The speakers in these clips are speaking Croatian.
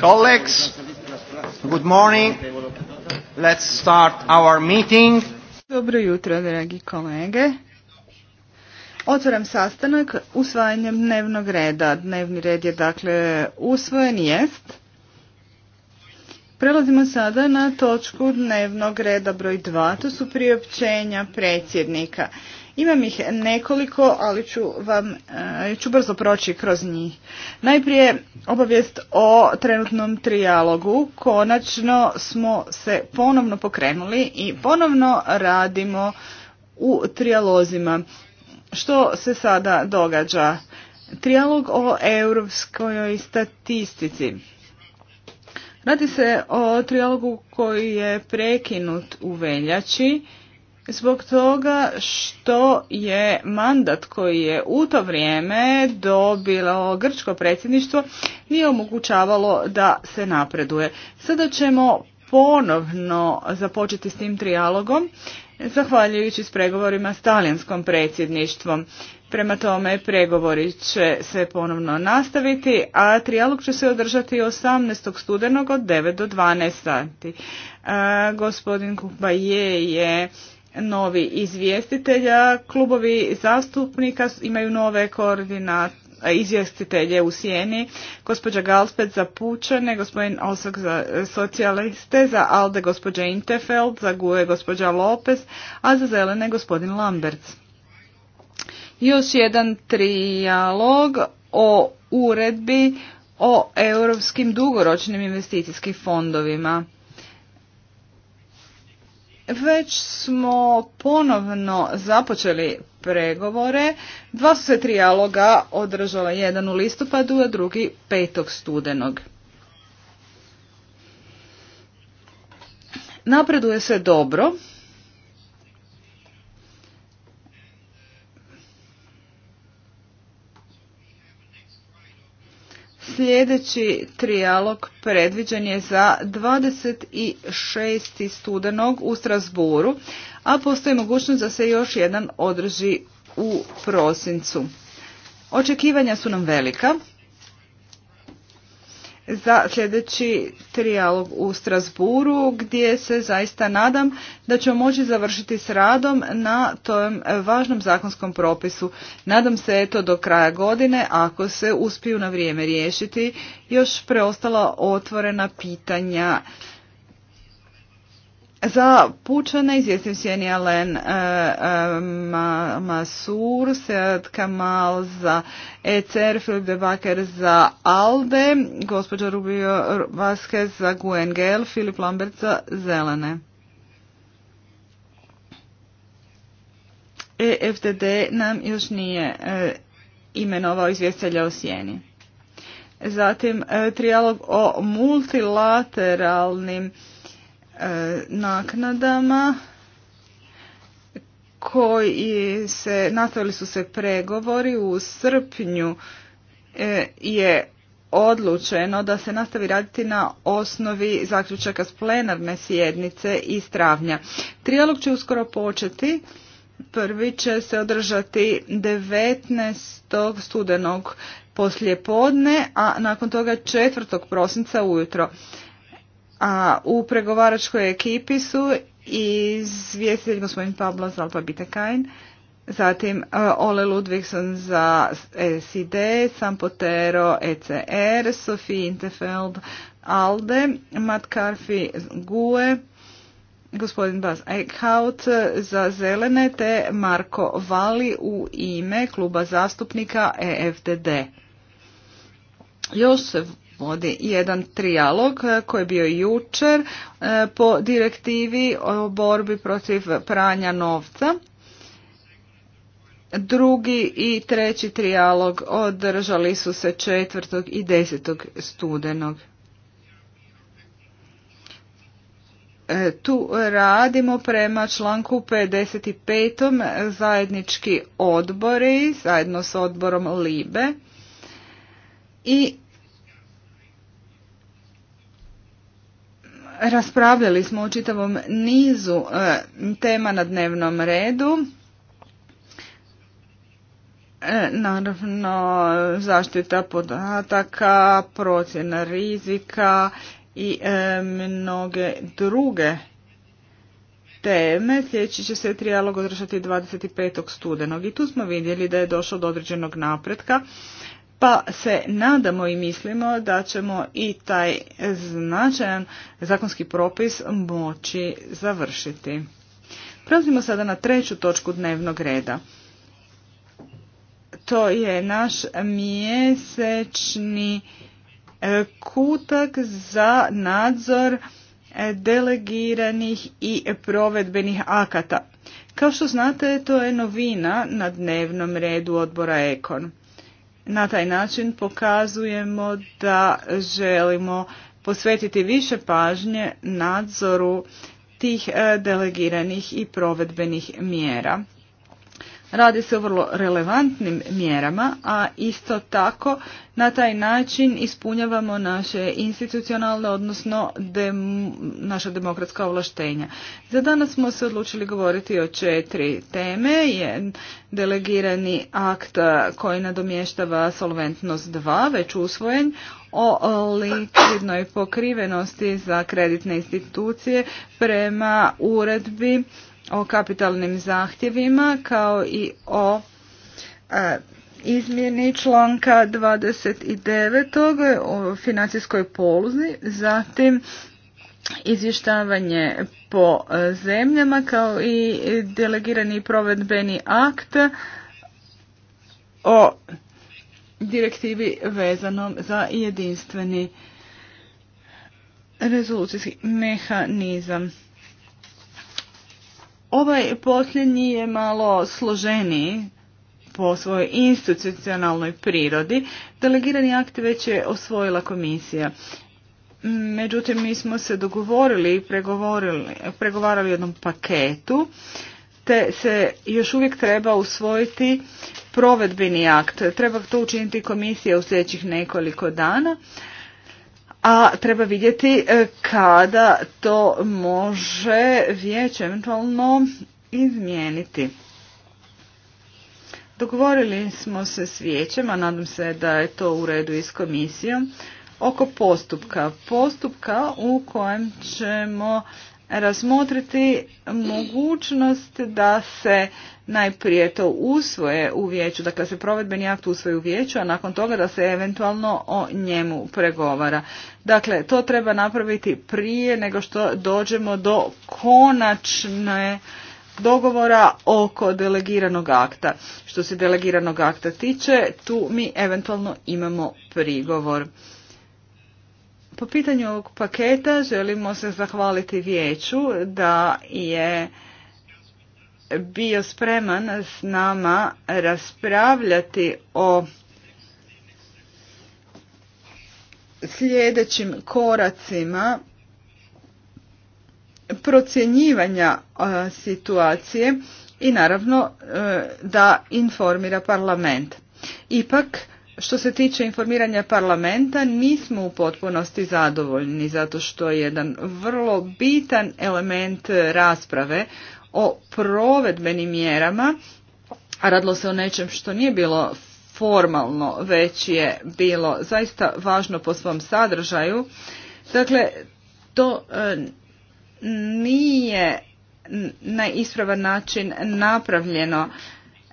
colleagues, good morning. Let's start our meeting. Dobro jutro, dragi kolege. Otvaram sastanak usvajanjem dnevnog reda. Dnevni red je dakle usvojen jest. Prelazimo sada na točku dnevnog reda broj 2. To su priopćenja predsjednika. Imam ih nekoliko, ali ću vam eh, ću brzo proći kroz njih. Najprije obavijest o trenutnom trijalogu. Konačno smo se ponovno pokrenuli i ponovno radimo u trijalozima. Što se sada događa? Trijalog o europskoj statistici. Radi se o trijalogu koji je prekinut u veljači zbog toga što je mandat koji je u to vrijeme dobilo grčko predsjedništvo nije omogućavalo da se napreduje. Sada ćemo ponovno započeti s tim trijalogom zahvaljujući s pregovorima s talijanskom predsjedništvom. Prema tome, pregovori će se ponovno nastaviti, a trijalog će se održati 18. studenog od 9 do 12 sati. gospodin gospodin je je novi izvjestitelja. Klubovi zastupnika imaju nove koordinate izvjestitelje u sjeni, gospođa Galspet za Pučane, gospodin Osak za e, socijaliste, za Alde gospođa Intefeld, za GUE gospođa Lopez, a za Zelene gospodin Lamberts. Još jedan trijalog o uredbi o europskim dugoročnim investicijskim fondovima. Već smo ponovno započeli pregovore. Dva su se trijaloga održala jedan u listopadu, a drugi petog studenog. Napreduje se dobro. Sljedeći trijalog predviđen je za 26. studenog u Strasburu, a postoji mogućnost da se još jedan održi u prosincu. Očekivanja su nam velika za sljedeći trijalog u Strasburu gdje se zaista nadam da ćemo moći završiti s radom na tom važnom zakonskom propisu. Nadam se eto do kraja godine ako se uspiju na vrijeme riješiti još preostala otvorena pitanja za pučane izvjestim sjeni Alen e, e, Masur, Sead Kamal za ECR, Filip de Baker za ALDE, gospođa Rubio Vasquez za guengel Filip Lambert za Zelene. EFDD nam još nije e, imenovao izvjestelja o sjeni. Zatim trijalog o multilateralnim naknadama koji se, nastavili su se pregovori u srpnju e, je odlučeno da se nastavi raditi na osnovi zaključaka s plenarne sjednice iz travnja. Trijalog će uskoro početi. Prvi će se održati 19. studenog poslijepodne, a nakon toga 4. prosinca ujutro. A u pregovaračkoj ekipi su izvjestitelj gospodin Pablo Zalpa Bitekajn, zatim e, Ole Ludvigson za SID, Sampotero ECR, Sofie Intefeld ALDE, Matt GUE, gospodin Bas Eichhout za zelene te Marko Vali u ime kluba zastupnika EFDD. Još vodi jedan trijalog koji je bio jučer e, po direktivi o borbi protiv pranja novca. Drugi i treći trijalog održali su se 4. i 10. studenog. E, tu radimo prema članku 55. zajednički odbori zajedno s odborom LIBE i Raspravljali smo o čitavom nizu e, tema na dnevnom redu. E, naravno, zaštita podataka, procjena rizika i e, mnoge druge teme. Sljedeći će se trijalog održati 25. studenog i tu smo vidjeli da je došlo do određenog napretka pa se nadamo i mislimo da ćemo i taj značajan zakonski propis moći završiti. Prelazimo sada na treću točku dnevnog reda. To je naš mjesečni e, kutak za nadzor e, delegiranih i provedbenih akata. Kao što znate, to je novina na dnevnom redu odbora Ekon. Na taj način pokazujemo da želimo posvetiti više pažnje nadzoru tih e, delegiranih i provedbenih mjera. Radi se o vrlo relevantnim mjerama, a isto tako na taj način ispunjavamo naše institucionalne, odnosno dem, naša demokratska ovlaštenja. Za danas smo se odlučili govoriti o četiri teme. Je delegirani akt koji nadomještava solventnost 2, već usvojen, o likvidnoj pokrivenosti za kreditne institucije prema uredbi o kapitalnim zahtjevima kao i o e, izmjeni članka 29. o financijskoj poluzi, zatim izvještavanje po e, zemljama kao i delegirani provedbeni akt o direktivi vezanom za jedinstveni rezolucijski mehanizam. Ovaj posljednji je malo složeniji po svojoj institucionalnoj prirodi. Delegirani akt već je osvojila komisija. Međutim, mi smo se dogovorili i pregovarali o jednom paketu, te se još uvijek treba usvojiti provedbeni akt. Treba to učiniti komisija u sljedećih nekoliko dana, a treba vidjeti e, kada to može vijeće eventualno izmijeniti. Dogovorili smo se s vijećem, a nadam se da je to u redu i s komisijom, oko postupka. Postupka u kojem ćemo razmotriti mogućnost da se najprije to usvoje u vijeću, dakle se provedbeni akt usvoje u vijeću, a nakon toga da se eventualno o njemu pregovara. Dakle, to treba napraviti prije nego što dođemo do konačne dogovora oko delegiranog akta. Što se delegiranog akta tiče, tu mi eventualno imamo prigovor. Po pitanju ovog paketa želimo se zahvaliti vijeću da je bio spreman s nama raspravljati o sljedećim koracima procjenjivanja e, situacije i naravno e, da informira parlament. Ipak što se tiče informiranja parlamenta, nismo u potpunosti zadovoljni zato što je jedan vrlo bitan element rasprave o provedbenim mjerama, a radilo se o nečem što nije bilo formalno, već je bilo zaista važno po svom sadržaju. Dakle, to e, nije na ispravan način napravljeno.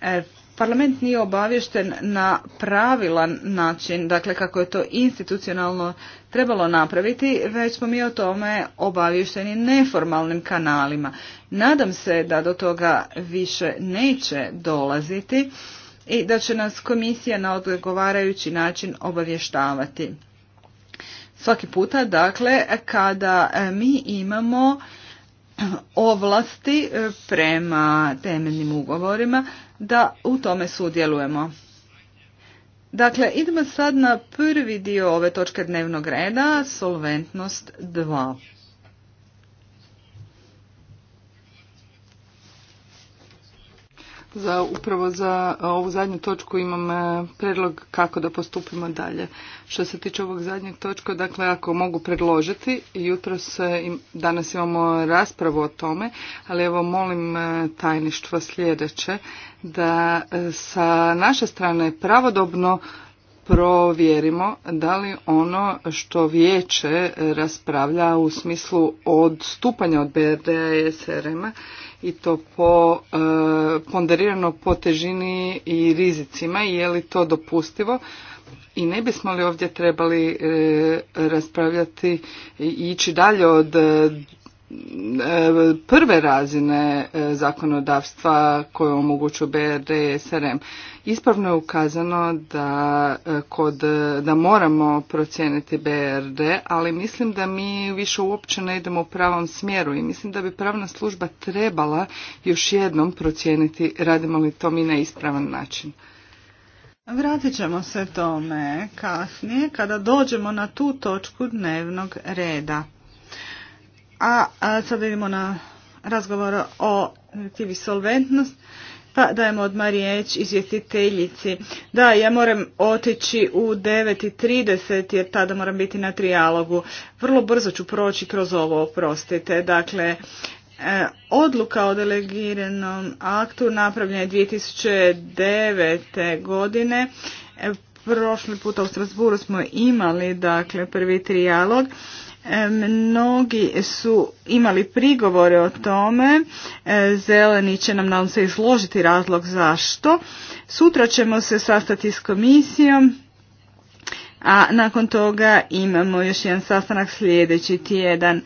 E, Parlament nije obavješten na pravilan način, dakle kako je to institucionalno trebalo napraviti, već smo mi o tome obavješteni neformalnim kanalima. Nadam se da do toga više neće dolaziti i da će nas komisija na odgovarajući način obavještavati. Svaki puta, dakle, kada mi imamo ovlasti e, prema temeljnim ugovorima da u tome sudjelujemo. Dakle, idemo sad na prvi dio ove točke dnevnog reda, solventnost 2. za upravo za e, ovu zadnju točku imam e, predlog kako da postupimo dalje. Što se tiče ovog zadnjeg točka, dakle ako mogu predložiti, jutro se, danas imamo raspravu o tome, ali evo molim e, tajništvo sljedeće da sa naše strane pravodobno provjerimo da li ono što vijeće raspravlja u smislu odstupanja od BRD-a i SRM-a i to po e, ponderirano po težini i rizicima i je li to dopustivo i ne bismo li ovdje trebali e, raspravljati i ići dalje od E, prve razine e, zakonodavstva koje omogućuje BRD i SRM. Ispravno je ukazano da, e, kod, da moramo procijeniti BRD, ali mislim da mi više uopće ne idemo u pravom smjeru i mislim da bi pravna služba trebala još jednom procijeniti radimo li to mi na ispravan način. Vratit ćemo se tome kasnije kada dođemo na tu točku dnevnog reda. A, a sada idemo na razgovor o TV solventnost. Pa dajemo odmah riječ izvjestiteljici. Da, ja moram otići u 9.30 jer tada moram biti na trijalogu. Vrlo brzo ću proći kroz ovo, oprostite. Dakle, e, Odluka o delegiranom aktu napravljena je 2009. godine. E, prošli puta u Strasburu smo imali dakle, prvi trialog. E, mnogi su imali prigovore o tome, e, zeleni će nam nam se izložiti razlog zašto. Sutra ćemo se sastati s komisijom, a nakon toga imamo još jedan sastanak sljedeći tjedan.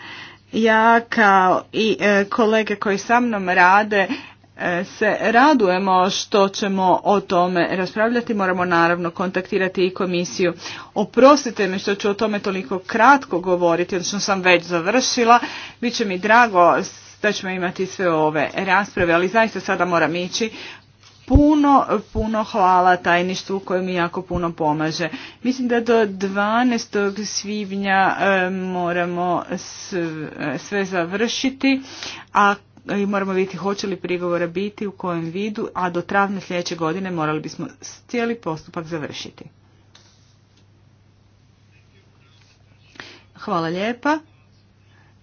Ja kao i e, kolege koji sa mnom rade se radujemo što ćemo o tome raspravljati. Moramo naravno kontaktirati i komisiju. Oprostite me što ću o tome toliko kratko govoriti, odnosno sam već završila. Biće mi drago da ćemo imati sve ove rasprave, ali zaista sada moram ići. Puno, puno hvala tajništvu koje mi jako puno pomaže. Mislim da do 12. svibnja e, moramo e, sve završiti, a E, i moramo vidjeti hoće li prigovora biti, u kojem vidu, a do travnja sljedeće godine morali bismo cijeli postupak završiti. Hvala lijepa.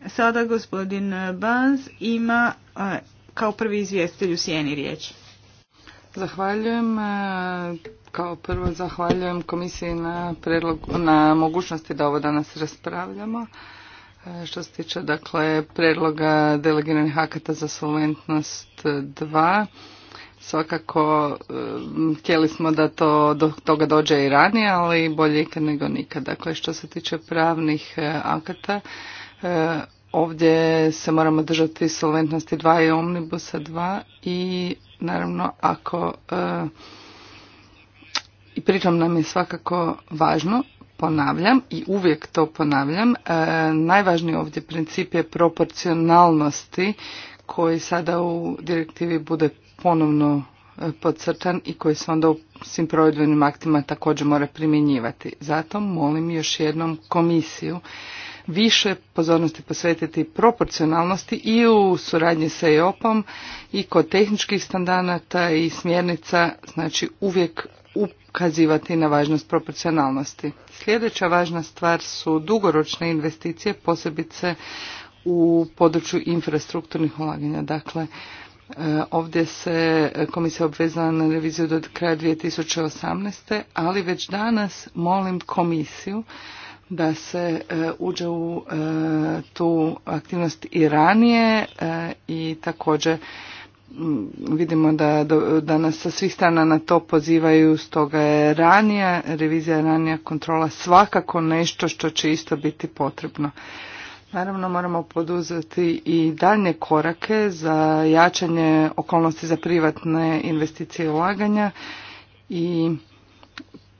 Sada gospodin Banz ima e, kao prvi izvjestitelj u sjeni riječ. Zahvaljujem. E, kao prvo zahvaljujem komisiji na, predlog, na mogućnosti da ovo danas raspravljamo. E, što se tiče dakle predloga delegiranih akata za solventnost 2, svakako e, htjeli smo da to do toga dođe i ranije, ali bolje ikad nego nikad. Dakle, što se tiče pravnih e, akata, ovdje se moramo držati solventnosti 2 i omnibusa 2 i naravno ako i pritom nam je svakako važno ponavljam i uvijek to ponavljam, e, najvažniji ovdje princip je proporcionalnosti koji sada u direktivi bude ponovno e, podcrtan i koji se onda u svim provedbenim aktima također mora primjenjivati. Zato molim još jednom komisiju više pozornosti posvetiti proporcionalnosti i u suradnji sa EOP-om i kod tehničkih standarda i smjernica, znači uvijek ukazivati na važnost proporcionalnosti. Sljedeća važna stvar su dugoročne investicije, posebice u području infrastrukturnih ulaganja. Dakle, e, Ovdje se komisija obvezala na reviziju do kraja 2018. ali već danas molim komisiju da se e, uđe u e, tu aktivnost i ranije i također Mm, vidimo da, da nas sa svih strana na to pozivaju, stoga je ranija revizija, ranija kontrola svakako nešto što će isto biti potrebno. Naravno moramo poduzeti i daljnje korake za jačanje okolnosti za privatne investicije i ulaganja i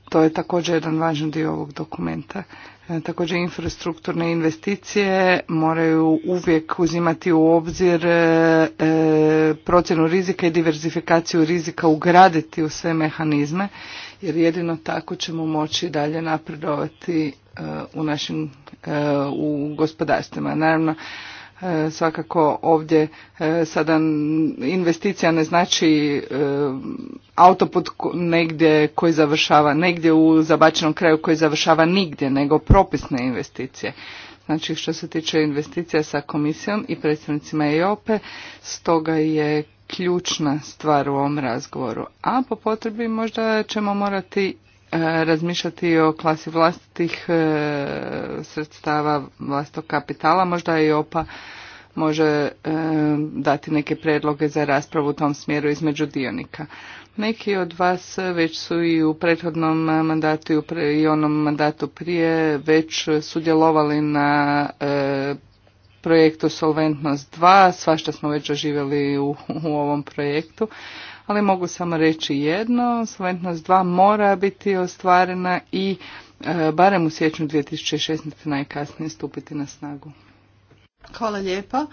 to je također jedan važan dio ovog dokumenta. E, također infrastrukturne investicije moraju uvijek uzimati u obzir e, e, procjenu rizika i diversifikaciju rizika ugraditi u sve mehanizme jer jedino tako ćemo moći dalje napredovati u našim u gospodarstvima. Naravno E, svakako ovdje e, sada investicija ne znači e, autoput negdje koji završava negdje u zabačenom kraju koji završava nigdje nego propisne investicije. Znači što se tiče investicija sa komisijom i predstavnicima EOPE, stoga je ključna stvar u ovom razgovoru. A po potrebi možda ćemo morati E, razmišljati o klasi vlastitih e, sredstava, vlastog kapitala, možda i OPA može e, dati neke predloge za raspravu u tom smjeru između dionika. Neki od vas već su i u prethodnom mandatu i, u onom mandatu prije već sudjelovali na projektu Solventnost 2, svašta smo već oživjeli u ovom projektu, ali mogu samo reći jedno, solventnost 2 mora biti ostvarena i e, barem u siječnju 2016. najkasnije stupiti na snagu. Hvala lijepa.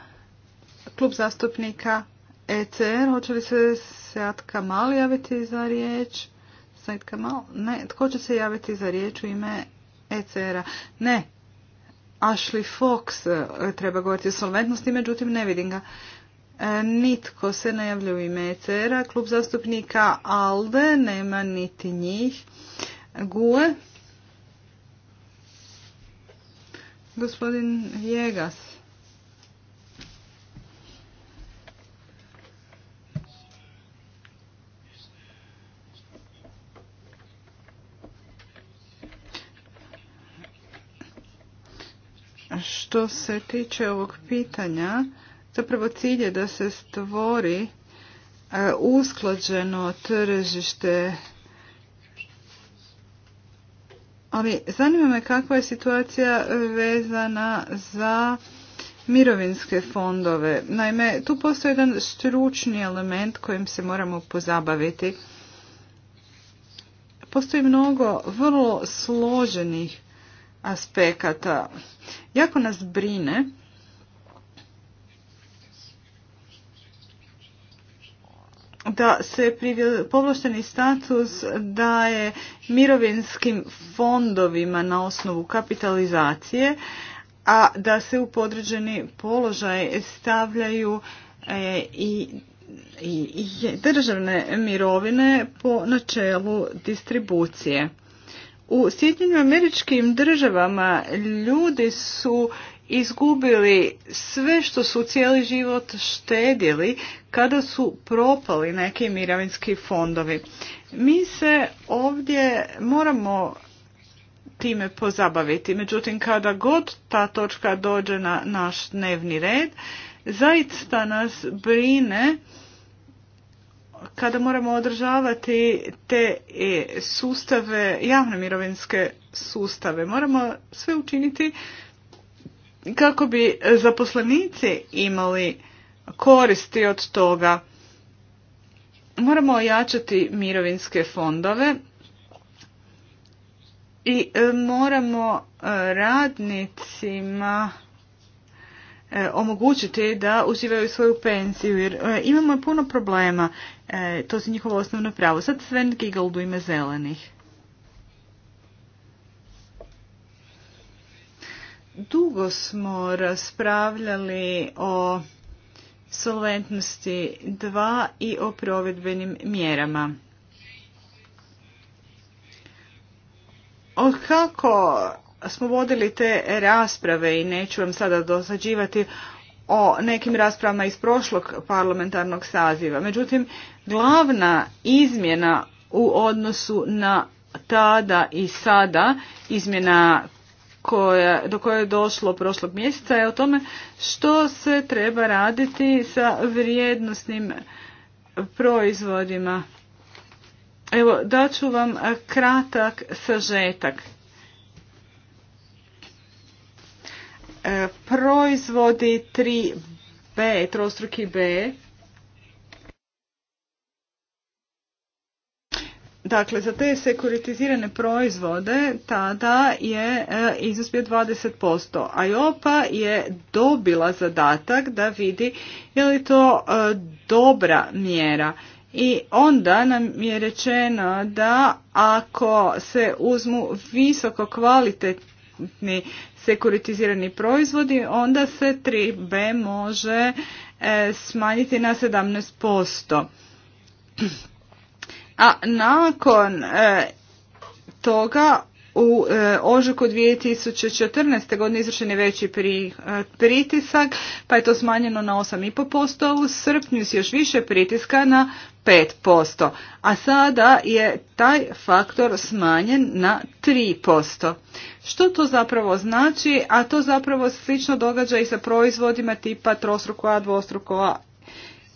Klub zastupnika ECR, hoće li se Seat Kamal javiti za riječ? Seat Kamal? Ne, tko će se javiti za riječ u ime ECR-a? Ne, Ashley Fox e, treba govoriti o solventnosti, međutim ne vidim ga. E, nitko se ne javlja u ime ECR-a. Klub zastupnika ALDE nema niti njih. GUE. Gospodin Vjegas. Što se tiče ovog pitanja, Zapravo cilj je da se stvori e, usklađeno tržište. Ali zanima me kakva je situacija vezana za mirovinske fondove. Naime, tu postoji jedan stručni element kojim se moramo pozabaviti. Postoji mnogo vrlo složenih aspekata. Jako nas brine da se povlašteni status daje mirovinskim fondovima na osnovu kapitalizacije, a da se u podređeni položaj stavljaju e, i, državne mirovine po načelu distribucije. U Sjedinjenim američkim državama ljudi su izgubili sve što su cijeli život štedjeli kada su propali neki mirovinski fondovi. Mi se ovdje moramo time pozabaviti. Međutim, kada god ta točka dođe na naš dnevni red, zaista nas brine kada moramo održavati te e, sustave, javne mirovinske sustave. Moramo sve učiniti kako bi e, zaposlenici imali koristi od toga. Moramo ojačati mirovinske fondove i e, moramo e, radnicima omogućiti da uživaju svoju pensiju jer imamo puno problema. To je njihovo osnovno pravo. Sad Sven gigaldu u ime zelenih. dugo smo raspravljali o solventnosti 2 i o provedbenim mjerama. kako smo vodili te rasprave i neću vam sada dosađivati o nekim raspravama iz prošlog parlamentarnog saziva. Međutim, glavna izmjena u odnosu na tada i sada, izmjena koja, do koje je došlo prošlog mjeseca je o tome što se treba raditi sa vrijednostnim proizvodima. Evo, daću vam kratak sažetak. E, proizvodi 3B, trostruki B, Dakle, za te sekuritizirane proizvode tada je e, iznos bio 20%, a IOPA je dobila zadatak da vidi je li to e, dobra mjera. I onda nam je rečeno da ako se uzmu visoko kvalitetni sekuritizirani proizvodi, onda se 3B može e, smanjiti na 17%. A nakon e, toga u e, ožuku 2014. godine izvršen je veći pri, e, pritisak, pa je to smanjeno na 8,5%, a u srpnju se još više pritiska na 5%, a sada je taj faktor smanjen na 3%. Što to zapravo znači? A to zapravo slično događa i sa proizvodima tipa trostruko A, dvostruko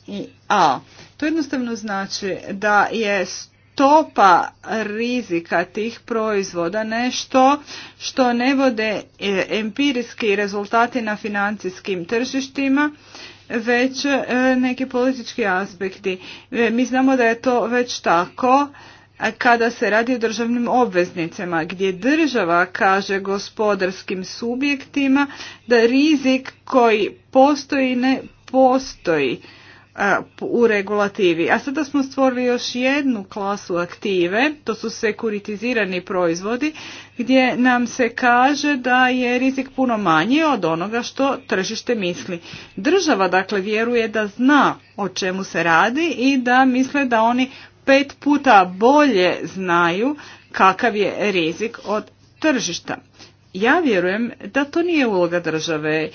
i A. To jednostavno znači da je stopa rizika tih proizvoda nešto što ne vode e, empirijski rezultati na financijskim tržištima, već e, neki politički aspekti. E, mi znamo da je to već tako kada se radi o državnim obveznicama, gdje država kaže gospodarskim subjektima da rizik koji postoji ne postoji u regulativi. A sada smo stvorili još jednu klasu aktive, to su sekuritizirani proizvodi, gdje nam se kaže da je rizik puno manji od onoga što tržište misli. Država dakle vjeruje da zna o čemu se radi i da misle da oni pet puta bolje znaju kakav je rizik od tržišta. Ja vjerujem da to nije uloga države,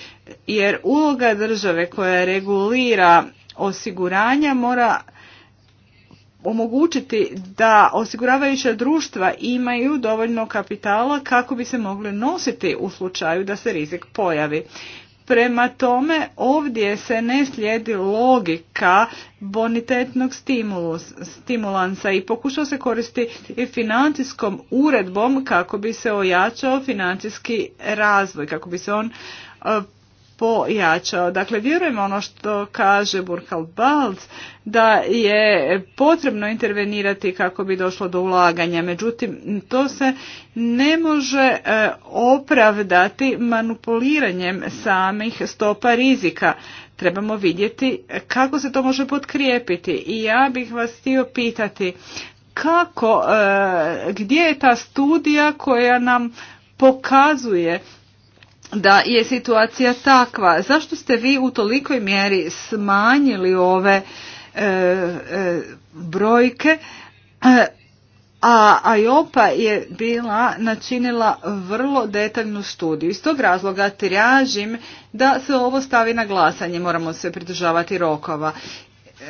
jer uloga države koja regulira osiguranja mora omogućiti da osiguravajuća društva imaju dovoljno kapitala kako bi se mogli nositi u slučaju da se rizik pojavi. Prema tome ovdje se ne slijedi logika bonitetnog stimulansa i pokušao se koristiti financijskom uredbom kako bi se ojačao financijski razvoj, kako bi se on e, pojačao. Dakle, vjerujem ono što kaže Burkal Balc, da je potrebno intervenirati kako bi došlo do ulaganja. Međutim, to se ne može e, opravdati manipuliranjem samih stopa rizika. Trebamo vidjeti kako se to može potkrijepiti. I ja bih vas htio pitati kako, e, gdje je ta studija koja nam pokazuje da je situacija takva. Zašto ste vi u tolikoj mjeri smanjili ove e, e, brojke? E, a AIOPA je bila načinila vrlo detaljnu studiju. Iz tog razloga tražim da se ovo stavi na glasanje. Moramo se pridržavati rokova.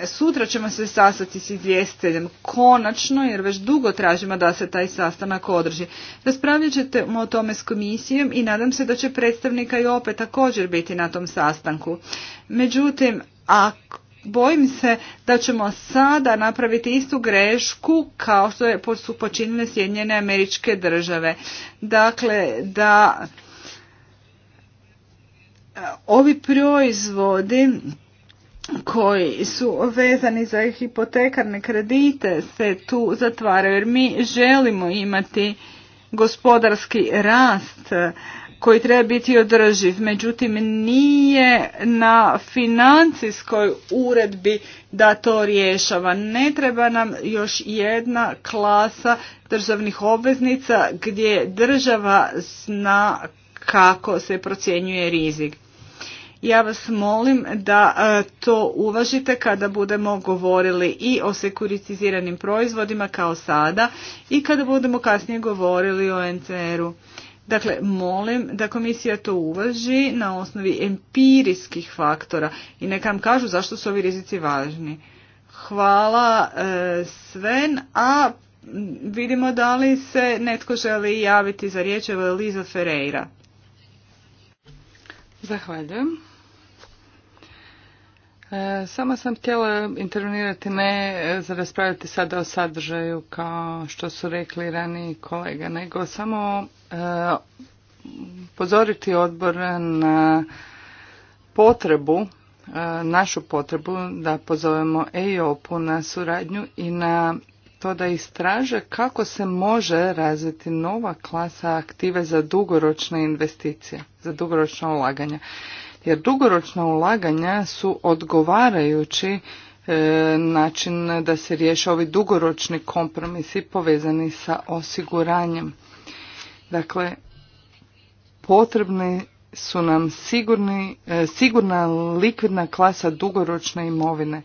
E, sutra ćemo se sastati s izvjestiteljem konačno, jer već dugo tražimo da se taj sastanak održi. Raspravljat ćete o tome s komisijom i nadam se da će predstavnika i opet također biti na tom sastanku. Međutim, a Bojim se da ćemo sada napraviti istu grešku kao što su počinjene Sjedinjene američke države. Dakle, da e, ovi proizvodi koji su vezani za hipotekarne kredite se tu zatvaraju jer mi želimo imati gospodarski rast koji treba biti održiv. Međutim, nije na financijskoj uredbi da to rješava. Ne treba nam još jedna klasa državnih obveznica gdje država zna kako se procjenjuje rizik. Ja vas molim da e, to uvažite kada budemo govorili i o sekuritiziranim proizvodima kao sada i kada budemo kasnije govorili o NCR-u. Dakle, molim da komisija to uvaži na osnovi empirijskih faktora i neka vam kažu zašto su ovi rizici važni. Hvala e, Sven, a vidimo da li se netko želi javiti za riječ, evo Eliza Ferreira. Zahvaljujem. E, samo sam htjela intervenirati, ne e, za raspravljati sada o sadržaju kao što su rekli raniji kolega, nego samo e, pozoriti odbor na potrebu, našu potrebu da pozovemo EIOP-u na suradnju i na to da istraže kako se može razviti nova klasa aktive za dugoročne investicije, za dugoročno ulaganja jer dugoročna ulaganja su odgovarajući e, način da se riješe ovi dugoročni kompromisi povezani sa osiguranjem. Dakle, potrebni su nam sigurni, e, sigurna likvidna klasa dugoročne imovine.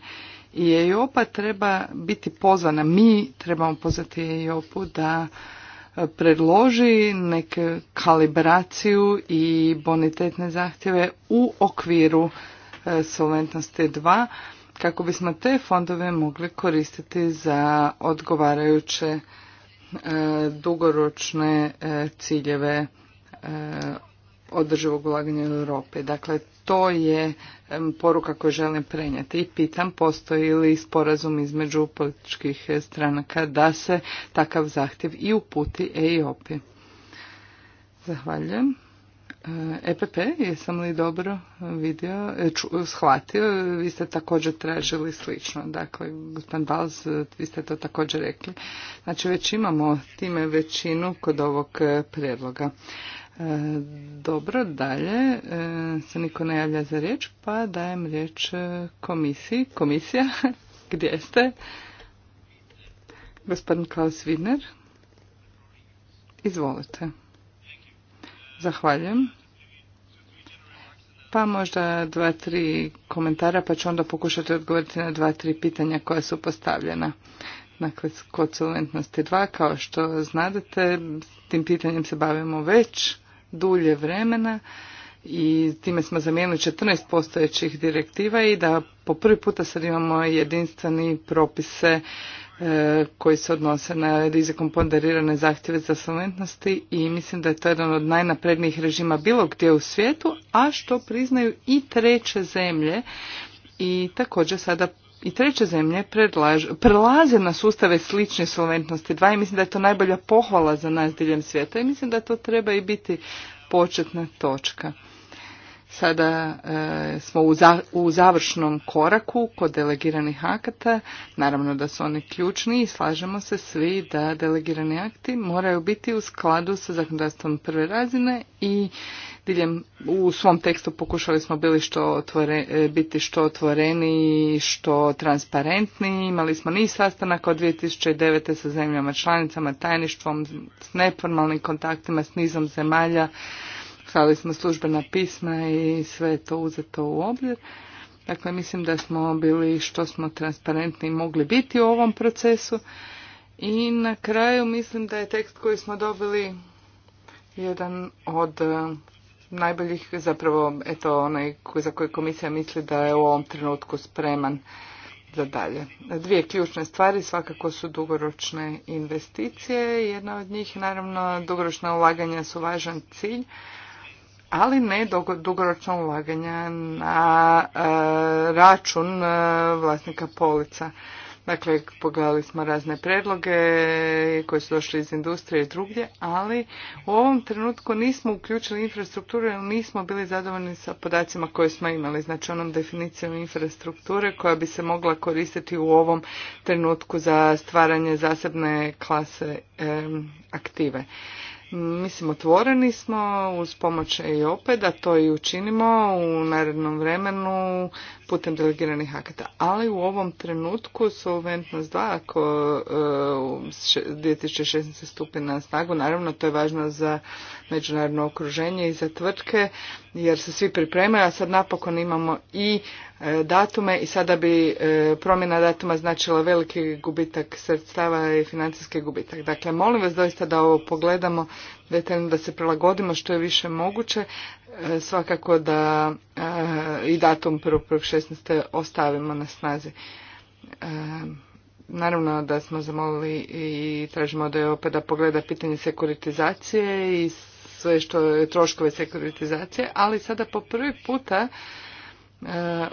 I EIOPA treba biti pozvana, mi trebamo pozvati EIOPU da predloži neke kalibraciju i bonitetne zahtjeve u okviru e, solventnosti 2 kako bismo te fondove mogli koristiti za odgovarajuće e, dugoročne e, ciljeve održivog ulaganja u Europi. Dakle, to je poruka koju želim prenijeti i pitam postoji li sporazum između političkih stranaka da se takav zahtjev i uputi EIOPI. Zahvaljujem. EPP, e jesam li dobro vidio, e, shvatio, vi ste također tražili slično, dakle, gospodin Balz, vi ste to također rekli. Znači, već imamo time većinu kod ovog e, predloga. E, dobro, dalje e, se niko ne javlja za riječ, pa dajem riječ e, komisiji. Komisija, gdje ste? Gospodin Klaus Widner. Izvolite. Zahvaljujem. Pa možda dva, tri komentara, pa ću onda pokušati odgovoriti na dva, tri pitanja koja su postavljena. Dakle, kod solventnosti dva kao što znadete, tim pitanjem se bavimo već dulje vremena i time smo zamijenili 14 postojećih direktiva i da po prvi puta sad imamo jedinstveni propise e, koji se odnose na rizikom ponderirane zahtjeve za solventnosti i mislim da je to jedan od najnaprednijih režima bilo gdje u svijetu, a što priznaju i treće zemlje i također sada i treće zemlje prelaze na sustave slične solventnosti dva i mislim da je to najbolja pohvala za nas diljem svijeta i mislim da to treba i biti početna točka. Sada e, smo u, u završnom koraku kod delegiranih akata, naravno da su oni ključni i slažemo se svi da delegirani akti moraju biti u skladu sa zakonodavstvom prve razine i diljem, u svom tekstu pokušali smo bili što otvore, e, biti što otvoreni, što transparentni. Imali smo niz sastanaka od 2009. sa zemljama članicama, tajništvom, s neformalnim kontaktima, s nizom zemalja. Slali smo službena pisma i sve je to uzeto u obzir. Dakle, mislim da smo bili što smo transparentni mogli biti u ovom procesu. I na kraju mislim da je tekst koji smo dobili jedan od najboljih zapravo eto onaj za koje komisija misli da je u ovom trenutku spreman za dalje. Dvije ključne stvari svakako su dugoročne investicije. Jedna od njih naravno dugoročna ulaganja su važan cilj, ali ne dugoročna ulaganja na e, račun e, vlasnika polica. Dakle, pogledali smo razne predloge koji su došli iz industrije i drugdje, ali u ovom trenutku nismo uključili infrastrukturu jer nismo bili zadovoljni sa podacima koje smo imali, znači onom definicijom infrastrukture koja bi se mogla koristiti u ovom trenutku za stvaranje zasebne klase aktive. Mislim, otvoreni smo uz pomoć e opet da to i učinimo u narednom vremenu putem delegiranih akata. Ali u ovom trenutku solventnost 2, ako 2016. E, stupi na snagu, naravno to je važno za međunarodno okruženje i za tvrtke jer se svi pripremaju, a sad napokon imamo i e, datume i sada bi e, promjena datuma značila veliki gubitak sredstava i financijski gubitak. Dakle, molim vas doista da ovo pogledamo detaljno, da se prilagodimo što je više moguće, e, svakako da i datum 1.1.16. ostavimo na snazi. Naravno da smo zamolili i tražimo da je opet da pogleda pitanje sekuritizacije i sve što je troškove sekuritizacije, ali sada po prvi puta e,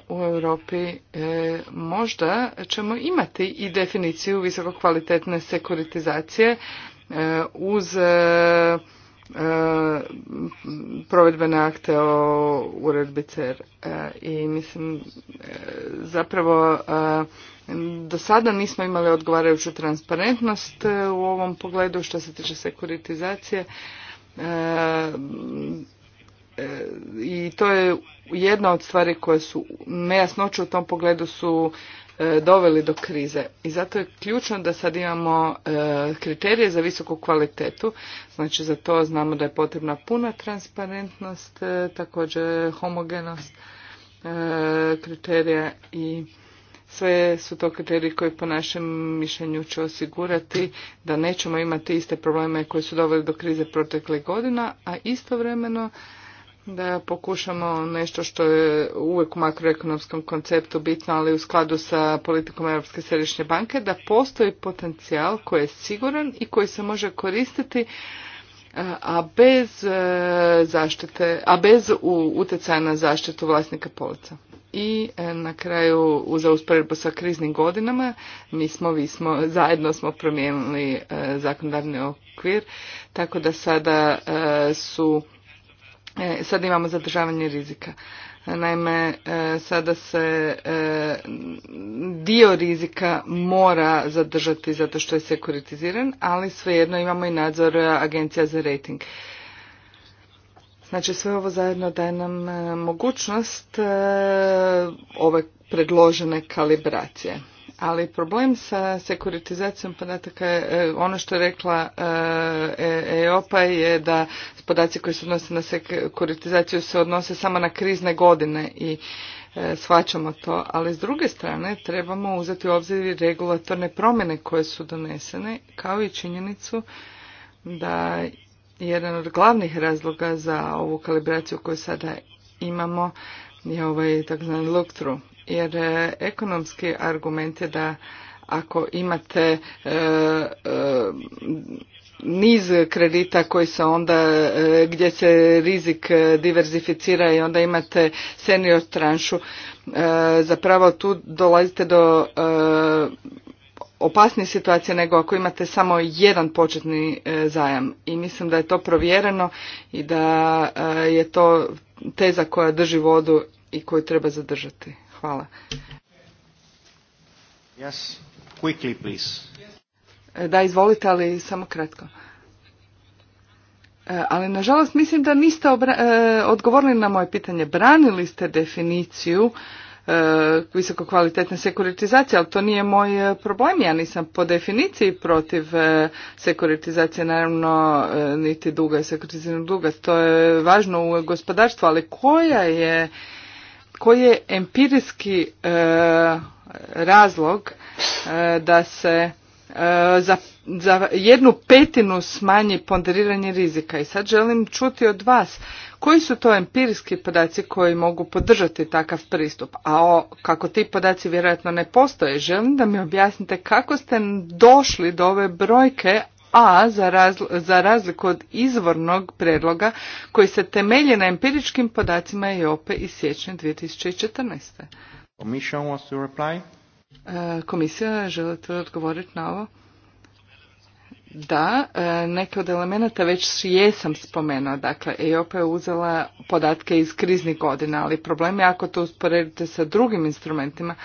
u Europi e, možda ćemo imati i definiciju visokokvalitetne sekuritizacije e, uz provedbene akte o uredbi CER. I mislim, zapravo do sada nismo imali odgovarajuću transparentnost u ovom pogledu što se tiče sekuritizacije, E, i to je jedna od stvari koje su nejasnoće u tom pogledu su e, doveli do krize. I zato je ključno da sad imamo e, kriterije za visoku kvalitetu. Znači za to znamo da je potrebna puna transparentnost, također homogenost kriterija i sve su to kriteriji koji po našem mišljenju će osigurati da nećemo imati iste probleme koji su doveli do krize protekle godina, a istovremeno da pokušamo nešto što je uvijek u makroekonomskom konceptu bitno, ali u skladu sa politikom Europske središnje banke, da postoji potencijal koji je siguran i koji se može koristiti e, a bez e, zaštite, a bez utjecaja na zaštitu vlasnika polica i e, na kraju uz usporedbu sa kriznim godinama mi smo, vi smo, zajedno smo promijenili e, zakonodavni okvir tako da sada e, su sada imamo zadržavanje rizika. Naime, sada se dio rizika mora zadržati zato što je sekuritiziran, ali svejedno imamo i nadzor agencija za rating. Znači sve ovo zajedno daje nam e, mogućnost e, ove predložene kalibracije. Ali problem sa sekuritizacijom podataka je e, ono što je rekla EOPA je da podaci koji se odnose na sekuritizaciju se odnose samo na krizne godine i shvaćamo to, ali s druge strane trebamo uzeti u obzir regulatorne promjene koje su donesene, kao i činjenicu da jedan od glavnih razloga za ovu kalibraciju koju sada imamo je ovaj takozvani look through. Jer e, ekonomski argument je da ako imate e, e, niz kredita koji se onda gdje se rizik diverzificira i onda imate senior tranšu zapravo tu dolazite do opasnije situacije nego ako imate samo jedan početni e, zajam i mislim da je to provjereno i da e, je to teza koja drži vodu i koju treba zadržati. Hvala. Yes, quickly e, Da, izvolite, ali samo kratko. Ali nažalost mislim da niste odgovorili na moje pitanje. Branili ste definiciju E, visoko kvalitetna sekuritizacije, ali to nije moj e, problem. Ja nisam po definiciji protiv e, sekuritizacije, naravno niti duga sekuritiziranog duga. To je važno u gospodarstvu, ali koja je koji je empirijski razlog da se za, za jednu petinu smanji ponderiranje rizika. I sad želim čuti od vas koji su to empirijski podaci koji mogu podržati takav pristup? A o, kako ti podaci vjerojatno ne postoje, želim da mi objasnite kako ste došli do ove brojke a za, za razliku od izvornog predloga koji se temelje na empiričkim podacima EOPE iz siječnja 2014. E, komisija želite odgovoriti na ovo? Da, e, neke od elemenata već jesam spomenuo. Dakle, EOP je uzela podatke iz kriznih godina, ali problem je ako to usporedite sa drugim instrumentima,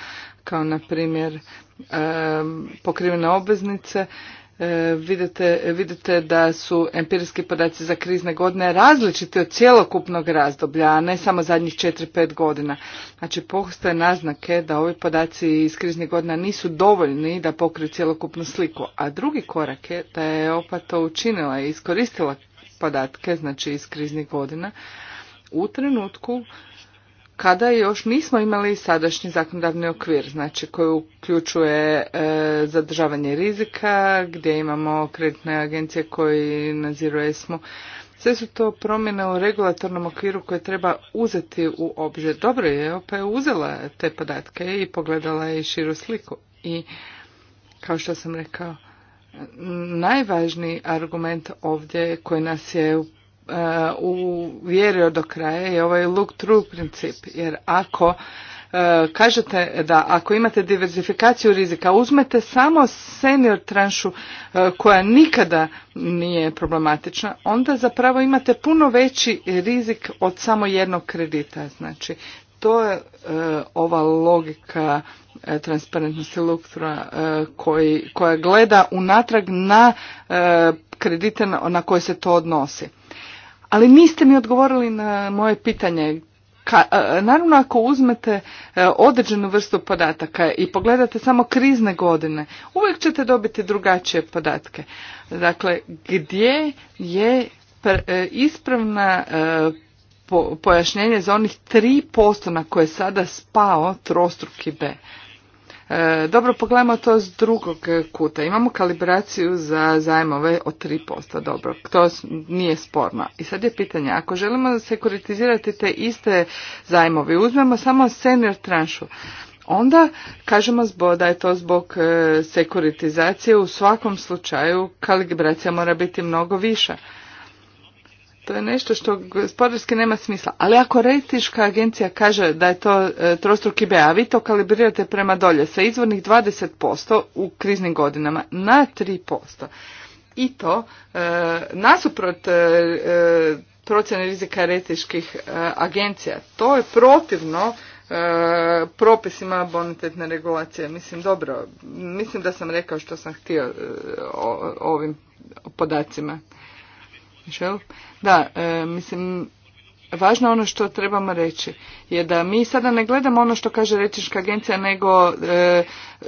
kao na primjer e, pokrivene obveznice, E, vidite, vidite da su empirijski podaci za krizne godine različiti od cjelokupnog razdoblja, a ne samo zadnjih 4-5 godina. Znači, postoje naznake da ovi podaci iz kriznih godina nisu dovoljni da pokriju cjelokupnu sliku. A drugi korak je da je OPA to učinila i iskoristila podatke, znači iz kriznih godina, u trenutku kada još nismo imali sadašnji zakonodavni okvir, znači koji uključuje e, zadržavanje rizika, gdje imamo kreditne agencije koji naziruje ESMU. Sve su to promjene u regulatornom okviru koje treba uzeti u obzir. Dobro je, pa je uzela te podatke i pogledala je širu sliku. I kao što sam rekao, najvažniji argument ovdje koji nas je uvjerio do kraja je ovaj look through princip. Jer ako e, kažete da ako imate diversifikaciju rizika, uzmete samo senior tranšu e, koja nikada nije problematična, onda zapravo imate puno veći rizik od samo jednog kredita. Znači, to je e, ova logika transparentnosti luktura koja gleda unatrag na kredite na koje se to odnosi. Ali niste mi odgovorili na moje pitanje. E, naravno ako uzmete e, određenu vrstu podataka i pogledate samo krizne godine, uvijek ćete dobiti drugačije podatke. Dakle, gdje je e, ispravna pojašnjenje za onih 3% na koje je sada spao trostruki B. E, dobro, pogledajmo to s drugog kuta. Imamo kalibraciju za zajmove od 3%, dobro, to nije sporno. I sad je pitanje, ako želimo sekuritizirati te iste zajmove, uzmemo samo senior tranšu, onda kažemo da je to zbog e, sekuritizacije, u svakom slučaju kalibracija mora biti mnogo viša. To je nešto što gospodarski nema smisla. Ali ako rejtiška agencija kaže da je to e, trostruki B, a vi to kalibrirate prema dolje sa izvornih 20% u kriznim godinama na 3%. I to e, nasuprot e, e, procjene rizika rejtiških e, agencija. To je protivno propisima bonitetne regulacije. Mislim, dobro, mislim da sam rekao što sam htio o, ovim podacima. Da, e, mislim, važno ono što trebamo reći je da mi sada ne gledamo ono što kaže Rečiška agencija, nego e,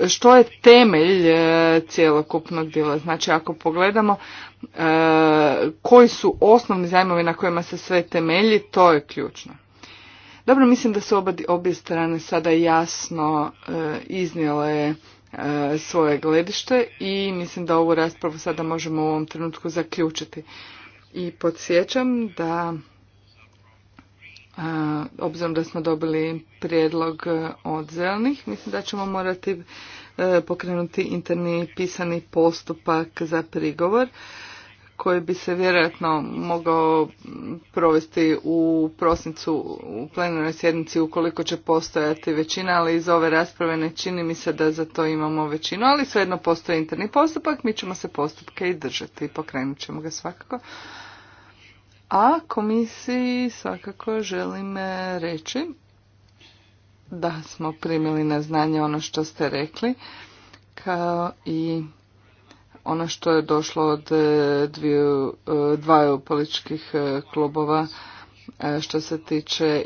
što je temelj e, cjelokupnog djela. Znači, ako pogledamo e, koji su osnovni zajmovi na kojima se sve temelji, to je ključno. Dobro, mislim da su obje strane sada jasno iznijele svoje gledište i mislim da ovu raspravu sada možemo u ovom trenutku zaključiti. I podsjećam da obzirom da smo dobili prijedlog e, od zelenih, mislim da ćemo morati e, pokrenuti interni pisani postupak za prigovor koji bi se vjerojatno mogao provesti u prosincu u plenarnoj sjednici ukoliko će postojati većina, ali iz ove rasprave ne čini mi se da za to imamo većinu, ali svejedno postoji interni postupak, mi ćemo se postupke i držati i pokrenut ćemo ga svakako. A komisiji svakako želim e, reći da smo primili na znanje ono što ste rekli, kao i ono što je došlo od e, e, dvaju političkih e, klubova što se tiče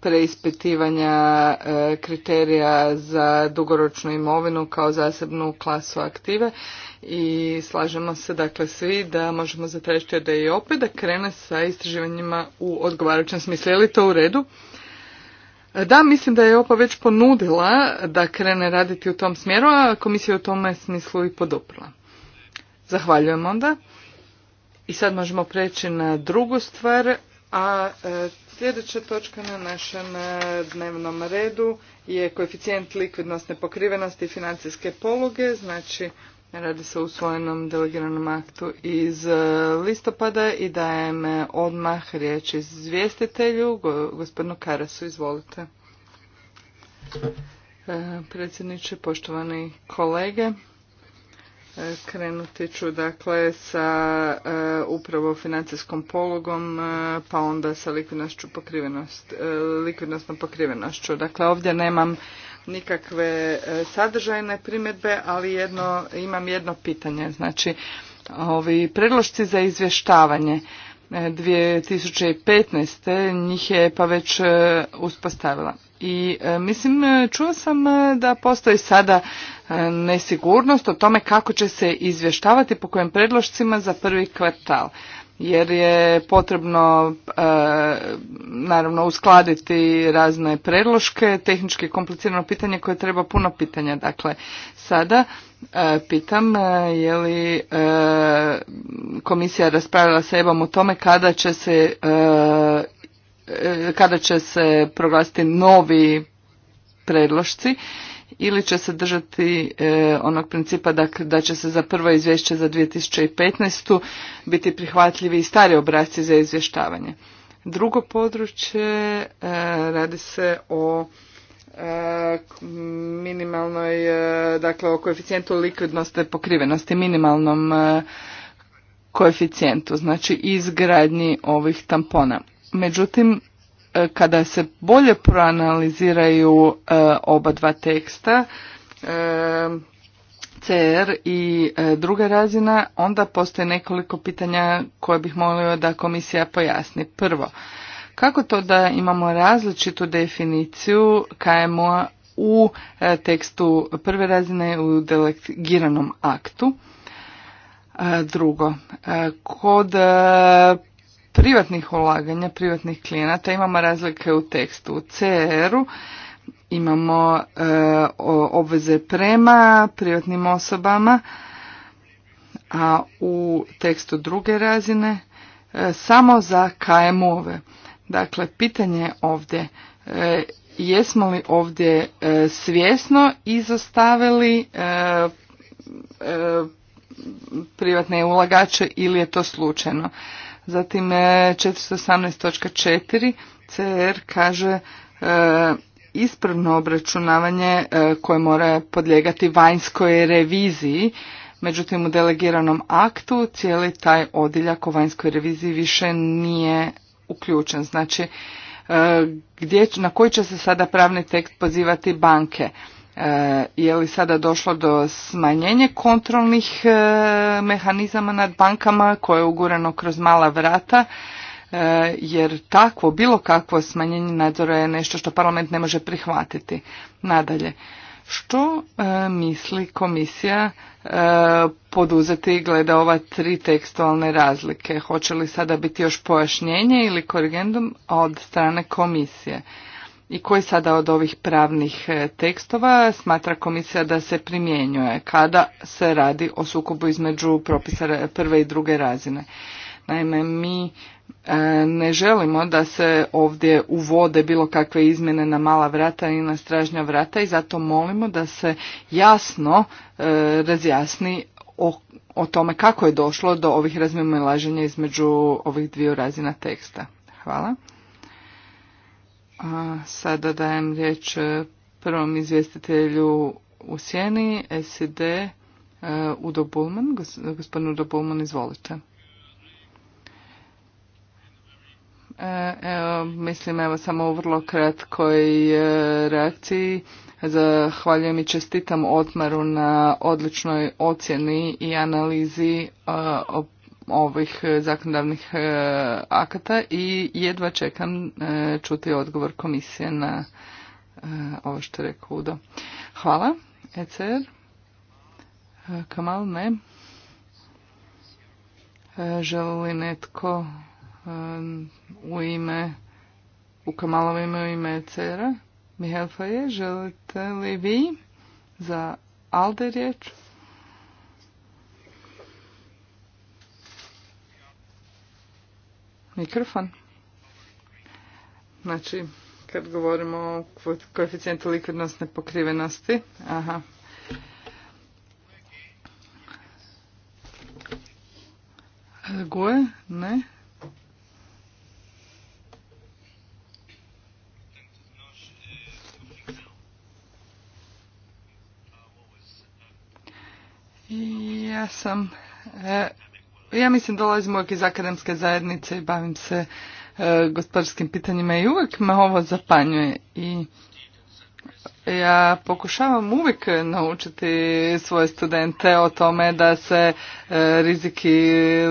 preispitivanja kriterija za dugoročnu imovinu kao zasebnu klasu aktive i slažemo se dakle svi da možemo zatražiti da i opet da krene sa istraživanjima u odgovarajućem smislu. Je li to u redu? Da, mislim da je opa već ponudila da krene raditi u tom smjeru, a komisija u tome smislu i poduprla. Zahvaljujem onda. I sad možemo preći na drugu stvar, a e, sljedeća točka na našem e, dnevnom redu je koeficijent likvidnostne pokrivenosti i financijske poluge, znači Radi se o usvojenom delegiranom aktu iz e, listopada i dajem e, odmah riječ izvjestitelju, gospodinu Karasu, izvolite. E, predsjedniče, poštovani kolege, krenuti ću dakle sa upravo financijskom pologom, pa onda sa likvidnostnom pokrivenošću. Dakle, ovdje nemam nikakve e, sadržajne primjedbe, ali jedno, imam jedno pitanje. Znači, ovi predlošci za izvještavanje 2015. E, njih je pa već e, uspostavila. I mislim, čuo sam da postoji sada nesigurnost o tome kako će se izvještavati po kojim predlošcima za prvi kvartal jer je potrebno e, naravno uskladiti razne predloške, tehnički komplicirano pitanje koje treba puno pitanja. Dakle, sada e, pitam e, je li komisija raspravila sa EBOM o tome kada će se kada će se proglasiti novi predlošci ili će se držati e, onog principa da, da će se za prvo izvješće za 2015. biti prihvatljivi i stari obrasci za izvještavanje. Drugo područje e, radi se o e, minimalnoj, dakle o koeficijentu likvidnosti pokrivenosti, minimalnom koeficijentu, znači izgradnji ovih tampona. Međutim, E, kada se bolje proanaliziraju e, oba dva teksta, e, CR i druga razina, onda postoje nekoliko pitanja koje bih molio da komisija pojasni. Prvo, kako to da imamo različitu definiciju kmo u tekstu prve razine u delegiranom aktu? Drugo, kod privatnih ulaganja, privatnih klijenata. Imamo razlike u tekstu. U CR-u imamo e, obveze prema privatnim osobama, a u tekstu druge razine e, samo za KMU-ove. Dakle, pitanje ovdje e, jesmo li ovdje svjesno izostavili privatne ulagače ili je to slučajno. Zatim 418.4 e, CR kaže e, ispravno obračunavanje e, koje mora podlijegati vanjskoj reviziji. Međutim, u delegiranom aktu cijeli taj odjeljak o vanjskoj reviziji više nije uključen. Znači, gdje, na koji će se sada pravni tekst pozivati banke? E, je li sada došlo do smanjenja kontrolnih e, mehanizama nad bankama koje je ugurano kroz mala vrata e, jer takvo, bilo kakvo smanjenje nadzora je nešto što parlament ne može prihvatiti. Nadalje, što misli komisija poduzeti gleda ova tri tekstualne razlike? Hoće li sada biti još pojašnjenje ili korigendum od strane komisije? i koji sada od ovih pravnih e, tekstova smatra komisija da se primjenjuje kada se radi o sukobu između propisa prve i druge razine. Naime, mi e, ne želimo da se ovdje uvode bilo kakve izmjene na mala vrata i na stražnja vrata i zato molimo da se jasno e, razjasni o, tome kako je došlo do ovih razmimoilaženja između ovih dviju razina teksta. Hvala sada dajem riječ e, prvom izvjestitelju u sjeni, SED, e, Udo Bulman. Gospodin Udo Bulman, izvolite. E, mislim evo samo u vrlo kratkoj reakciji. Zahvaljujem i čestitam Otmaru na odličnoj ocjeni i analizi ovih e, zakonodavnih e, akata i jedva čekam e, čuti odgovor komisije na ovo što je rekao Udo. Hvala. ECR? Kamal, ne. Želi li netko u ime, u Kamalovo ime u ime ECR-a? Faje, želite li vi za Alde riječ? Mikrofon. Znači, kad govorimo o koeficijentu likvidnostne pokrivenosti, aha. Goje? Ne. ja sam e, ja mislim dolazim uvijek iz akademske zajednice i bavim se e, gospodarskim pitanjima i uvijek me ovo zapanjuje i ja pokušavam uvijek naučiti svoje studente o tome da se e,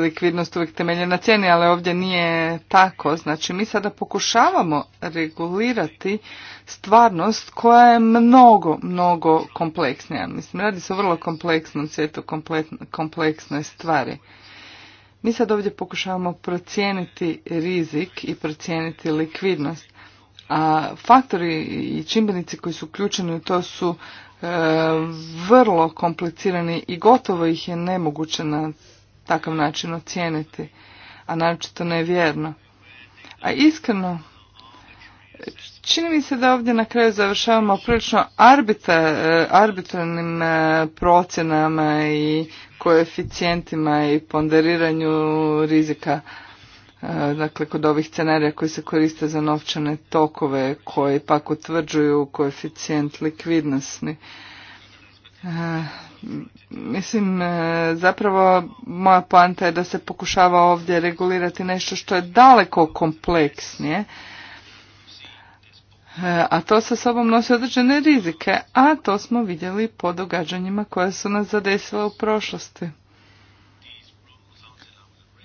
likvidnost uvijek temelje na cijeni, ali ovdje nije tako. Znači mi sada pokušavamo regulirati stvarnost koja je mnogo, mnogo kompleksnija. Mislim, radi se o vrlo kompleksnom svijetu, kompleksnoj stvari. Mi sad ovdje pokušavamo procijeniti rizik i procijeniti likvidnost, a faktori i čimbenici koji su uključeni u to su e, vrlo komplicirani i gotovo ih je nemoguće na takav način ocijeniti, a naročito nevjerno. A iskreno Čini mi se da ovdje na kraju završavamo prilično eh, arbitra, eh, procjenama i koeficijentima i ponderiranju rizika eh, dakle kod ovih scenarija koji se koriste za novčane tokove koji pak utvrđuju koeficijent likvidnostni. Mislim, zapravo moja poanta je da se pokušava ovdje regulirati nešto što je daleko kompleksnije E, a to sa sobom nosi određene rizike, a to smo vidjeli po događanjima koje su nas zadesila u prošlosti.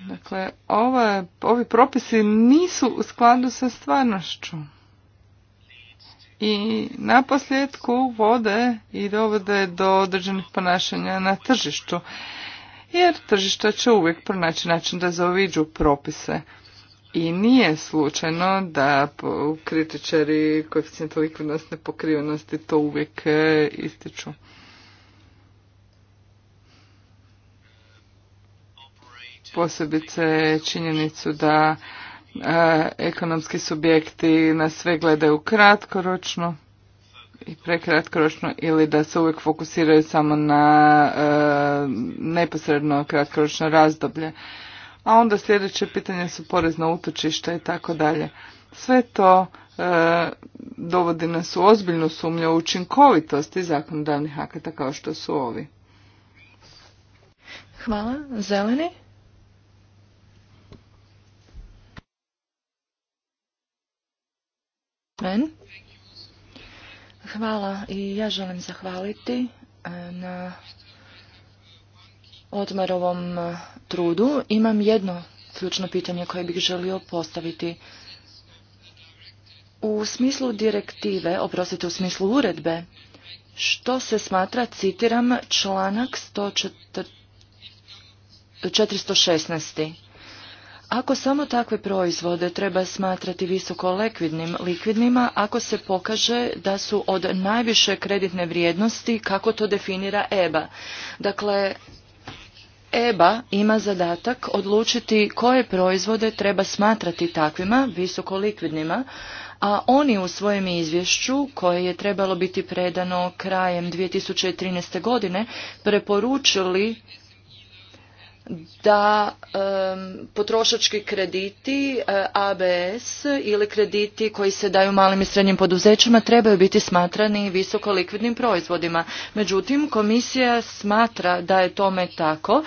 Dakle, ova ovi propisi nisu u skladu sa stvarnošću. I na vode i dovode do određenih ponašanja na tržištu. Jer tržišta će uvijek pronaći način da zaoviđu propise. I nije slučajno da kritičari koeficijenta likvidnostne pokrivenosti to uvijek e, ističu. Posebice činjenicu da e, ekonomski subjekti na sve gledaju kratkoročno i prekratkoročno ili da se uvijek fokusiraju samo na e, neposredno kratkoročno razdoblje a onda sljedeće pitanje su porezna utočišta i tako dalje. Sve to e, dovodi nas u ozbiljnu sumnju učinkovitosti zakonodavnih akata kao što su ovi. Hvala. Zeleni? Hvala i ja želim zahvaliti e, na ovom e, trudu. Imam jedno ključno pitanje koje bih želio postaviti. U smislu direktive, oprostite, u smislu uredbe, što se smatra, citiram, članak 416. Ako samo takve proizvode treba smatrati visoko likvidnim, likvidnima, ako se pokaže da su od najviše kreditne vrijednosti, kako to definira EBA. Dakle, EBA ima zadatak odlučiti koje proizvode treba smatrati takvima, visoko a oni u svojem izvješću, koje je trebalo biti predano krajem 2013. godine, preporučili da potrošački krediti e, ABS ili krediti koji se daju malim i srednjim poduzećima trebaju biti smatrani visoko likvidnim proizvodima. Međutim, komisija smatra da je tome tako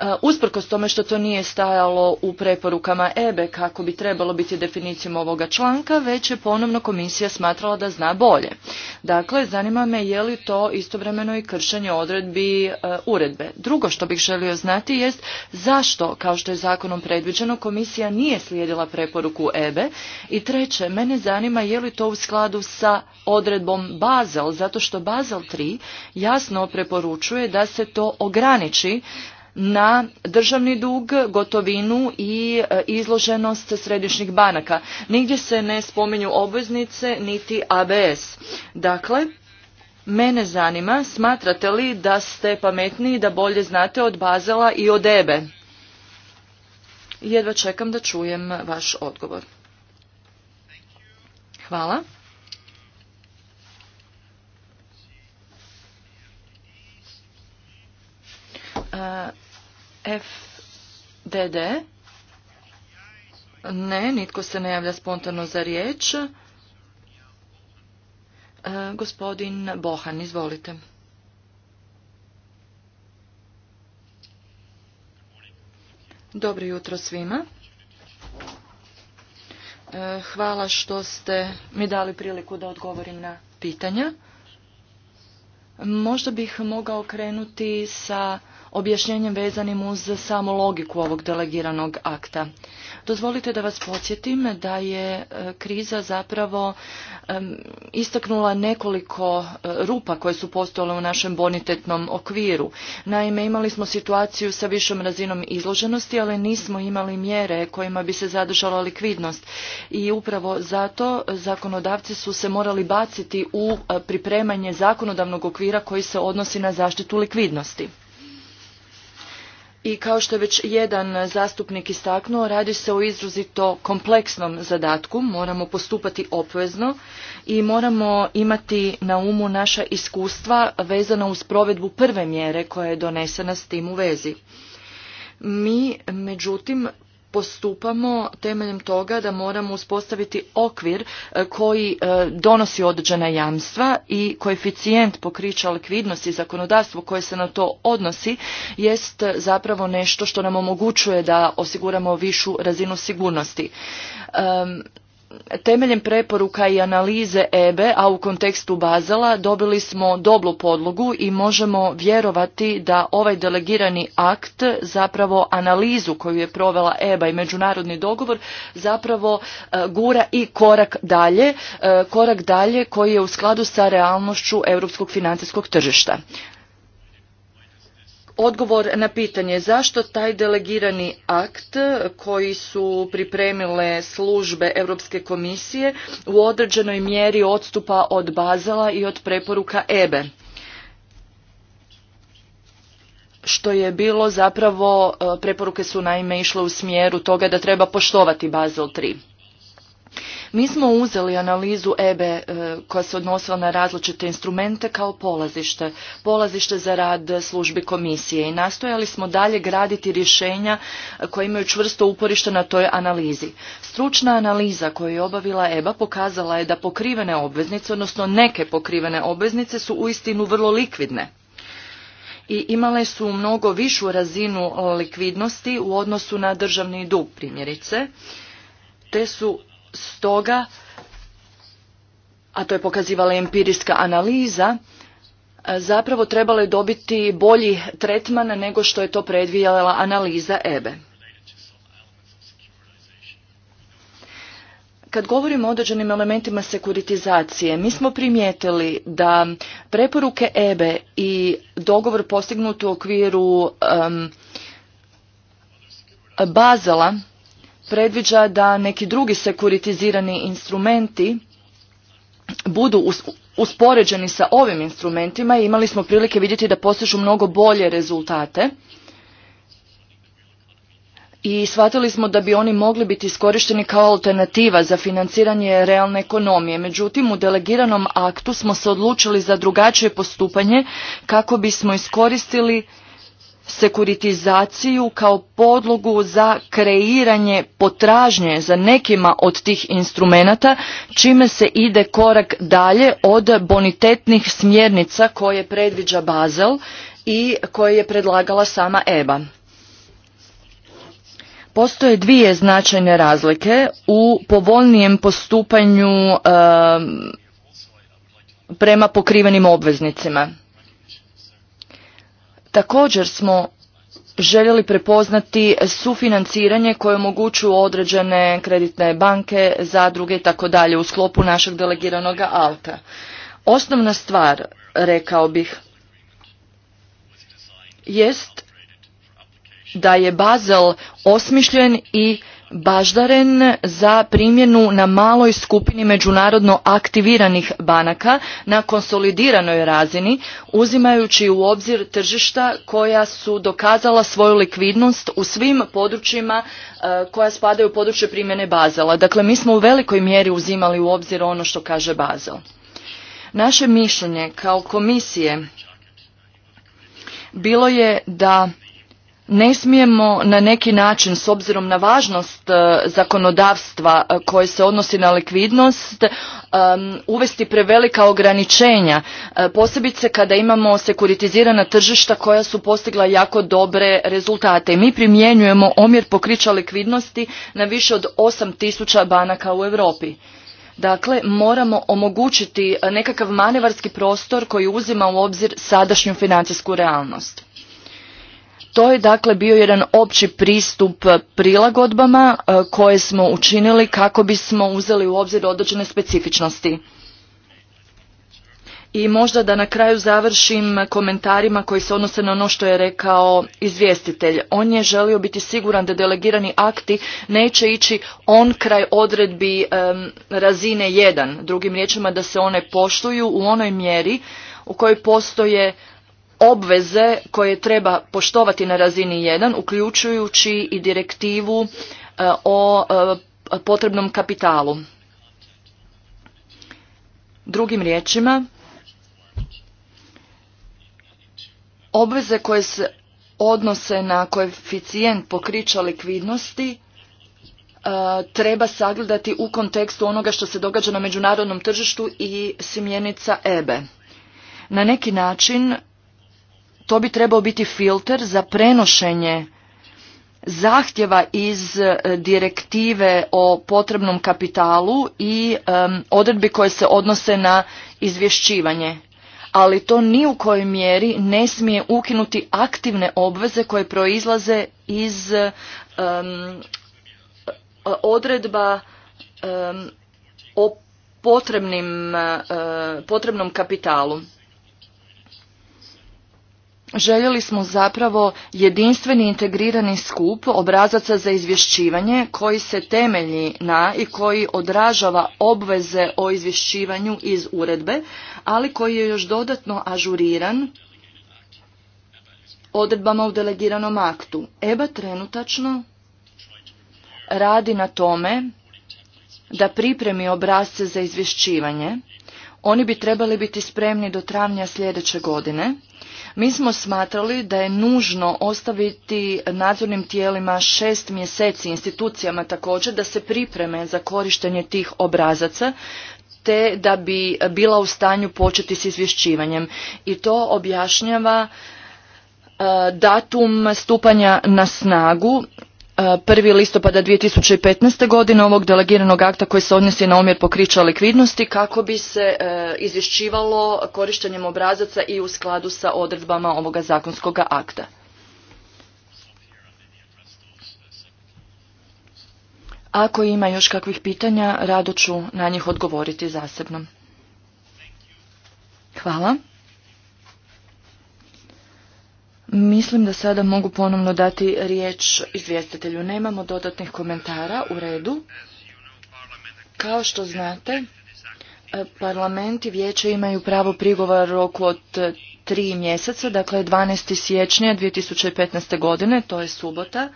E, usprkos tome što to nije stajalo u preporukama EBE e kako bi trebalo biti definicijom ovoga članka, već je ponovno komisija smatrala da zna bolje. Dakle, zanima me je li to istovremeno i kršenje odredbi e, uredbe. Drugo što bih želio znati jest zašto, kao što je zakonom predviđeno, komisija nije slijedila preporuku EBE. I treće, mene zanima je li to u skladu sa odredbom Basel, zato što Basel 3 jasno preporučuje da se to ograniči na državni dug, gotovinu i e, izloženost središnjih banaka. Nigdje se ne spominju obveznice niti ABS. Dakle, mene zanima, smatrate li da ste pametniji da bolje znate od Bazela i od EBE? Jedva čekam da čujem vaš odgovor. Hvala. E, FDD? Ne, nitko se ne javlja spontano za riječ. E, gospodin Bohan, izvolite. Dobro jutro svima. E, hvala što ste mi dali priliku da odgovorim na pitanja. Možda bih mogao krenuti sa objašnjenjem vezanim uz samu logiku ovog delegiranog akta. Dozvolite da vas podsjetim da je e, kriza zapravo istaknula nekoliko e, rupa koje su postojale u našem bonitetnom okviru. Naime, imali smo situaciju sa višom razinom izloženosti, ali nismo imali mjere kojima bi se zadržala likvidnost. I upravo zato zakonodavci su se morali baciti u e, pripremanje zakonodavnog okvira koji se odnosi na zaštitu likvidnosti i kao što je već jedan zastupnik istaknuo, radi se o izrazito kompleksnom zadatku, moramo postupati opvezno i moramo imati na umu naša iskustva vezana uz provedbu prve mjere koja je donesena s tim u vezi. Mi, međutim, postupamo temeljem toga da moramo uspostaviti okvir e, koji e, donosi određena jamstva i koeficijent pokrića likvidnosti i zakonodavstvo koje se na to odnosi jest e, zapravo nešto što nam omogućuje da osiguramo višu razinu sigurnosti temeljem preporuka i analize EBE, e, a u kontekstu Bazela, dobili smo doblu podlogu i možemo vjerovati da ovaj delegirani akt, zapravo analizu koju je provela EBA e i međunarodni dogovor, zapravo e, gura i korak dalje, korak dalje koji je u skladu sa realnošću europskog financijskog tržišta odgovor na pitanje zašto taj delegirani akt koji su pripremile službe Europske komisije u određenoj mjeri odstupa od Bazela i od preporuka EBE što je bilo zapravo, e, preporuke su naime išle u smjeru toga da treba poštovati Basel 3. Mi smo uzeli analizu EBE e, koja se odnosila na različite instrumente kao polazište, polazište za rad službi komisije i nastojali smo dalje graditi rješenja koje imaju čvrsto uporište na toj analizi. Stručna analiza koju je obavila EBA pokazala je da pokrivene obveznice, odnosno neke pokrivene obveznice su uistinu vrlo likvidne i imale su mnogo višu razinu likvidnosti u odnosu na državni dug primjerice, te su Stoga, a to je pokazivala empirijska analiza, e, zapravo trebale dobiti bolji tretman nego što je to predvijala analiza EBE. E. Kad govorimo o određenim elementima sekuritizacije, mi smo primijetili da preporuke EBE e i dogovor postignut u okviru Bazala predviđa da neki drugi sekuritizirani instrumenti budu uspoređeni sa ovim instrumentima i imali smo prilike vidjeti da postižu mnogo bolje rezultate i shvatili smo da bi oni mogli biti iskorišteni kao alternativa za financiranje realne ekonomije. Međutim, u delegiranom aktu smo se odlučili za drugačije postupanje kako bismo iskoristili sekuritizaciju kao podlogu za kreiranje potražnje za nekima od tih instrumenata čime se ide korak dalje od bonitetnih smjernica koje predviđa Basel i koje je predlagala sama EBA. Postoje dvije značajne razlike u povoljnijem postupanju ehm, prema pokrivenim obveznicima. Također smo željeli prepoznati sufinanciranje koje omogućuju određene kreditne banke, zadruge i tako dalje u sklopu našeg delegiranog alta. Osnovna stvar, rekao bih, jest da je Bazel osmišljen i baždaren za primjenu na maloj skupini međunarodno aktiviranih banaka na konsolidiranoj razini uzimajući u obzir tržišta koja su dokazala svoju likvidnost u svim područjima e, koja spadaju u područje primjene Bazela. Dakle, mi smo u velikoj mjeri uzimali u obzir ono što kaže Bazel. Naše mišljenje kao komisije bilo je da ne smijemo na neki način s obzirom na važnost e, zakonodavstva e, koje se odnosi na likvidnost uvesti prevelika ograničenja e, posebice kada imamo sekuritizirana tržišta koja su postigla jako dobre rezultate i mi primjenjujemo omjer pokrića likvidnosti na više od 8000 banaka u Europi Dakle, moramo omogućiti nekakav manevarski prostor koji uzima u obzir sadašnju financijsku realnost. To je dakle bio jedan opći pristup eh, prilagodbama eh, koje smo učinili kako bismo uzeli u obzir određene specifičnosti. I možda da na kraju završim komentarima koji se odnose na ono što je rekao izvjestitelj. On je želio biti siguran da delegirani akti neće ići on kraj odredbi razine 1. Drugim riječima da se one poštuju u onoj mjeri u kojoj postoje obveze koje treba poštovati na razini 1, uključujući i direktivu e, o e, potrebnom kapitalu. Drugim riječima, obveze koje se odnose na koeficijent pokrića likvidnosti e, treba sagledati u kontekstu onoga što se događa na međunarodnom tržištu i simjenica EBE. Na neki način to bi trebao biti filter za prenošenje zahtjeva iz e, direktive o potrebnom kapitalu i e, odredbi koje se odnose na izvješćivanje ali to ni u kojoj mjeri ne smije ukinuti aktivne obveze koje proizlaze iz e, odredba o potrebnom kapitalu željeli smo zapravo jedinstveni integrirani skup obrazaca za izvješćivanje koji se temelji na i koji odražava obveze o izvješćivanju iz uredbe, ali koji je još dodatno ažuriran odredbama u delegiranom aktu. EBA trenutačno radi na tome da pripremi obrazce za izvješćivanje. Oni bi trebali biti spremni do travnja sljedeće godine mi smo smatrali da je nužno ostaviti nadzornim tijelima šest mjeseci, institucijama također, da se pripreme za korištenje tih obrazaca, te da bi bila u stanju početi s izvješćivanjem. I to objašnjava e, datum stupanja na snagu E, prvi listopada 2015. godine ovog delegiranog akta koji se odnosi na omjer pokrića likvidnosti kako bi se e, izvješćivalo korištenjem obrazaca i u skladu sa odredbama ovoga zakonskog akta. Ako ima još kakvih pitanja, rado ću na njih odgovoriti zasebno. Hvala. Mislim da sada mogu ponovno dati riječ izvjestitelju. Nemamo dodatnih komentara u redu. Kao što znate, parlament i vijeće imaju pravo prigovora roku od e, tri mjeseca, dakle 12. siječnja 2015. godine, to je subota.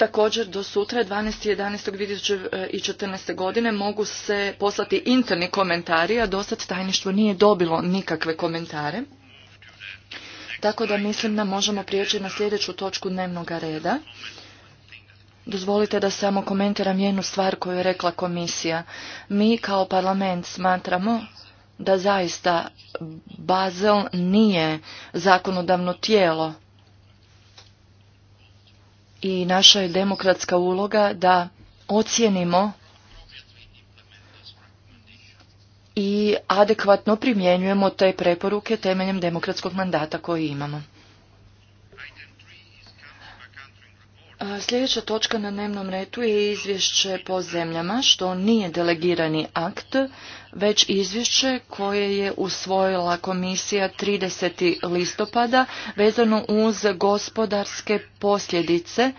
Također do sutra 12.11.2014. godine mogu se poslati interni komentari, a dosad tajništvo nije dobilo nikakve komentare. Tako da mislim da možemo prijeći na sljedeću točku dnevnog reda. Dozvolite da samo komentiram jednu stvar koju je rekla komisija. Mi kao parlament smatramo da zaista Bazel nije zakonodavno tijelo i naša je demokratska uloga da ocijenimo i adekvatno primjenjujemo te preporuke temeljem demokratskog mandata koji imamo. Sljedeća točka na dnevnom redu je izvješće po zemljama, što nije delegirani akt, već izvješće koje je usvojila komisija 30. listopada vezano uz gospodarske posljedice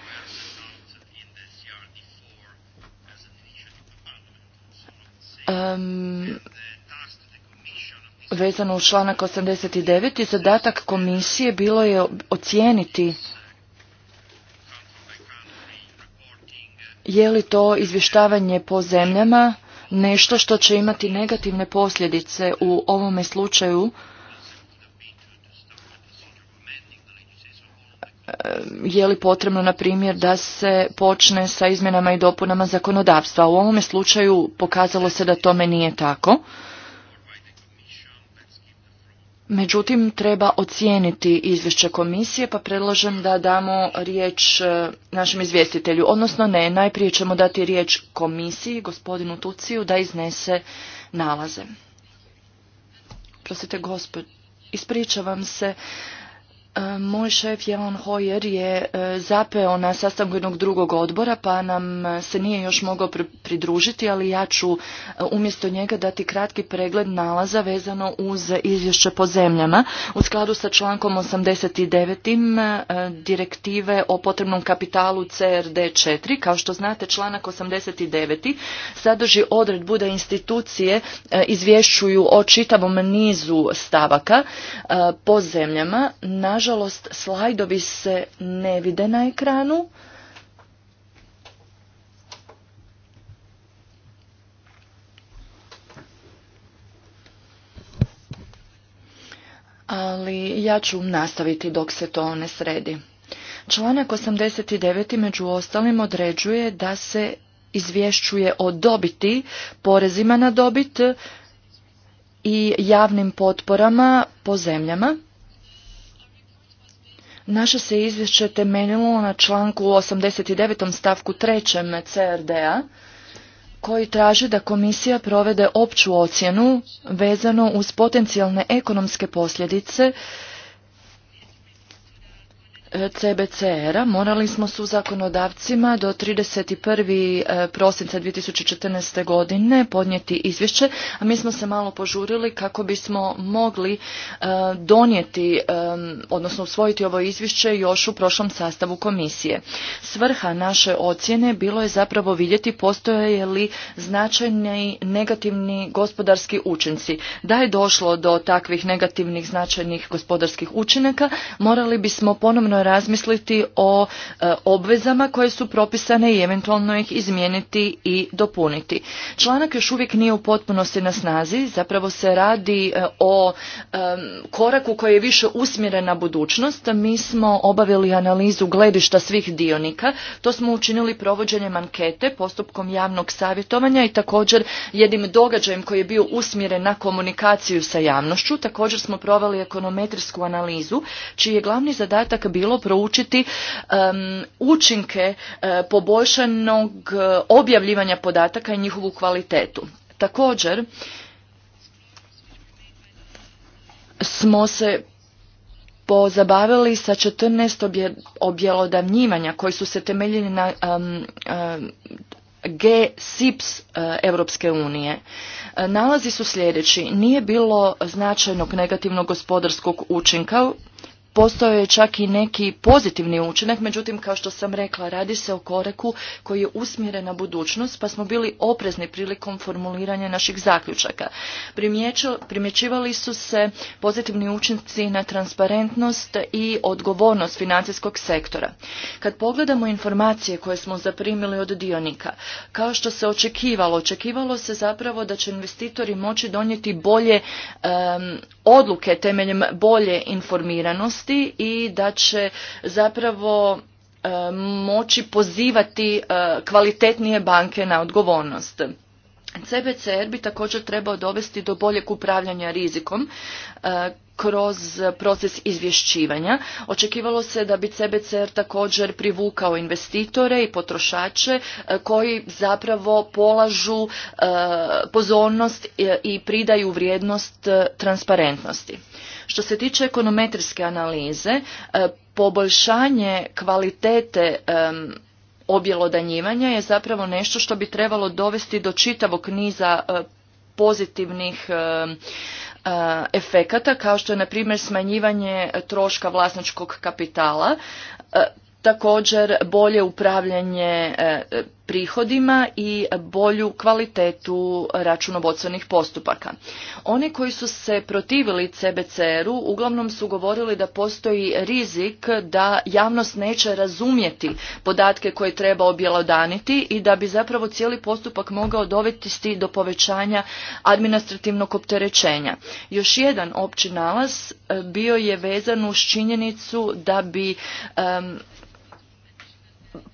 vezano u članak 89. i zadatak komisije bilo je ocijeniti je li to izvještavanje po zemljama nešto što će imati negativne posljedice u ovome slučaju e, je li potrebno, na primjer, da se počne sa izmjenama i dopunama zakonodavstva. U ovome slučaju pokazalo se da tome nije tako. Međutim, treba ocijeniti izvješće komisije, pa predlažem da damo riječ e, našem izvjestitelju. Odnosno ne, najprije ćemo dati riječ komisiji, gospodinu Tuciju, da iznese nalaze. Prosite, gospod, ispričavam se, E, moj šef Jelan Hoyer je e, zapeo na sastanku jednog drugog odbora pa nam e, se nije još mogao pridružiti, ali ja ću umjesto njega dati kratki pregled nalaza vezano uz izvješće po zemljama. U skladu sa člankom 89. direktive o potrebnom kapitalu CRD4, kao što znate članak 89. sadrži odredbu da institucije izvješćuju o čitavom nizu stavaka po zemljama. Na Nažalost, slajdovi se ne vide na ekranu. ali ja ću nastaviti dok se to ne sredi. Članak 89. među ostalim određuje da se izvješćuje o dobiti, porezima na dobit i javnim potporama po zemljama. Naše se izvješće temeljilo na članku 89. stavku 3. CRD-a koji traži da komisija provede opću ocjenu vezano uz potencijalne ekonomske posljedice CBCR-a morali smo su zakonodavcima do 31. E, prosinca 2014. godine podnijeti izvješće, a mi smo se malo požurili kako bismo mogli e, donijeti, e, odnosno usvojiti ovo izvješće još u prošlom sastavu komisije. Svrha naše ocjene bilo je zapravo vidjeti postoje li značajni negativni gospodarski učinci. Da je došlo do takvih negativnih značajnih gospodarskih učinaka, morali bismo ponovno razmisliti o e, obvezama koje su propisane i eventualno ih izmijeniti i dopuniti. Članak još uvijek nije u potpunosti na snazi, zapravo se radi e, o e, koraku koji je više usmjeren na budućnost. Mi smo obavili analizu gledišta svih dionika, to smo učinili provođenjem ankete, postupkom javnog savjetovanja i također jednim događajem koji je bio usmjeren na komunikaciju sa javnošću. Također smo proveli ekonometrijsku analizu, čiji je glavni zadatak bilo proučiti učinke eh, poboljšanog eh, objavljivanja podataka i njihovu kvalitetu. Također smo se pozabavili sa 14 objelodavnjivanja koji su se temeljili na um, G-SIPS eh, Europske unije. Nalazi su sljedeći. Nije bilo značajnog negativnog gospodarskog učinka postoje je čak i neki pozitivni učinak, međutim, kao što sam rekla, radi se o koraku koji je usmjeren na budućnost, pa smo bili oprezni prilikom formuliranja naših zaključaka. Primjećivali su se pozitivni učinci na transparentnost i odgovornost financijskog sektora. Kad pogledamo informacije koje smo zaprimili od dionika, kao što se očekivalo, očekivalo se zapravo da će investitori moći donijeti bolje odluke temeljem bolje informiranosti i da će zapravo e, moći pozivati e, kvalitetnije banke na odgovornost. CBCR bi također trebao dovesti do boljeg upravljanja rizikom e, kroz proces izvješćivanja. Očekivalo se da bi CBCR također privukao investitore i potrošače e, koji zapravo polažu e, pozornost e, i pridaju vrijednost transparentnosti. Što se tiče ekonometrijske analize, poboljšanje kvalitete objelodanjivanja je zapravo nešto što bi trebalo dovesti do čitavog niza pozitivnih Eh, efekata kao što je na primjer smanjivanje troška vlasničkog kapitala eh, također bolje upravljanje e, prihodima i bolju kvalitetu računovodstvenih postupaka. Oni koji su se protivili CBCR-u uglavnom su govorili da postoji rizik da javnost neće razumjeti podatke koje treba objelodaniti i da bi zapravo cijeli postupak mogao dovesti do povećanja administrativnog opterećenja. Još jedan opći nalaz e, bio je vezan uz činjenicu da bi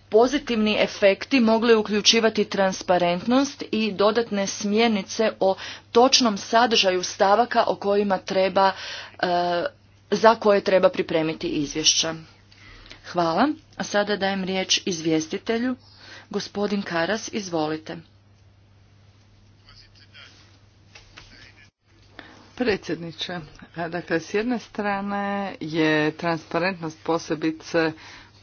pozitivni efekti mogli uključivati transparentnost i dodatne smjernice o točnom sadržaju stavaka o kojima treba, e, za koje treba pripremiti izvješća. Hvala. A sada dajem riječ izvjestitelju. Gospodin Karas, izvolite. Predsjedniče, dakle, s jedne strane je transparentnost posebice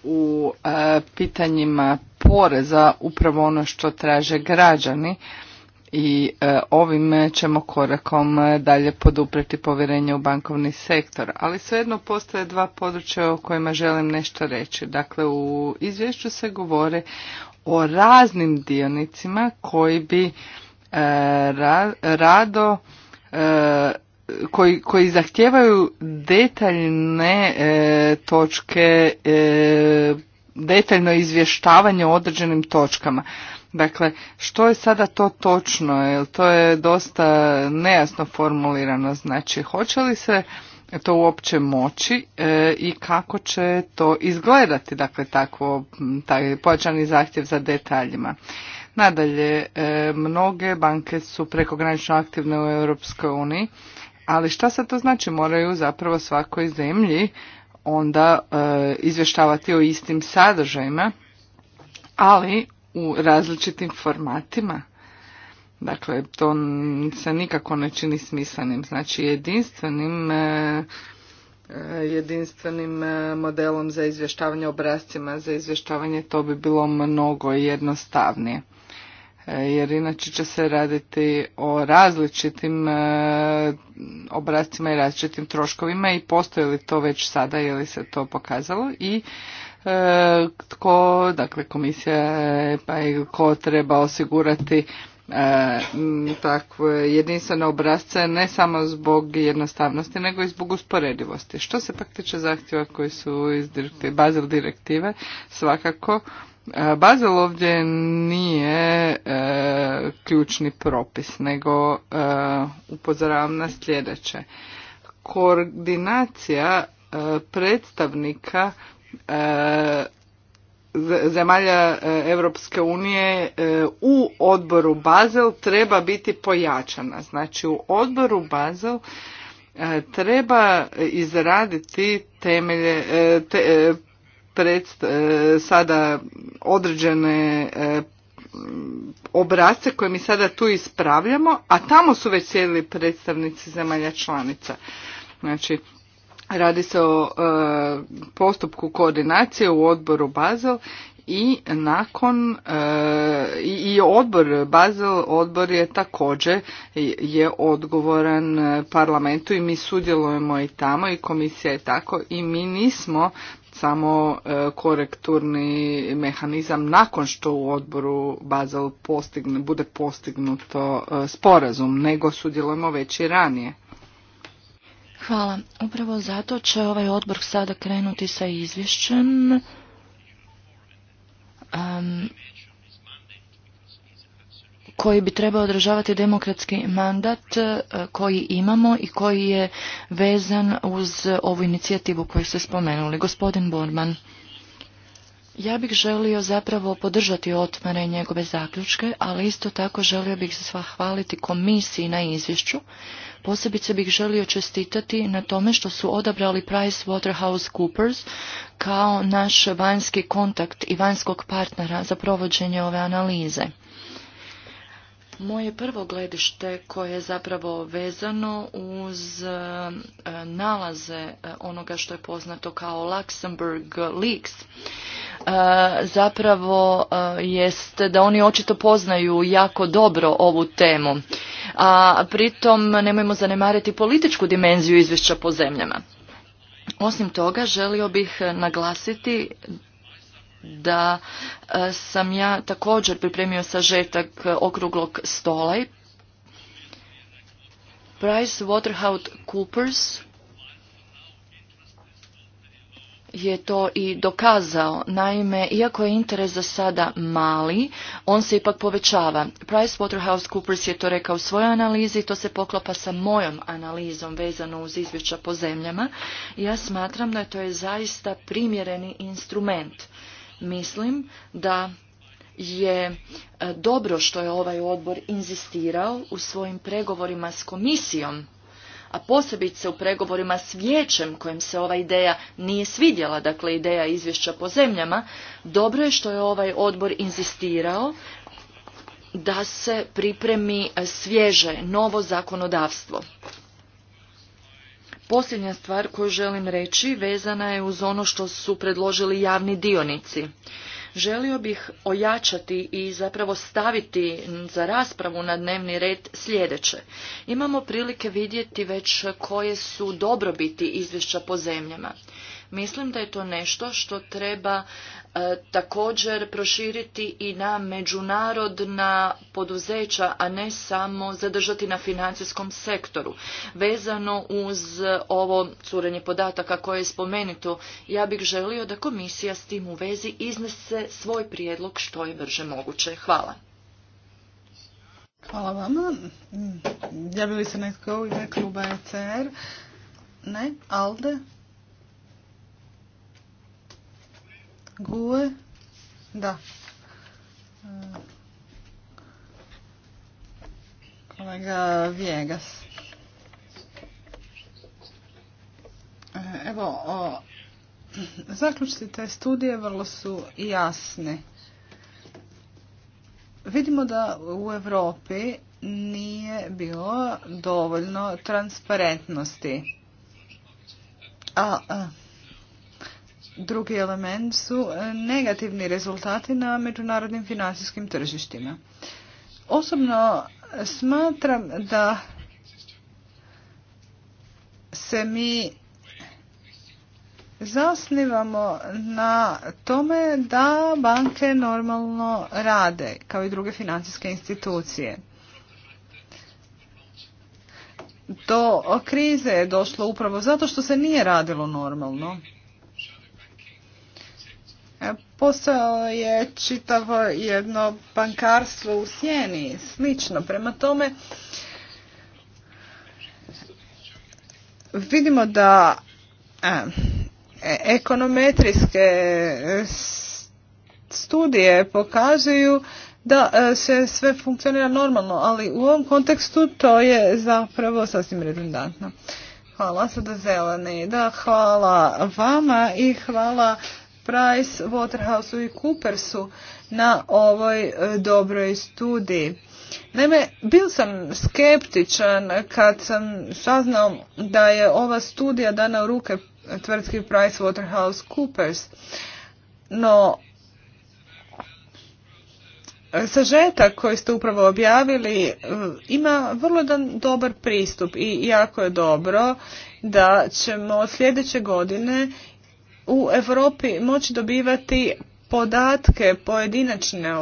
u e, pitanjima poreza upravo ono što traže građani i e, ovim ćemo korakom dalje podupreti povjerenje u bankovni sektor. Ali svejedno postoje dva područja o kojima želim nešto reći. Dakle, u izvješću se govore o raznim dionicima koji bi e, rado koji, koji zahtijevaju detaljne e, točke, e, detaljno izvještavanje o određenim točkama. Dakle, što je sada to točno? Jer to je dosta nejasno formulirano. Znači, hoće li se to uopće moći e, i kako će to izgledati, dakle, tako, taj pojačani zahtjev za detaljima. Nadalje, mnoge banke su prekogranično aktivne u Europskoj uniji ali šta se to znači? Moraju zapravo svakoj zemlji onda e, izvještavati o istim sadržajima, ali u različitim formatima. Dakle, to se nikako ne čini smislenim. Znači, jedinstvenim e, e, jedinstvenim modelom za izvještavanje obrascima, za izvještavanje to bi bilo mnogo jednostavnije jer inače će se raditi o različitim e, obrazcima i različitim troškovima i postoji li to već sada, je li se to pokazalo i e, tko, dakle komisija e, pa i ko treba osigurati E, takve jedinstvene obrazce ne samo zbog jednostavnosti nego i zbog usporedivosti. Što se pak tiče zahtjeva koji su iz direktive, Basel direktive, svakako E, Bazel ovdje nije e, ključni propis, nego e, upozoravam na sljedeće. Koordinacija predstavnika zemalja Europske unije u odboru Bazel treba biti pojačana. Znači u odboru Bazel treba izraditi temelje, te, pred e, sada određene e, obrazce koje mi sada tu ispravljamo, a tamo su već sjedili predstavnici zemalja članica. Znači, radi se o e, postupku koordinacije u odboru Bazel i nakon i odbor Basel odbor je također je odgovoran parlamentu i mi sudjelujemo i tamo i komisija je tako i mi nismo samo e, korekturni mehanizam nakon što u odboru Bazel postigne, bude postignuto e, sporazum, nego sudjelujemo već i ranije. Hvala. Upravo zato će ovaj odbor sada krenuti sa izvješćem koji bi trebao održavati demokratski mandat e, koji imamo i koji je vezan uz ovu inicijativu koju ste spomenuli. Gospodin Borman. Ja bih želio zapravo podržati otmare njegove zaključke, ali isto tako želio bih se hvaliti komisiji na izvješću. Posebice bih želio čestitati na tome što su odabrali Coopers kao naš vanjski kontakt i vanjskog partnera za provođenje ove analize. Moje prvo gledište koje je zapravo vezano uz e, nalaze e, onoga što je poznato kao Luxembourg Leaks e, zapravo jest da oni očito poznaju jako dobro ovu temu, a pritom nemojmo zanemariti političku dimenziju izvješća po zemljama. Osim toga, želio bih naglasiti da e, sam ja također pripremio sažetak okruglog stola Waterhouse Coopers je to i dokazao. Naime, iako je interes za sada mali, on se ipak povećava. Price Waterhouse Coopers je to rekao u svojoj analizi i to se poklapa sa mojom analizom vezano uz izvješća po zemljama. Ja smatram da to je zaista primjereni instrument Mislim da je e, dobro što je ovaj odbor inzistirao u svojim pregovorima s komisijom, a posebice u pregovorima s vijećem kojem se ova ideja nije svidjela, dakle ideja izvješća po zemljama, dobro je što je ovaj odbor inzistirao da se pripremi svježe novo zakonodavstvo. Posljednja stvar koju želim reći vezana je uz ono što su predložili javni dionici. Želio bih ojačati i zapravo staviti za raspravu na dnevni red sljedeće. Imamo prilike vidjeti već koje su dobrobiti izvješća po zemljama. Mislim da je to nešto što treba E, također proširiti i na međunarodna poduzeća, a ne samo zadržati na financijskom sektoru. Vezano uz ovo curenje podataka koje je spomenuto, ja bih želio da komisija s tim u vezi iznese svoj prijedlog što je brže moguće. Hvala. Hvala vama. Mm, se netko u kluba e Ne? Alde? Gule? Da. Kolega Vjegas. E, evo, zaključite te studije vrlo su jasne. Vidimo da u Europi nije bilo dovoljno transparentnosti. A, a Drugi element su e, negativni rezultati na međunarodnim financijskim tržištima. Osobno smatram da se mi zasnivamo na tome da banke normalno rade kao i druge financijske institucije. Do krize je došlo upravo zato što se nije radilo normalno postojao je čitavo jedno bankarstvo u sjeni, slično. Prema tome, vidimo da e, ekonometrijske e, studije pokazuju da e, se sve funkcionira normalno, ali u ovom kontekstu to je zapravo sasvim redundantno. Hvala sada zeleni. Da, hvala vama i hvala Price, Waterhouse i Coopersu na ovoj e, dobroj studiji. Naime, bio sam skeptičan kad sam saznao da je ova studija dana u ruke tvrtki Price Waterhouse Coopers. No, sažetak koji ste upravo objavili e, ima vrlo dobar pristup i jako je dobro da ćemo sljedeće godine u Europi moći dobivati podatke pojedinačne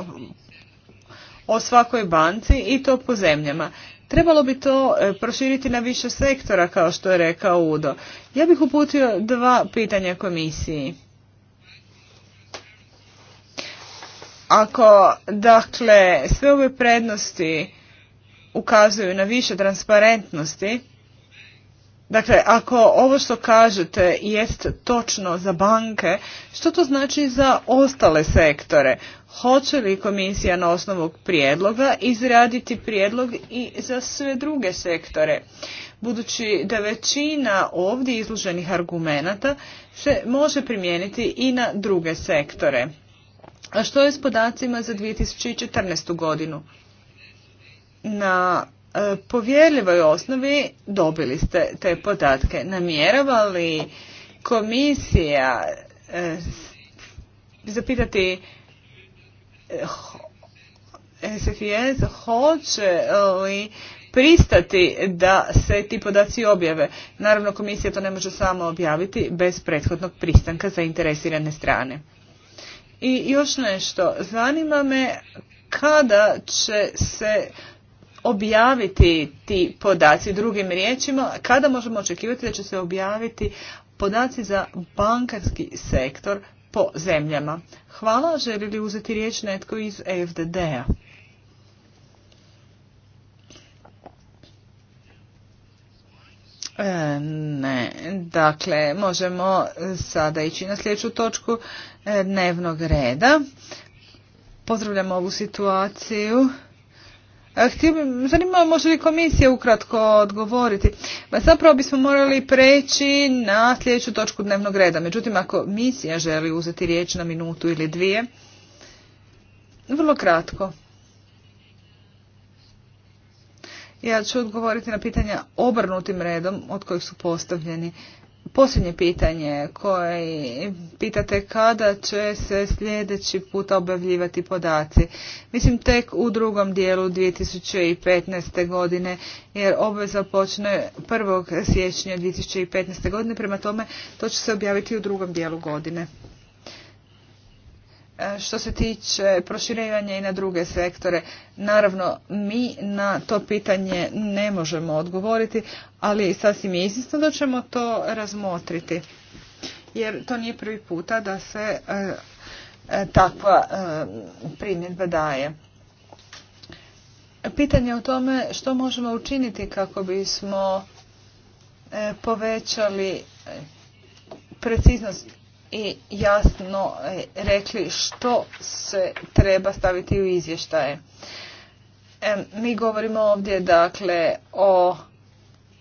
o svakoj banci i to po zemljama. Trebalo bi to e, proširiti na više sektora, kao što je rekao Udo. Ja bih uputio dva pitanja komisiji. Ako, dakle, sve ove prednosti ukazuju na više transparentnosti, Dakle, ako ovo što kažete jest točno za banke, što to znači za ostale sektore? Hoće li komisija na osnovu prijedloga izraditi prijedlog i za sve druge sektore? Budući da većina ovdje izloženih argumenata se može primijeniti i na druge sektore. A što je s podacima za 2014. godinu? Na E, povjerljivoj osnovi dobili ste te podatke. Namjerava li komisija e, zapitati SFIS e, hoće li pristati da se ti podaci objave. Naravno, komisija to ne može samo objaviti bez prethodnog pristanka zainteresirane strane. I još nešto, zanima me kada će se objaviti ti podaci? Drugim riječima, kada možemo očekivati da će se objaviti podaci za bankarski sektor po zemljama? Hvala, želi li uzeti riječ netko iz FDD-a? E, ne, dakle, možemo sada ići na sljedeću točku e, dnevnog reda. Pozdravljam ovu situaciju Zanima može li komisija ukratko odgovoriti. Pa zapravo bismo morali preći na sljedeću točku dnevnog reda. Međutim, ako komisija želi uzeti riječ na minutu ili dvije, vrlo kratko. Ja ću odgovoriti na pitanja obrnutim redom od kojih su postavljeni. Posljednje pitanje koje pitate kada će se sljedeći put objavljivati podaci. Mislim tek u drugom dijelu 2015. godine jer obveza počne 1. siječnja 2015. godine, prema tome to će se objaviti u drugom dijelu godine. E, što se tiče proširivanja i na druge sektore. Naravno, mi na to pitanje ne možemo odgovoriti, ali sasvim je izvjesno da ćemo to razmotriti. Jer to nije prvi puta da se e, e, takva e, primjedba daje. Pitanje o tome što možemo učiniti kako bismo povećali preciznost i jasno e, rekli što se treba staviti u izvještaje. E, mi govorimo ovdje dakle o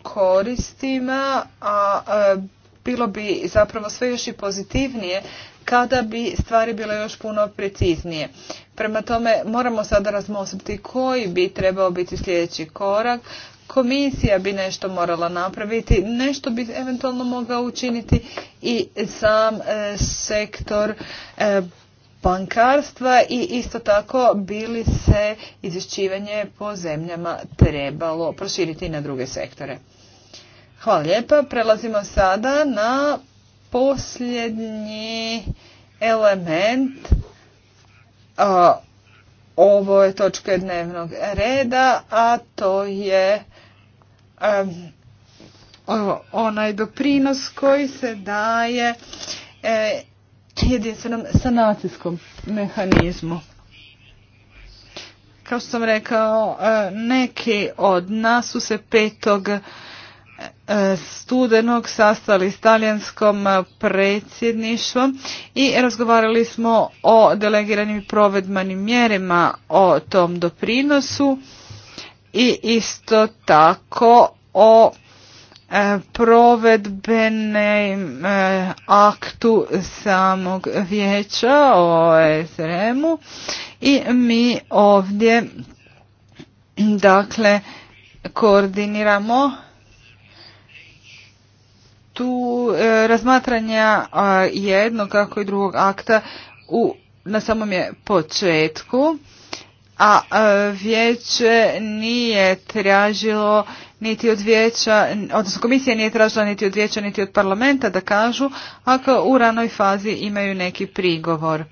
koristima, a e, bilo bi zapravo sve još i pozitivnije kada bi stvari bile još puno preciznije. Prema tome moramo sada razmosliti koji bi trebao biti sljedeći korak, Komisija bi nešto morala napraviti, nešto bi eventualno mogao učiniti i sam e, sektor e, bankarstva i isto tako bili se izvješćivanje po zemljama trebalo proširiti na druge sektore. Hvala lijepa. Prelazimo sada na posljednji element. A, ovo je točka dnevnog reda, a to je onaj doprinos koji se daje e, jedinstvenom sanacijskom mehanizmu. Kao što sam rekao, e, neki od nas su se petog e, studenog sastali s talijanskom predsjedništvom i razgovarali smo o delegiranim provedmanim mjerima o tom doprinosu i isto tako o e, provedbene e, aktu samog vijeća o SRM-u i mi ovdje dakle koordiniramo tu e, razmatranja jednog kako i drugog akta u, na samom je početku a e, vijeće nije tražilo niti od vijeća, odnosno komisija nije tražila niti od vijeća niti od parlamenta da kažu ako u ranoj fazi imaju neki prigovor.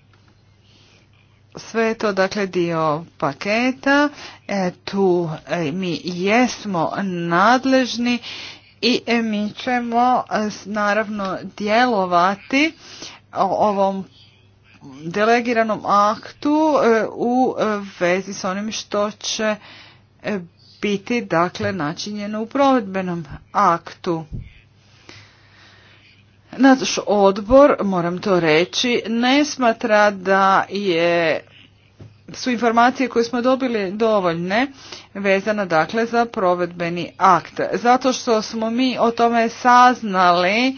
Sve je to dakle dio paketa, e, tu e, mi jesmo nadležni i mi ćemo naravno djelovati o ovom delegiranom aktu e, u e, vezi s onim što će e, biti dakle načinjeno u provedbenom aktu. Naš odbor, moram to reći, ne smatra da je su informacije koje smo dobili dovoljne vezana dakle za provedbeni akt. Zato što smo mi o tome saznali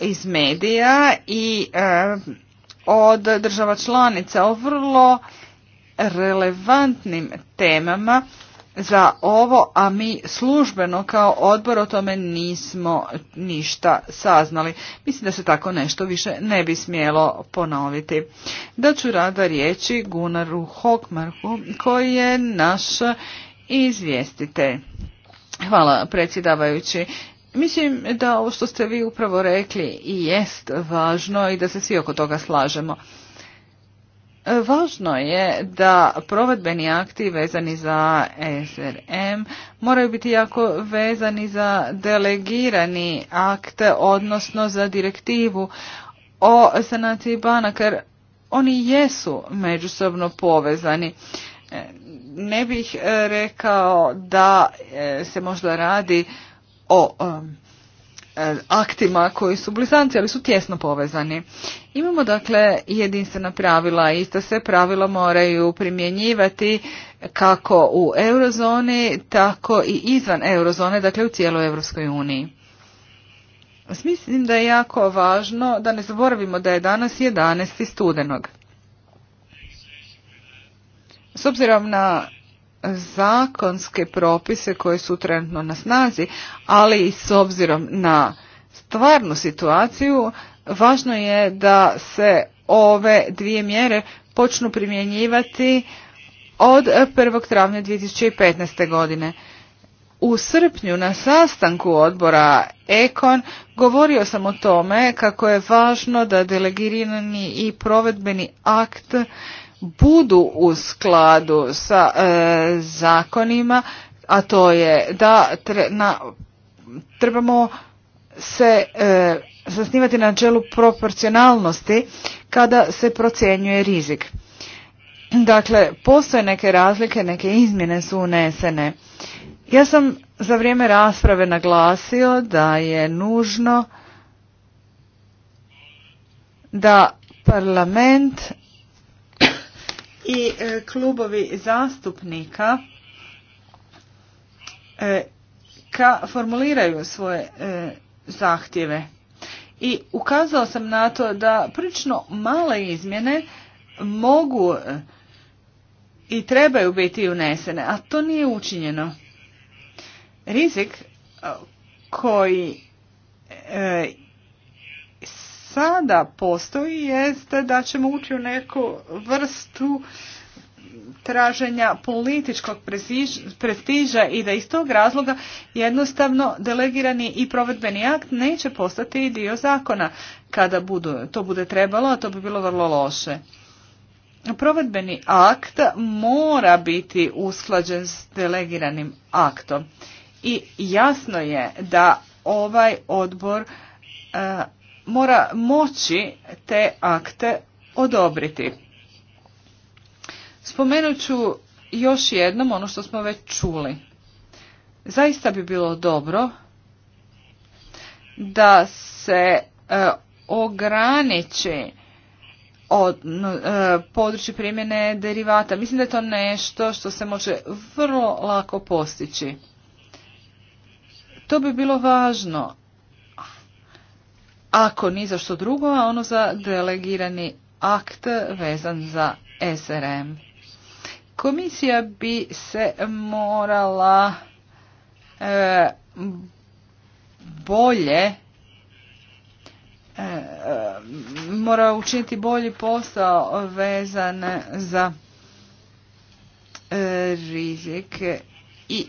iz medija i od država članica o vrlo relevantnim temama za ovo, a mi službeno kao odbor o tome nismo ništa saznali. Mislim da se tako nešto više ne bi smjelo ponoviti. Da ću rada riječi Gunaru Hokmarku koji je naš izvjestitelj. Hvala predsjedavajući. Mislim da ovo što ste vi upravo rekli i jest važno i da se svi oko toga slažemo. Važno je da provedbeni akti vezani za SRM moraju biti jako vezani za delegirani akt, odnosno za direktivu o sanaciji banaka, jer oni jesu međusobno povezani. Ne bih rekao da se možda radi o aktima koji su blizanci, ali su tjesno povezani. Imamo dakle jedinstvena pravila, ista se pravila moraju primjenjivati kako u eurozoni, tako i izvan eurozone, dakle u cijeloj Europskoj uniji. Mislim da je jako važno da ne zaboravimo da je danas 11. studenog. S obzirom na zakonske propise koje su trenutno na snazi, ali i s obzirom na stvarnu situaciju, važno je da se ove dvije mjere počnu primjenjivati od 1. travnja 2015. godine. U srpnju na sastanku odbora Ekon govorio sam o tome kako je važno da delegirani i provedbeni akt budu u skladu sa e, zakonima, a to je da na, trebamo se e, zasnivati na načelu proporcionalnosti kada se procjenjuje rizik. Dakle, postoje neke razlike, neke izmjene su unesene. Ja sam za vrijeme rasprave naglasio da je nužno da parlament i e, klubovi zastupnika e, ka formuliraju svoje e, zahtjeve. I ukazao sam na to da prilično male izmjene mogu i trebaju biti unesene, a to nije učinjeno. Rizik koji sada postoji jeste da ćemo ući u neku vrstu traženja političkog prestiža i da iz tog razloga jednostavno delegirani i provedbeni akt neće postati dio zakona kada to bude trebalo, a to bi bilo vrlo loše. Provedbeni akt mora biti usklađen s delegiranim aktom i jasno je da ovaj odbor e, mora moći te akte odobriti. Spomenut ću još jednom ono što smo već čuli. Zaista bi bilo dobro da se e, ograniči od e, područje primjene derivata. Mislim da je to nešto što se može vrlo lako postići. To bi bilo važno ako ni za što drugo, a ono za delegirani akt vezan za SRM. Komisija bi se morala e, bolje e, mora učiniti bolji posao vezan za e, i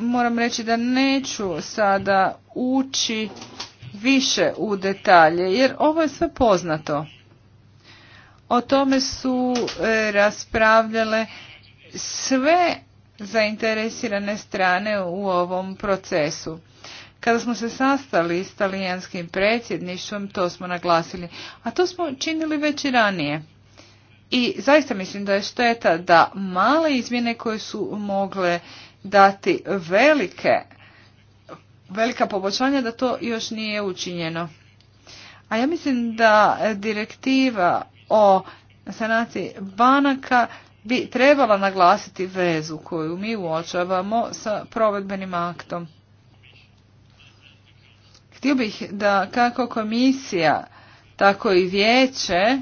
moram reći da neću sada ući više u detalje, jer ovo je sve poznato. O tome su e, raspravljale sve zainteresirane strane u ovom procesu. Kada smo se sastali s talijanskim predsjedništvom, to smo naglasili, a to smo činili već i ranije. I zaista mislim da je šteta da male izmjene koje su mogle dati velike, velika poboljšanja da to još nije učinjeno. A ja mislim da direktiva o sanaciji banaka bi trebala naglasiti vezu koju mi uočavamo sa provedbenim aktom. Htio bih da kako komisija, tako i vijeće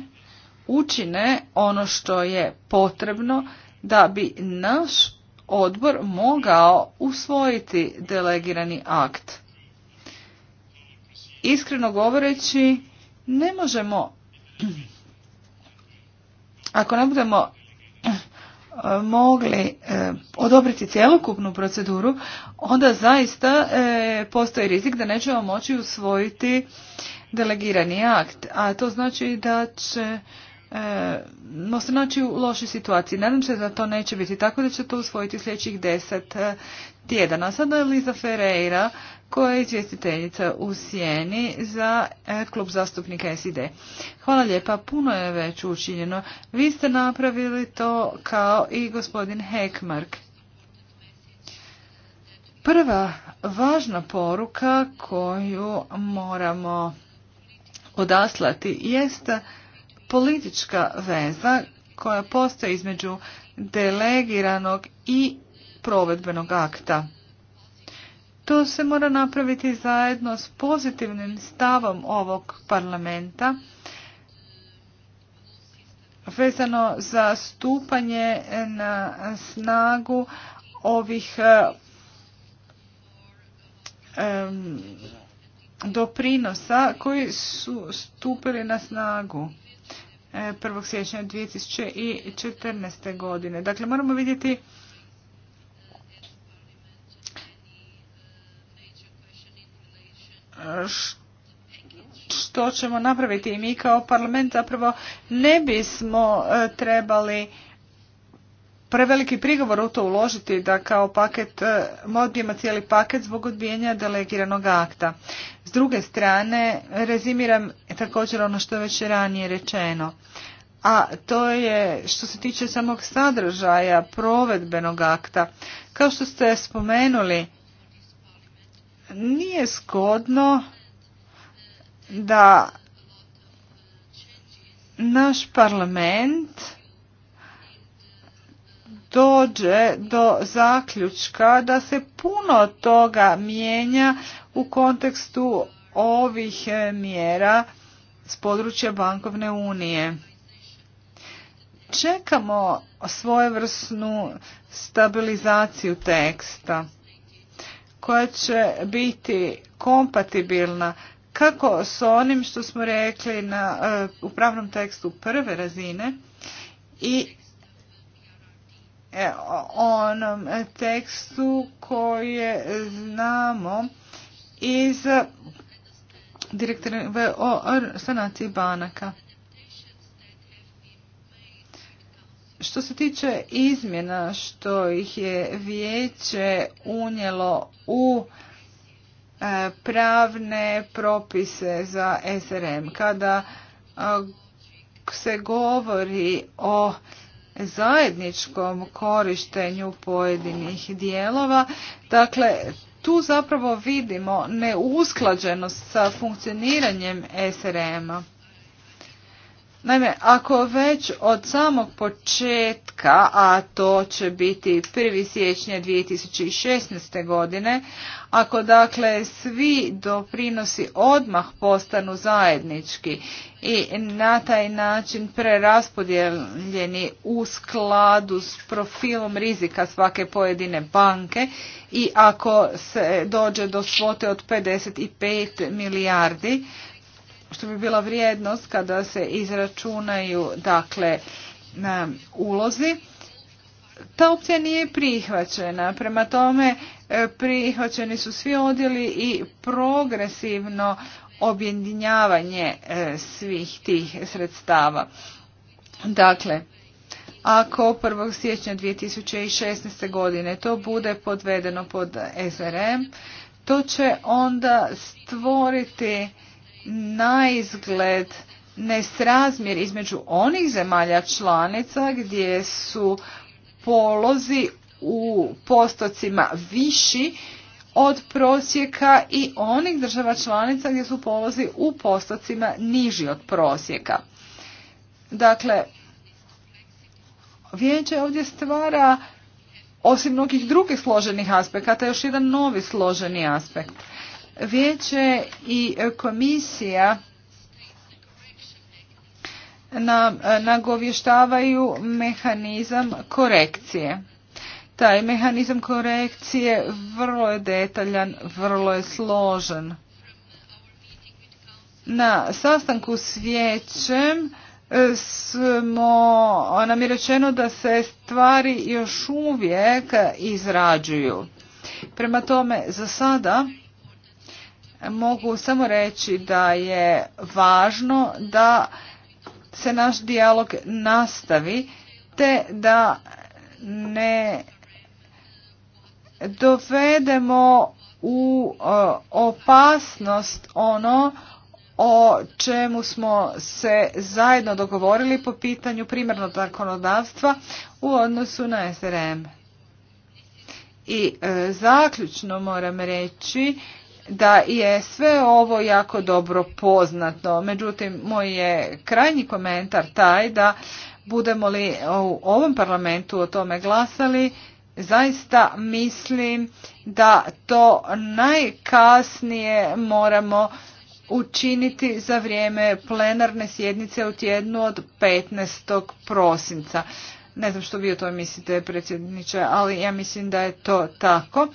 učine ono što je potrebno da bi naš odbor mogao usvojiti delegirani akt. Iskreno govoreći, ne možemo, ako ne budemo eh, mogli eh, odobriti cjelokupnu proceduru, onda zaista eh, postoji rizik da nećemo moći usvojiti delegirani akt. A to znači da će E, no se naći u lošoj situaciji. Nadam se da to neće biti tako da će to usvojiti sljedećih deset e, tjedana. sada je Liza Ferreira koja je izvjestiteljica u Sjeni za e, klub zastupnika SID. Hvala lijepa, puno je već učinjeno. Vi ste napravili to kao i gospodin Hekmark. Prva važna poruka koju moramo odaslati jeste politička veza koja postoji između delegiranog i provedbenog akta. To se mora napraviti zajedno s pozitivnim stavom ovog parlamenta vezano za stupanje na snagu ovih e, doprinosa koji su stupili na snagu. 1. siječnja 2014. godine. Dakle, moramo vidjeti što ćemo napraviti i mi kao parlament zapravo ne bismo e, trebali preveliki prigovor u to uložiti da kao paket modijemo e, cijeli paket zbog odbijenja delegiranog akta. S druge strane, rezimiram također ono što je već ranije rečeno. A to je što se tiče samog sadržaja provedbenog akta. Kao što ste spomenuli, nije skodno da naš parlament dođe do zaključka da se puno toga mijenja u kontekstu ovih mjera s područja bankovne unije. Čekamo svojevrsnu stabilizaciju teksta koja će biti kompatibilna kako s onim što smo rekli na, eh, u pravnom tekstu prve razine i eh, onom tekstu koje znamo iz direktive o sanaciji banaka. Što se tiče izmjena što ih je vijeće unijelo u e, pravne propise za SRM, kada se govori o zajedničkom korištenju pojedinih dijelova, dakle tu zapravo vidimo neusklađenost sa funkcioniranjem SRM-a. Naime, ako već od samog početka, a to će biti 1. siječnja 2016. godine, ako dakle svi doprinosi odmah postanu zajednički i na taj način preraspodijeljeni u skladu s profilom rizika svake pojedine banke i ako se dođe do svote od 55 milijardi, što bi bila vrijednost kada se izračunaju dakle na ulozi. Ta opcija nije prihvaćena. Prema tome e, prihvaćeni su svi odjeli i progresivno objedinjavanje e, svih tih sredstava. Dakle, ako 1. siječnja 2016. godine to bude podvedeno pod SRM, to će onda stvoriti naizgled nesrazmjer između onih zemalja članica gdje su polozi u postocima viši od prosjeka i onih država članica gdje su polozi u postocima niži od prosjeka. Dakle, vijeće ovdje stvara osim mnogih drugih složenih aspekata još jedan novi složeni aspekt. Vijeće i komisija nam nagovještavaju mehanizam korekcije. Taj mehanizam korekcije vrlo je detaljan, vrlo je složen. Na sastanku s vijećem e, smo, nam je rečeno da se stvari još uvijek izrađuju. Prema tome, za sada mogu samo reći da je važno da se naš dijalog nastavi te da ne dovedemo u e, opasnost ono o čemu smo se zajedno dogovorili po pitanju primarnog zakonodavstva u odnosu na SRM. I e, zaključno moram reći da je sve ovo jako dobro poznato. Međutim, moj je krajnji komentar taj da budemo li u ovom parlamentu o tome glasali, zaista mislim da to najkasnije moramo učiniti za vrijeme plenarne sjednice u tjednu od 15. prosinca. Ne znam što vi o tome mislite, predsjedniče, ali ja mislim da je to tako.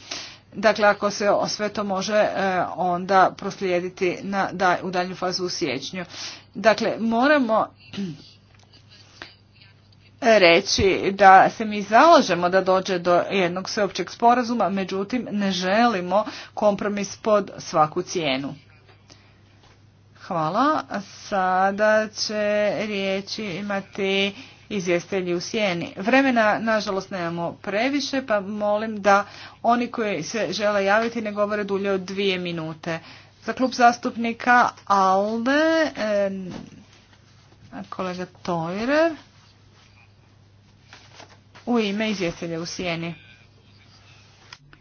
Dakle, ako se sve to može e, onda proslijediti na, da, u daljnju fazu u siječnju. Dakle, moramo reći da se mi zalažemo da dođe do jednog sveopćeg sporazuma, međutim ne želimo kompromis pod svaku cijenu. Hvala. Sada će riječi imati izvjestelji u sjeni. Vremena, nažalost, nemamo previše, pa molim da oni koji se žele javiti ne govore dulje od dvije minute. Za klub zastupnika ALDE, kolega Tojrer, u ime izvjestelja u sjeni.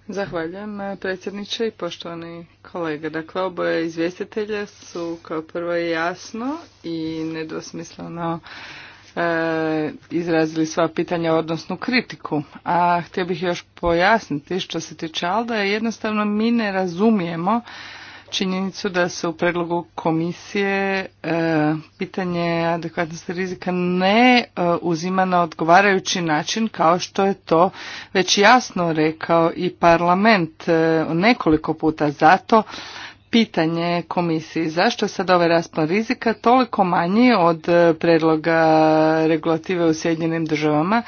Zahvaljujem eh, predsjedniče i poštovani kolega. Dakle, oboje izvjestitelje su kao prvo jasno i nedosmisleno E, izrazili sva pitanja, odnosno kritiku. A htio bih još pojasniti što se tiče Alda, je jednostavno mi ne razumijemo činjenicu da se u predlogu komisije e, pitanje adekvatnosti rizika ne e, uzima na odgovarajući način kao što je to već jasno rekao i parlament nekoliko puta zato pitanje komisiji zašto sad ovaj raspon rizika toliko manji od e, predloga regulative u Sjedinjenim državama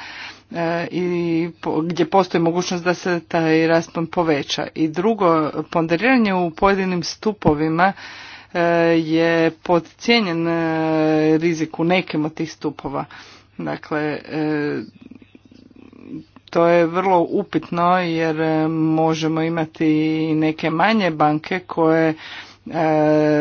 e, i gdje postoji mogućnost da se taj raspon poveća. I drugo, ponderiranje u pojedinim stupovima e, je podcijenjen rizik u nekim od tih stupova. Dakle, to je vrlo upitno jer e, možemo imati neke manje banke koje e,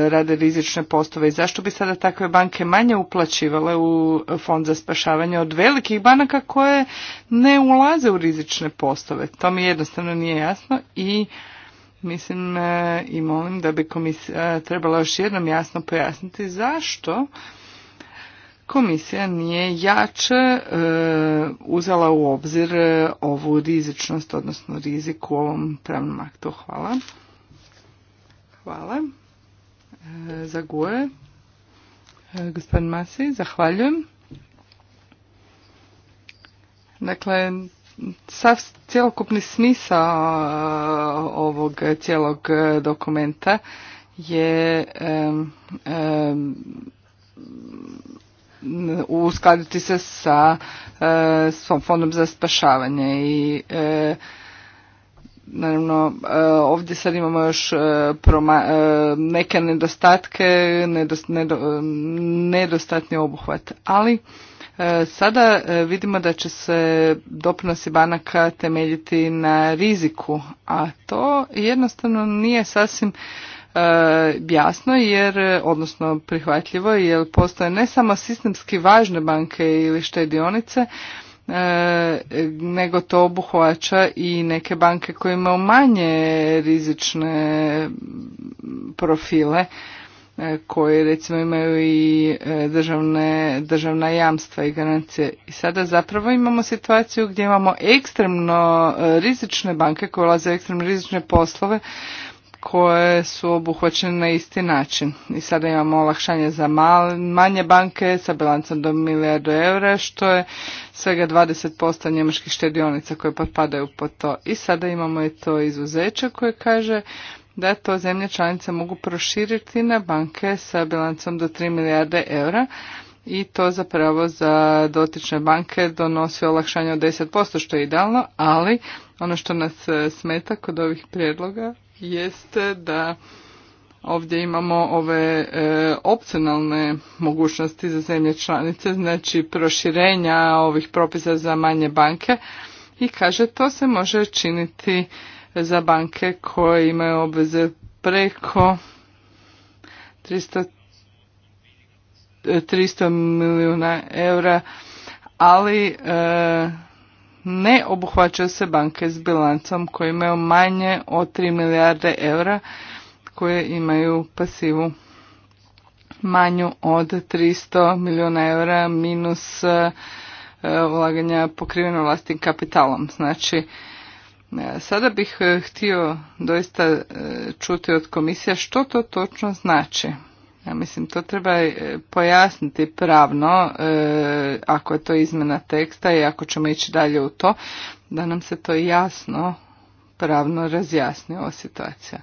rade rizične postove i zašto bi sada takve banke manje uplaćivale u fond za spašavanje od velikih banaka koje ne ulaze u rizične postove. To mi jednostavno nije jasno i mislim e, i molim da bi komisija trebala još jednom jasno pojasniti zašto komisija nije jače e, uzela u obzir e, ovu rizičnost, odnosno rizik u ovom pravnom aktu. Hvala. Hvala. E, za guje. gospodin Masi, zahvaljujem. Dakle, sav cjelokupni smisao ovog cijelog dokumenta je uskladiti se sa e, svom fondom za spašavanje i e, naravno e, ovdje sad imamo još neke nedostatke, nedostatni obuhvat, ali Sada vidimo da će se doprinosi banaka temeljiti na riziku, a to jednostavno nije sasvim E, jasno jer, odnosno prihvatljivo jer postoje ne samo sistemski važne banke ili štedionice, e, nego to obuhvaća i neke banke koje imaju manje rizične profile e, koje recimo imaju i državne, državna jamstva i garancije. I sada zapravo imamo situaciju gdje imamo ekstremno rizične banke koje ulaze u ekstremno rizične poslove koje su obuhvaćene na isti način. I sada imamo olakšanje za manje banke sa bilancom do milijardu eura, što je svega 20% njemačkih štedionica koje potpadaju pod to. I sada imamo i to izuzeće koje kaže da to zemlje članice mogu proširiti na banke sa bilancom do 3 milijarde eura i to zapravo za dotične banke donosi olakšanje od 10%, što je idealno, ali ono što nas e, smeta kod ovih prijedloga jeste da ovdje imamo ove e, opcionalne mogućnosti za zemlje članice, znači proširenja ovih propisa za manje banke i kaže to se može činiti za banke koje imaju obveze preko 300, 300 e, milijuna eura, ali e, ne obuhvaćaju se banke s bilancom koje imaju manje od 3 milijarde eura koje imaju pasivu manju od 300 milijuna eura minus e, ulaganja pokriveno vlastnim kapitalom. Znači, e, sada bih htio doista e, čuti od komisija što to točno znači. Ja mislim, to treba e, pojasniti pravno, e, ako je to izmjena teksta i ako ćemo ići dalje u to, da nam se to jasno, pravno razjasni ova situacija.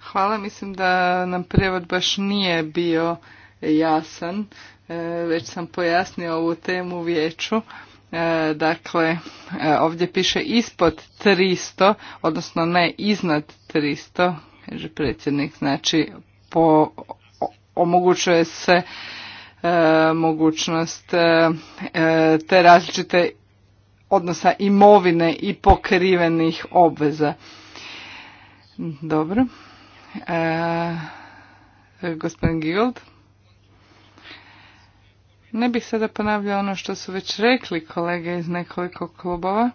Hvala, mislim da nam prijevod baš nije bio jasan, e, već sam pojasnio ovu temu u vijeću. dakle, ovdje piše ispod 300, odnosno ne iznad 300, kaže predsjednik, znači po, omogućuje se e, mogućnost e, e, te različite odnosa imovine i pokrivenih obveza. Dobro. E, gospodin Gigold. Ne bih sada ponavljao ono što su već rekli kolege iz nekoliko klubova,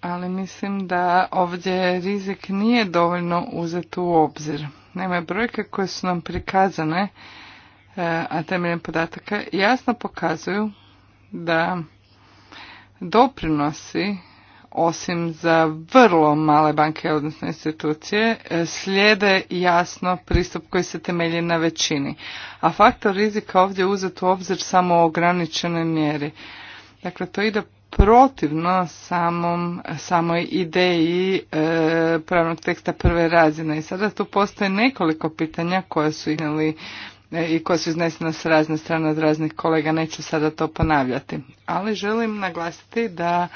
ali mislim da ovdje rizik nije dovoljno uzet u obzir. Naime, brojke koje su nam prikazane, e, a temeljem podataka, jasno pokazuju da doprinosi osim za vrlo male banke, odnosno institucije, e, slijede jasno pristup koji se temelji na većini. A faktor rizika ovdje je uzet u obzir samo u ograničenoj mjeri. Dakle, to ide protivno samom, samoj ideji e, pravnog teksta prve razine. I sada tu postoje nekoliko pitanja koja su imali e, i koja su iznesena s razne strane od raznih kolega, neću sada to ponavljati. Ali želim naglasiti da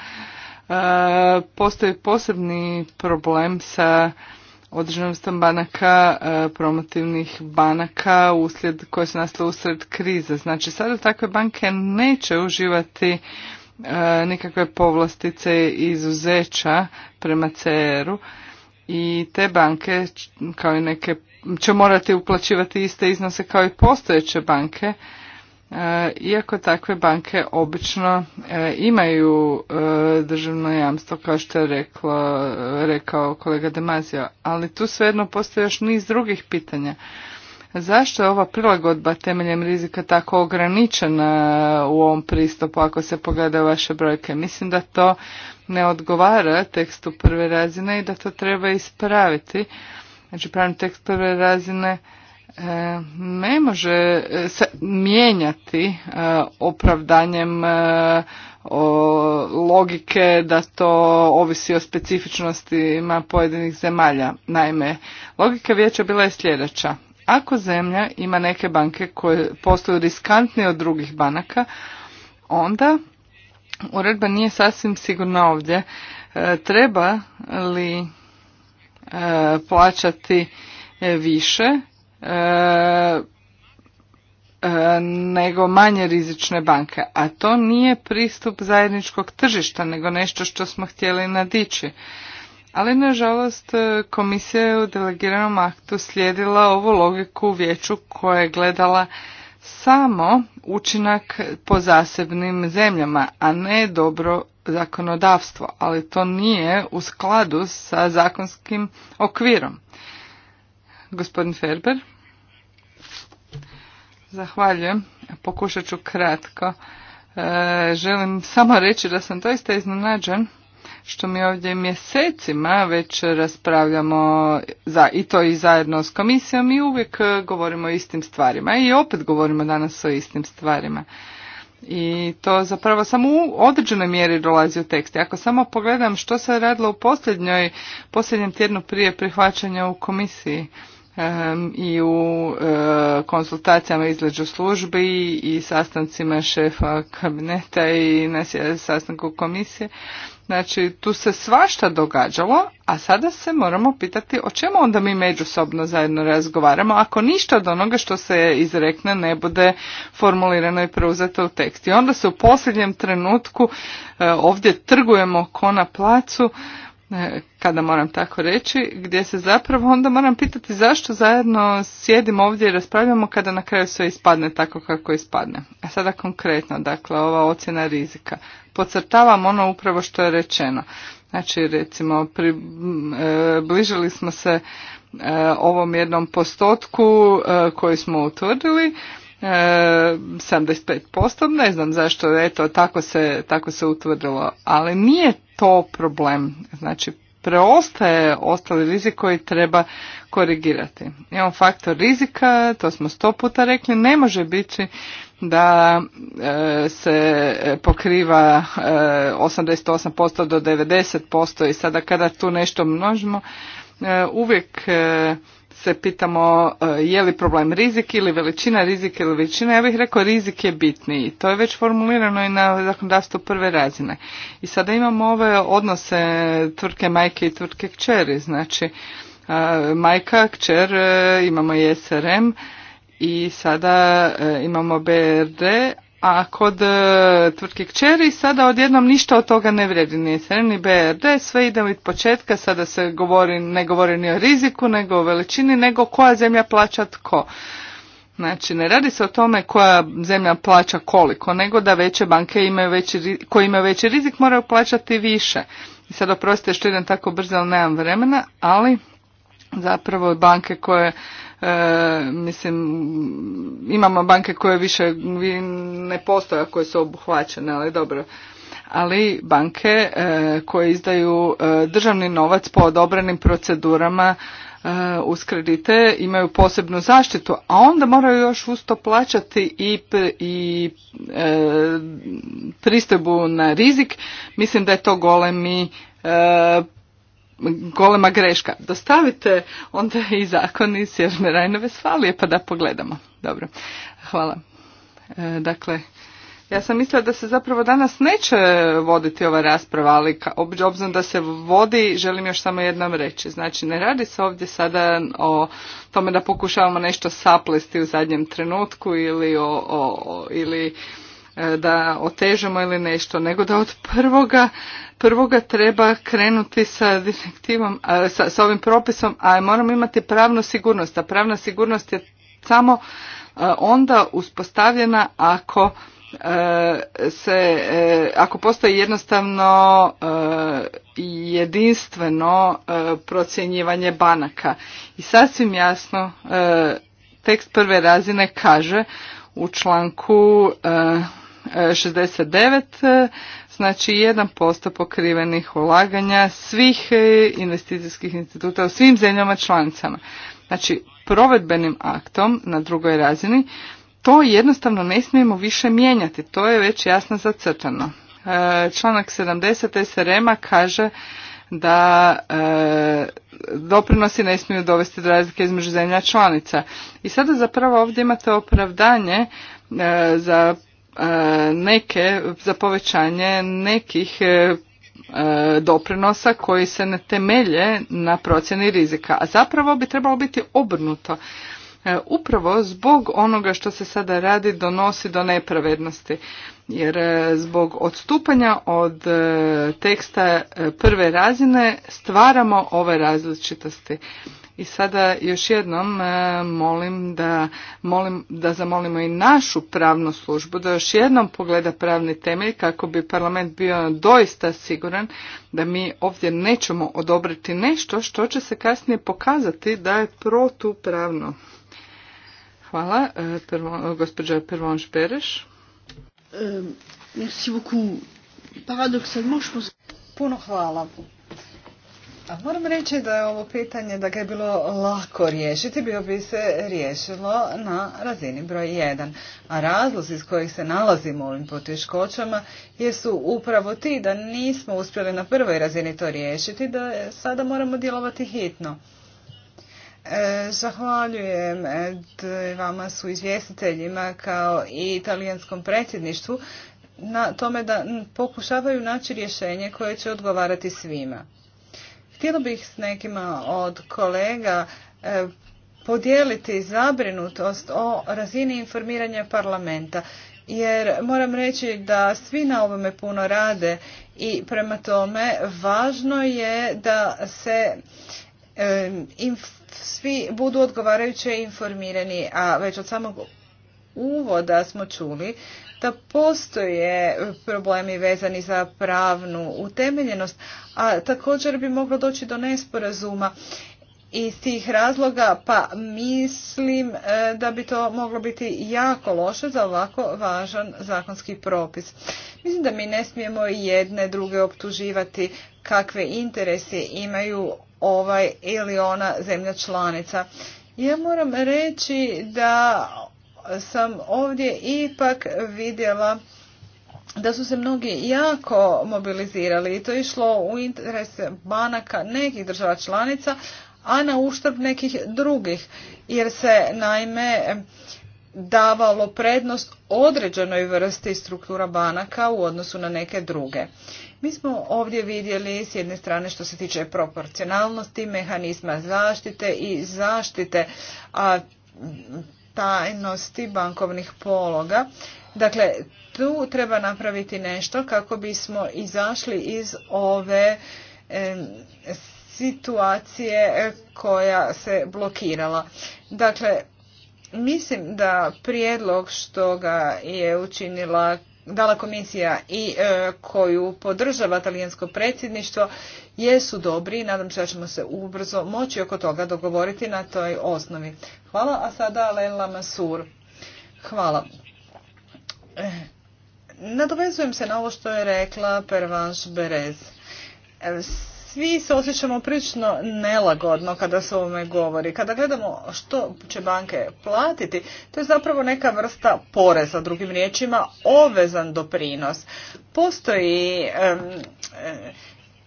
e, postoji posebni problem sa održanostom banaka, promotivnih banaka uslijed koje su nastale usred krize. Znači sada takve banke neće uživati E, nekakve povlastice izuzeća prema CR-u i te banke kao i neke će morati uplaćivati iste iznose kao i postojeće banke e, iako takve banke obično e, imaju državno jamstvo kao što je rekla rekao kolega Demazio, ali tu svejedno postoji još niz drugih pitanja Zašto je ova prilagodba temeljem rizika tako ograničena uh, u ovom pristupu ako se pogledaju vaše brojke? Mislim da to ne odgovara tekstu prve razine i da to treba ispraviti. Znači pravni tekst prve razine uh, ne može uh, se mijenjati opravdanjem logike da to ovisi o specifičnostima pojedinih zemalja. Naime, logika vijeća bila je sljedeća. Ako zemlja ima neke banke koje posluju riskantnije od drugih banaka, onda uredba nije sasvim sigurna ovdje. E, treba li e, plaćati više e, nego manje rizične banke, a to nije pristup zajedničkog tržišta, nego nešto što smo htjeli nadići ali nažalost komisija je u delegiranom aktu slijedila ovu logiku vijeću koja je gledala samo učinak po zasebnim zemljama, a ne dobro zakonodavstvo, ali to nije u skladu sa zakonskim okvirom. Gospodin Ferber. Zahvaljujem. Pokušat ću kratko. E, želim samo reći da sam doista iznenađen što mi ovdje mjesecima već raspravljamo za, i to i zajedno s komisijom i uvijek e, govorimo o istim stvarima i opet govorimo danas o istim stvarima. I to zapravo samo u određenoj mjeri dolazi u tekst. Ako samo pogledam što se radilo u posljednjoj, posljednjem tjednu prije prihvaćanja u komisiji, i u e, konsultacijama između službi i sastancima šefa kabineta i na sastanku komisije. Znači, tu se svašta događalo, a sada se moramo pitati o čemu onda mi međusobno zajedno razgovaramo, ako ništa od onoga što se izrekne ne bude formulirano i preuzeto u tekst. I onda se u posljednjem trenutku e, ovdje trgujemo ko na placu, E, kada moram tako reći, gdje se zapravo onda moram pitati zašto zajedno sjedimo ovdje i raspravljamo kada na kraju sve ispadne tako kako ispadne. A sada konkretno, dakle, ova ocjena rizika. Podcrtavam ono upravo što je rečeno. Znači, recimo, približili e, smo se e, ovom jednom postotku koji smo utvrdili 75%, e, ne znam zašto, eto, tako se, tako se utvrdilo, ali nije to problem, znači preostaje ostali rizik koji treba korigirati. Imamo faktor rizika, to smo sto puta rekli, ne može biti da e, se pokriva e, 88% do 90% i sada kada tu nešto množimo, e, uvijek e, se pitamo e, je li problem rizik ili veličina rizika ili veličina, ja bih rekao rizik je bitniji. To je već formulirano i na zakonodavstvu prve razine. I sada imamo ove odnose tvrtke majke i tvrtke kćeri, znači e, majka, kćer, e, imamo i SRM i sada imamo BRD, a kod e, tvrtke kćeri sada odjednom ništa od toga ne vrijedi, ni sredni ni BRD, sve ide od početka, sada se govori, ne govori ni o riziku, nego o veličini, nego koja zemlja plaća tko. Znači, ne radi se o tome koja zemlja plaća koliko, nego da veće banke imaju veći, koji imaju veći rizik moraju plaćati više. I sad oprostite što idem tako brzo, ali nemam vremena, ali zapravo banke koje E, mislim, imamo banke koje više ne postoje, koje su obuhvaćene, ali dobro ali banke e, koje izdaju e, državni novac po odobrenim procedurama uz kredite imaju posebnu zaštitu, a onda moraju još usto plaćati i, i e, na rizik. Mislim da je to golemi e, golema greška. Dostavite onda i zakon iz Sjeverne rajnove Svalije pa da pogledamo. Dobro, hvala. E, dakle, ja sam mislila da se zapravo danas neće voditi ova rasprava, ali obzirom da se vodi, želim još samo jednom reći. Znači, ne radi se ovdje sada o tome da pokušavamo nešto saplesti u zadnjem trenutku ili, o, ili E, da otežemo ili nešto, nego da od prvoga, prvoga treba krenuti sa direktivom, sa, sa ovim propisom, a moramo imati pravnu sigurnost. A pravna sigurnost je samo e, onda uspostavljena ako e, se, ako postoji jednostavno jedinstveno procjenjivanje banaka. I sasvim jasno tekst prve razine kaže u članku 69, e, znači 1% pokrivenih ulaganja svih e, investicijskih instituta u svim zemljama članicama. Znači, provedbenim aktom na drugoj razini to jednostavno ne smijemo više mijenjati, to je već jasno zacrtano. E, članak 70 SRM-a kaže da doprinosi ne smiju dovesti do razlike između zemlja članica. I sada zapravo ovdje imate opravdanje za E, neke, za povećanje nekih e, e, doprinosa koji se ne temelje na procjeni rizika. A zapravo bi trebalo biti obrnuto. E, upravo zbog onoga što se sada radi donosi do nepravednosti. Jer e, zbog odstupanja od e, teksta prve razine stvaramo ove različitosti. I sada još jednom molim da, molim da zamolimo i našu pravnu službu da još jednom pogleda pravni temelj kako bi parlament bio doista siguran da mi ovdje nećemo odobriti nešto što će se kasnije pokazati da je protupravno. Hvala. E, Pervon, gospođa Pervonš Pereš. E, Puno hvala. A moram reći da je ovo pitanje da ga je bilo lako riješiti, bio bi se riješilo na razini broj 1. A razlozi iz kojih se nalazimo u ovim poteškoćama jesu upravo ti da nismo uspjeli na prvoj razini to riješiti, da sada moramo djelovati hitno. E, zahvaljujem e, vama su izvjestiteljima kao i italijanskom predsjedništvu na tome da pokušavaju naći rješenje koje će odgovarati svima. Htjela bih s nekima od kolega e, podijeliti zabrinutost o razini informiranja parlamenta jer moram reći da svi na ovome puno rade i prema tome važno je da se svi budu odgovarajuće informirani, a već od samog uvoda smo čuli da postoje problemi vezani za pravnu utemeljenost, a također bi moglo doći do nesporazuma iz tih razloga, pa mislim e, da bi to moglo biti jako loše za ovako važan zakonski propis. Mislim da mi ne smijemo jedne druge optuživati kakve interese imaju ovaj ili ona zemlja članica. Ja moram reći da sam ovdje ipak vidjela da su se mnogi jako mobilizirali i to je išlo u interes banaka nekih država članica, a na uštrb nekih drugih, jer se naime davalo prednost određenoj vrsti struktura banaka u odnosu na neke druge. Mi smo ovdje vidjeli s jedne strane što se tiče proporcionalnosti, mehanizma zaštite i zaštite tajnosti bankovnih pologa. Dakle, tu treba napraviti nešto kako bismo izašli iz ove situacije koja se blokirala. Dakle, Mislim da prijedlog što ga je učinila dala komisija i e, koju podržava talijansko predsjedništvo jesu dobri i nadam se da ćemo se ubrzo moći oko toga dogovoriti na toj osnovi. Hvala, a sada Lela Masur. Hvala. E, nadovezujem se na ovo što je rekla Pervanš Berez. E, svi se osjećamo prilično nelagodno kada se o ovome govori. Kada gledamo što će banke platiti, to je zapravo neka vrsta poreza, drugim riječima ovezan doprinos. Postoji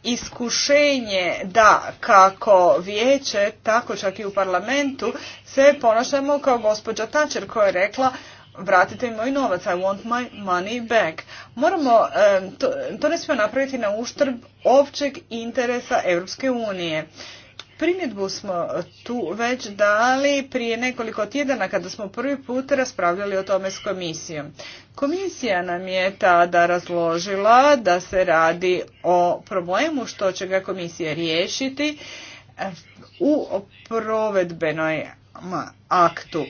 iskušenje da kako vijeće, tako čak i u parlamentu se ponašamo kao gospođa Tačer koja je rekla vratite mi moj novac, I want my money back. Moramo, to, ne smijemo napraviti na uštrb općeg interesa Europske unije. Primjedbu smo tu već dali prije nekoliko tjedana kada smo prvi put raspravljali o tome s komisijom. Komisija nam je tada razložila da se radi o problemu što će ga komisija riješiti u provedbenoj aktu.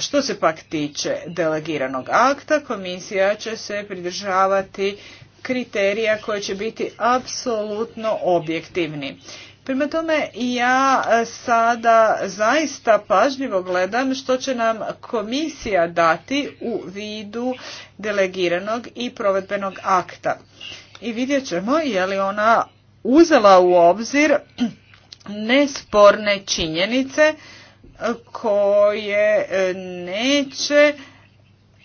Što se pak tiče delegiranog akta, komisija će se pridržavati kriterija koje će biti apsolutno objektivni. Prima tome ja sada zaista pažljivo gledam što će nam komisija dati u vidu delegiranog i provedbenog akta. I vidjet ćemo je li ona uzela u obzir nesporne činjenice koje e, neće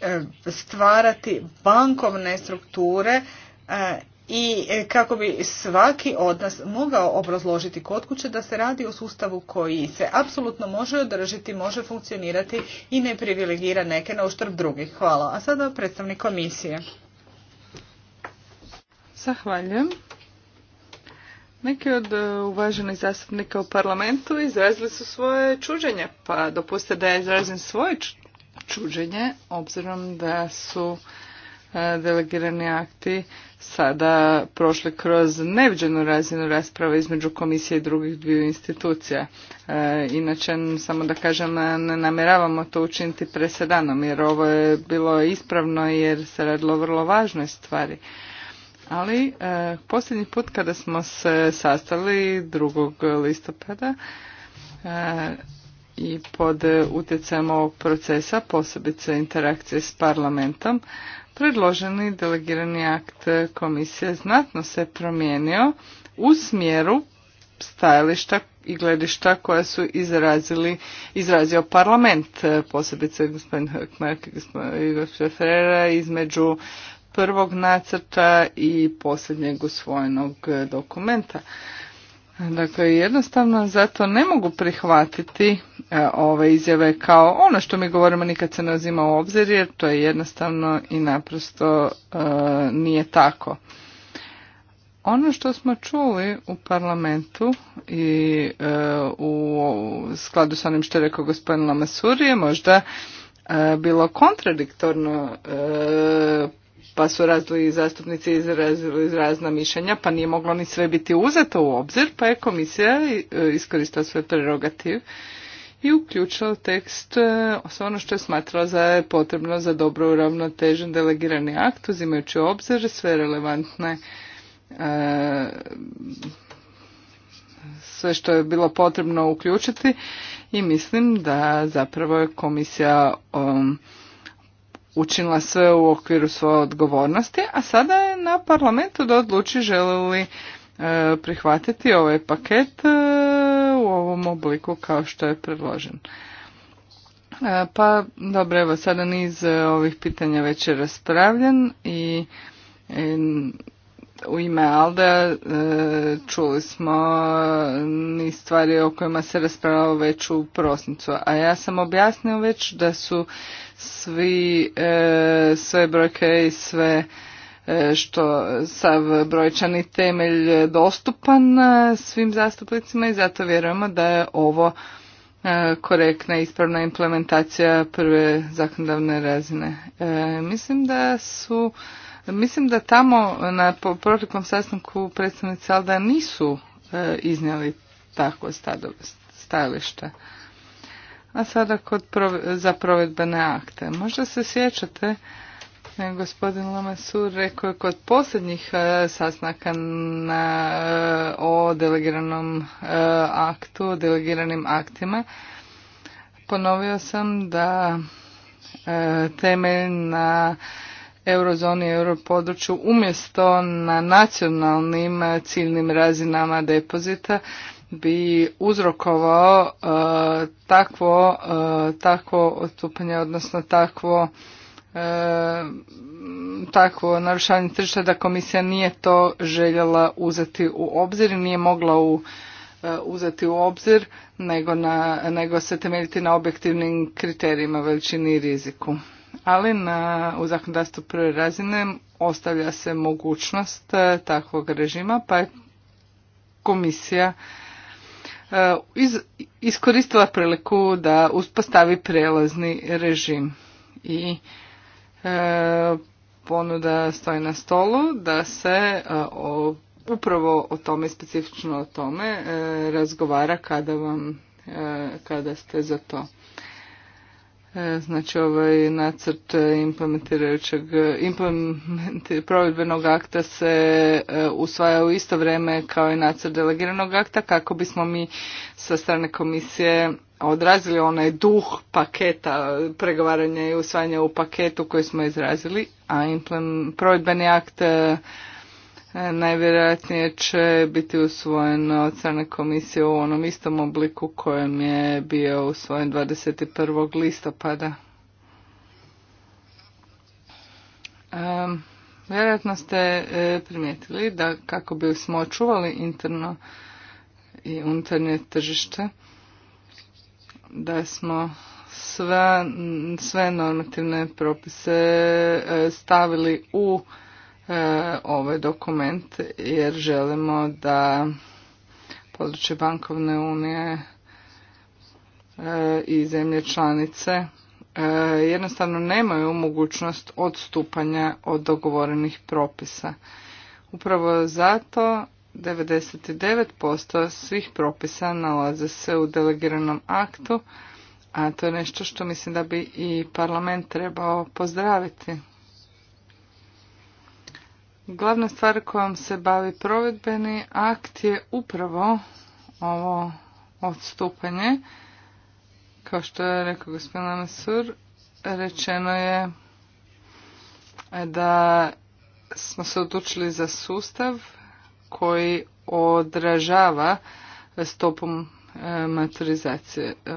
e, stvarati bankovne strukture e, i kako bi svaki od nas mogao obrazložiti kod kuće da se radi o sustavu koji se apsolutno može održiti, može funkcionirati i ne privilegira neke na uštrb drugih. Hvala. A sada predstavnik komisije. Zahvaljujem. Neki od e, uvaženih zastupnika u parlamentu izrazili su svoje čuđenje, pa dopuste da izrazim svoje čuđenje, obzirom da su e, delegirani akti sada prošli kroz neviđenu razinu rasprave između komisije i drugih dviju institucija. E, inače, samo da kažem, ne namjeravamo to učiniti presedanom, jer ovo je bilo ispravno jer se radilo vrlo važnoj stvari. Ali e, posljednji put kada smo se sastali 2. listopada e, i pod utjecajem ovog procesa, posebice interakcije s parlamentom, predloženi delegirani akt komisije znatno se promijenio u smjeru stajališta i gledišta koja su izrazili, izrazio parlament, posebice gospodin Hrkmark i gospođa Ferreira između prvog nacrta i posljednjeg usvojenog dokumenta. Dakle, jednostavno zato ne mogu prihvatiti e, ove izjave kao ono što mi govorimo nikad se ne uzima u obzir jer to je jednostavno i naprosto e, nije tako. Ono što smo čuli u parlamentu i e, u skladu s onim što je rekao gospodin Lamasuri je možda bilo kontradiktorno pa su razli zastupnici izrazili razna mišljenja, pa nije moglo ni sve biti uzeto u obzir, pa je komisija e, iskoristila svoj prerogativ i uključila tekst e, sve ono što je smatrala za je potrebno za dobro uravnotežen delegirani akt, uzimajući u obzir sve relevantne e, sve što je bilo potrebno uključiti i mislim da zapravo je komisija um, učinila sve u okviru svoje odgovornosti, a sada je na parlamentu da odluči žele li e, prihvatiti ovaj paket e, u ovom obliku kao što je predložen. E, pa dobro, evo sada niz ovih pitanja već je raspravljen i u ime Alda e, čuli smo ni stvari o kojima se raspravljalo već u prosincu. A ja sam objasnio već da su svi, e, sve brojke i sve e, što sav brojčani temelj dostupan svim zastupnicima i zato vjerujemo da je ovo E, korektna ispravna implementacija prve zakonodavne razine. E, mislim da su Mislim da tamo na proteklom sastanku predstavnici Alda nisu e, iznijeli takvo stajalište. A sada kod za provedbene akte. Možda se sjećate Gospodin Lamasur rekao je kod posljednjih e, sastanaka e, o delegiranom e, aktu, delegiranim aktima, ponovio sam da temelj na eurozoni i europodručju umjesto na nacionalnim ciljnim razinama depozita bi uzrokovao takvo, takvo odstupanje, odnosno takvo E, takvo narušavanje tržišta da komisija nije to željela uzeti u obzir i nije mogla u, e, uzeti u obzir nego, na, nego se temeljiti na objektivnim kriterijima veličini i riziku. Ali na, u zakonodavstvu prve razine ostavlja se mogućnost e, takvog režima pa je komisija iskoristila priliku da uspostavi prelazni režim i E, ponuda stoji na stolu, da se e, upravo o tome, specifično o tome, e, razgovara kada vam, kada ste za to. Znači ovaj nacrt implementirajućeg provedbenog akta se usvaja u isto vrijeme kao i nacrt delegiranog akta kako bismo mi sa strane komisije odrazili onaj duh paketa pregovaranja i usvajanja u paketu koji smo izrazili, a provedbeni akt e, najvjerojatnije će biti usvojen od strane komisije u onom istom obliku kojem je bio usvojen 21. listopada. Um, vjerojatno ste e, primijetili da kako bismo očuvali interno i unutarnje tržište, da smo sve, sve normativne propise e, stavili u e, ovaj dokument jer želimo da područje bankovne unije e, i zemlje članice jednostavno nemaju mogućnost odstupanja od dogovorenih propisa. Upravo zato 99% svih propisa nalaze se u delegiranom aktu, a to je nešto što mislim da bi i parlament trebao pozdraviti. Glavna stvar kojom se bavi provedbeni akt je upravo ovo odstupanje. Kao što je rekao gospodin Masur, rečeno je da smo se odlučili za sustav koji odražava stopom e, maturizacije. E,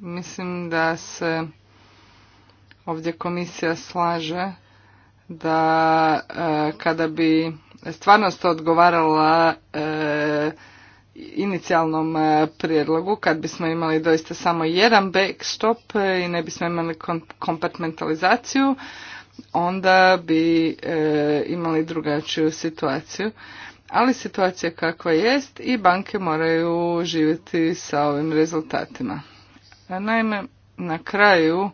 mislim da se ovdje komisija slaže da e, kada bi stvarnost odgovarala inicijalnom prijedlogu kad bismo imali doista samo jedan backstop i ne bismo imali kompartmentalizaciju onda bi e, imali drugačiju situaciju. Ali situacija kakva jest i banke moraju živjeti sa ovim rezultatima. E, naime, na kraju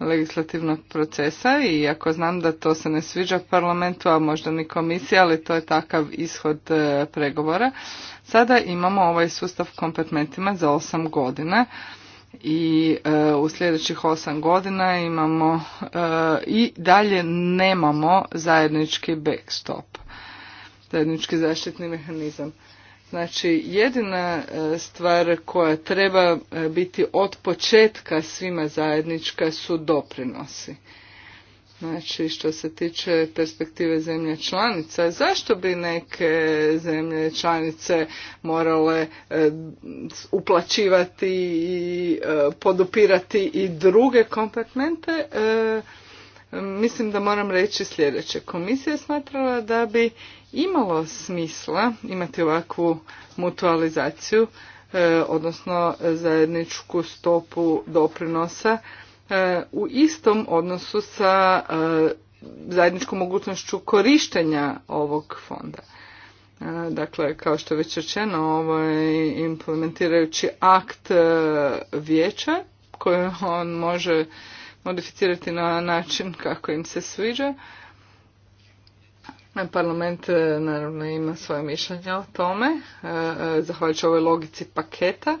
legislativnog procesa i ako znam da to se ne sviđa parlamentu, a možda ni komisiji, ali to je takav ishod e, pregovora, sada imamo ovaj sustav kompetmentima za 8 godina i e, u sljedećih osam godina imamo e, i dalje nemamo zajednički backstop, zajednički zaštitni mehanizam. Znači jedina e, stvar koja treba biti od početka svima zajednička su doprinosi. Znači, što se tiče perspektive zemlje članica, zašto bi neke zemlje članice morale e, uplaćivati i e, podupirati i druge kompartmente? E, mislim da moram reći sljedeće. Komisija je smatrala da bi imalo smisla imati ovakvu mutualizaciju, odnosno zajedničku stopu doprinosa, E, u istom odnosu sa e, zajedničkom mogućnošću korištenja ovog fonda. E, dakle, kao što je već rečeno, ovo je implementirajući akt vijeća koju on može modificirati na način kako im se sviđa. Parlament naravno ima svoje mišljenje o tome, zahvaljujući ovoj logici paketa.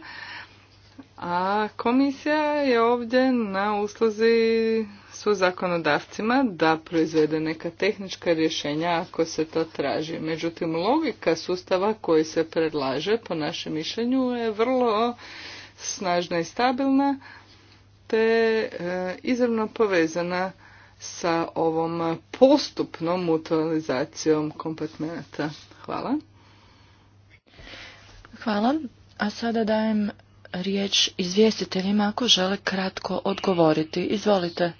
A komisija je ovdje na usluzi su zakonodavcima da proizvede neka tehnička rješenja ako se to traži. Međutim, logika sustava koji se predlaže, po našem mišljenju, je vrlo snažna i stabilna, te e, izravno povezana sa ovom postupnom mutualizacijom kompartmenata. Hvala. Hvala. A sada dajem riječ izvjestiteljima ako žele kratko odgovoriti. Izvolite.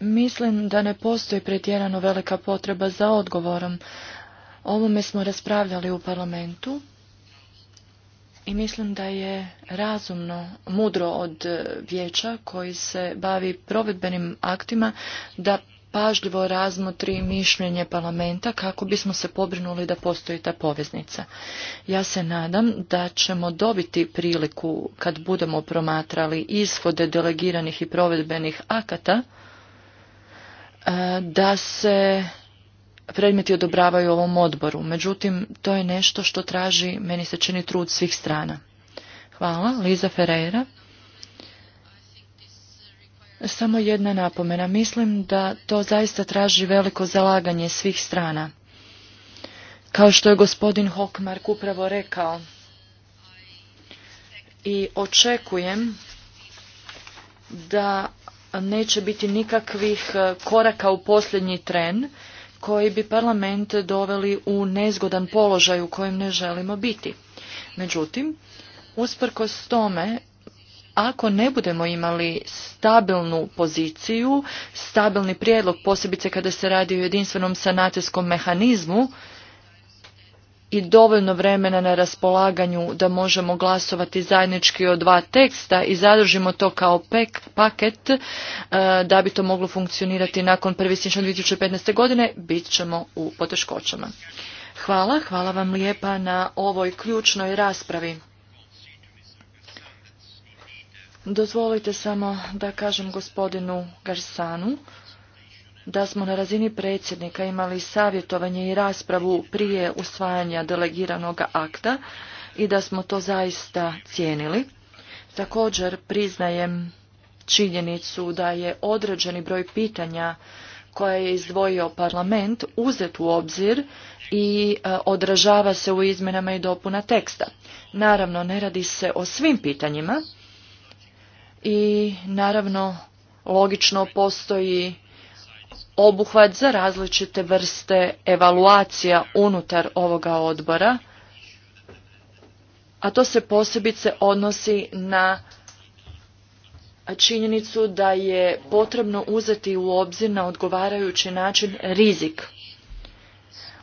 Mislim da ne postoji pretjerano velika potreba za odgovorom. Ovome smo raspravljali u parlamentu i mislim da je razumno, mudro od vijeća koji se bavi provedbenim aktima da pažljivo razmotri mišljenje parlamenta kako bismo se pobrinuli da postoji ta poveznica. Ja se nadam da ćemo dobiti priliku kad budemo promatrali ishode delegiranih i provedbenih akata e, da se predmeti odobravaju ovom odboru. Međutim, to je nešto što traži, meni se čini, trud svih strana. Hvala. Liza Ferreira. Samo jedna napomena. Mislim da to zaista traži veliko zalaganje svih strana. Kao što je gospodin Hokmark upravo rekao, i očekujem da neće biti nikakvih e, koraka u posljednji tren koji bi parlament doveli u nezgodan položaj u kojem ne želimo biti. Međutim, usprkos tome ako ne budemo imali stabilnu poziciju, stabilni prijedlog, posebice kada se radi o jedinstvenom sanacijskom mehanizmu i dovoljno vremena na raspolaganju da možemo glasovati zajednički o dva teksta i zadržimo to kao pek, paket e, da bi to moglo funkcionirati nakon 1. siječnja 2015. godine, bit ćemo u poteškoćama. Hvala, hvala vam lijepa na ovoj ključnoj raspravi. Dozvolite samo da kažem gospodinu Garsanu da smo na razini predsjednika imali savjetovanje i raspravu prije usvajanja delegiranog akta i da smo to zaista cijenili. Također priznajem činjenicu da je određeni broj pitanja koje je izdvojio parlament uzet u obzir i e, odražava se u izmjenama i dopuna teksta. Naravno, ne radi se o svim pitanjima, i naravno logično postoji obuhvat za različite vrste evaluacija unutar ovoga odbora, a to se posebice odnosi na činjenicu da je potrebno uzeti u obzir na odgovarajući način rizik.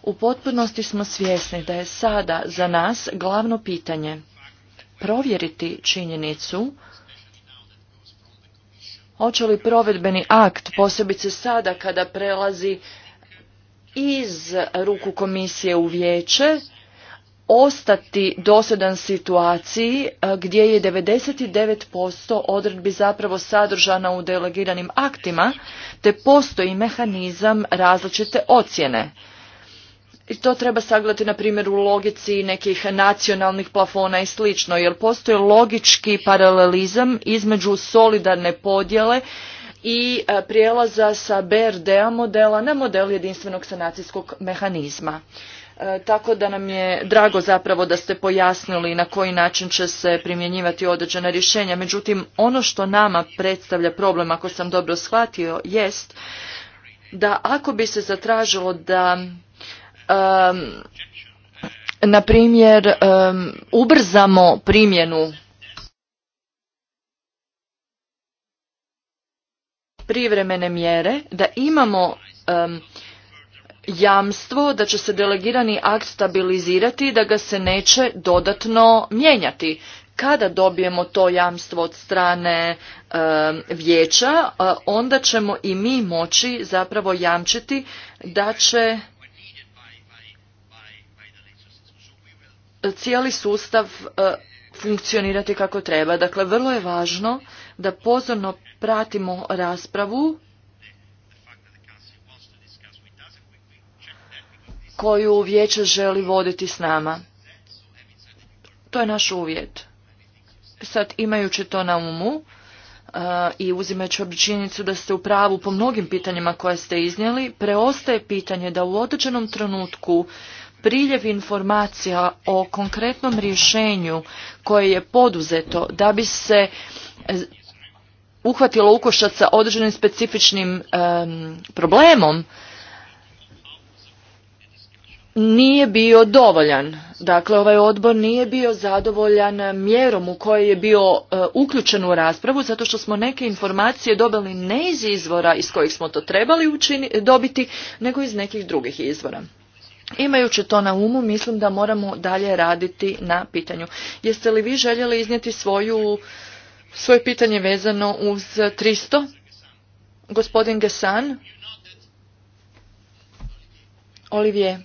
U potpunosti smo svjesni da je sada za nas glavno pitanje provjeriti činjenicu Hoće li provedbeni akt, posebice sada kada prelazi iz ruku komisije u vijeće, ostati dosadan situaciji e, gdje je 99% odredbi zapravo sadržana u delegiranim aktima, te postoji mehanizam različite ocjene i to treba sagledati na primjer u logici nekih nacionalnih plafona i slično, jer postoji logički paralelizam između solidarne podjele i e, prijelaza sa BRD-a modela na model jedinstvenog sanacijskog mehanizma. E, tako da nam je drago zapravo da ste pojasnili na koji način će se primjenjivati određena rješenja. Međutim, ono što nama predstavlja problem, ako sam dobro shvatio, jest da ako bi se zatražilo da um, na primjer ubrzamo primjenu privremene mjere da imamo jamstvo da će se delegirani akt stabilizirati da ga se neće dodatno mijenjati kada dobijemo to jamstvo od strane vijeća onda ćemo i mi moći zapravo jamčiti da će cijeli sustav e, funkcionirati kako treba. Dakle, vrlo je važno da pozorno pratimo raspravu koju vijeće želi voditi s nama. To je naš uvjet. Sad, imajući to na umu, e, i uzimajući običinicu da ste u pravu po mnogim pitanjima koje ste iznijeli, preostaje pitanje da u određenom trenutku priljev informacija o konkretnom rješenju koje je poduzeto da bi se e, uhvatilo ukošac sa određenim specifičnim problemom nije bio dovoljan. Dakle, ovaj odbor nije bio zadovoljan mjerom u kojoj je bio e, uključen u raspravu, zato što smo neke informacije dobili ne iz izvora iz kojih smo to trebali dobiti, nego iz nekih drugih izvora. Imajući to na umu, mislim da moramo dalje raditi na pitanju. Jeste li vi željeli iznijeti svoju, svoje pitanje vezano uz 300? Gospodin Gesan? Olivier,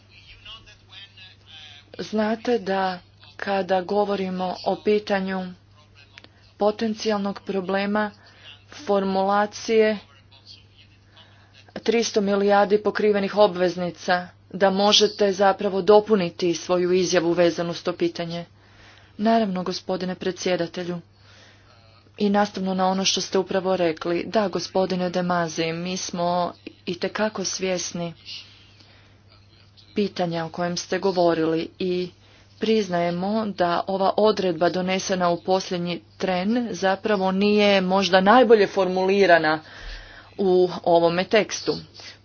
znate da kada govorimo o pitanju potencijalnog problema formulacije 300 milijardi pokrivenih obveznica, da možete zapravo dopuniti svoju izjavu vezanu s to pitanje. Naravno, gospodine predsjedatelju. I nastavno na ono što ste upravo rekli, da, gospodine Demazi, mi smo i tekako svjesni pitanja o kojem ste govorili i priznajemo da ova odredba donesena u posljednji tren zapravo nije možda najbolje formulirana u ovome tekstu.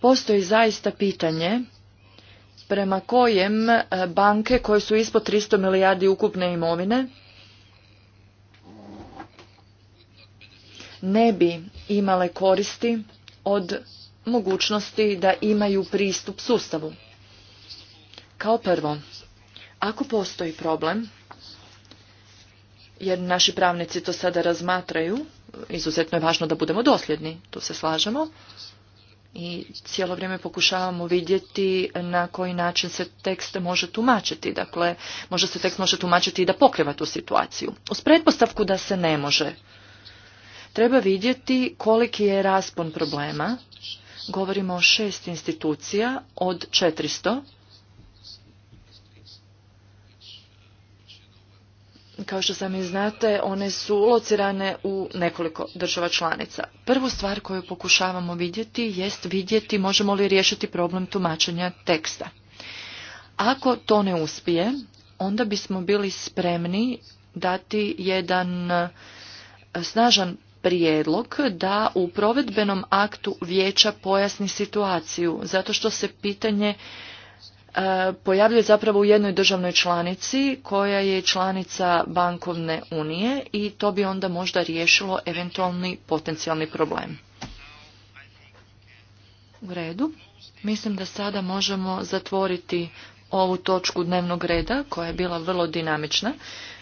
Postoji zaista pitanje prema kojem e, banke koje su ispod 300 milijardi ukupne imovine ne bi imale koristi od mogućnosti da imaju pristup sustavu. Kao prvo, ako postoji problem, jer naši pravnici to sada razmatraju, izuzetno je važno da budemo dosljedni, tu se slažemo, i cijelo vrijeme pokušavamo vidjeti na koji način se tekst može tumačiti. Dakle, možda se tekst može tumačiti i da pokriva tu situaciju. Uz pretpostavku da se ne može. Treba vidjeti koliki je raspon problema. Govorimo o šest institucija od 400 kao što sami znate, one su locirane u nekoliko država članica. Prvu stvar koju pokušavamo vidjeti jest vidjeti možemo li riješiti problem tumačenja teksta. Ako to ne uspije, onda bismo bili spremni dati jedan e, snažan prijedlog da u provedbenom aktu vijeća pojasni situaciju, zato što se pitanje E, pojavljuje zapravo u jednoj državnoj članici koja je članica bankovne unije i to bi onda možda riješilo eventualni potencijalni problem. U redu. Mislim da sada možemo zatvoriti ovu točku dnevnog reda koja je bila vrlo dinamična.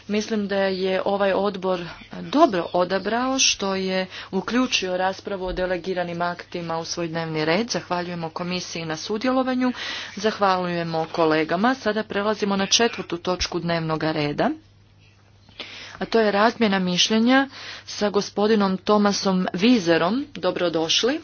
Mislim da je ovaj odbor dobro odabrao što je uključio raspravu o delegiranim aktima u svoj dnevni red. Zahvaljujemo komisiji na sudjelovanju, zahvaljujemo kolegama. Sada prelazimo na četvrtu točku dnevnog reda a to je razmjena mišljenja sa gospodinom Tomasom Vizerom. Dobrodošli.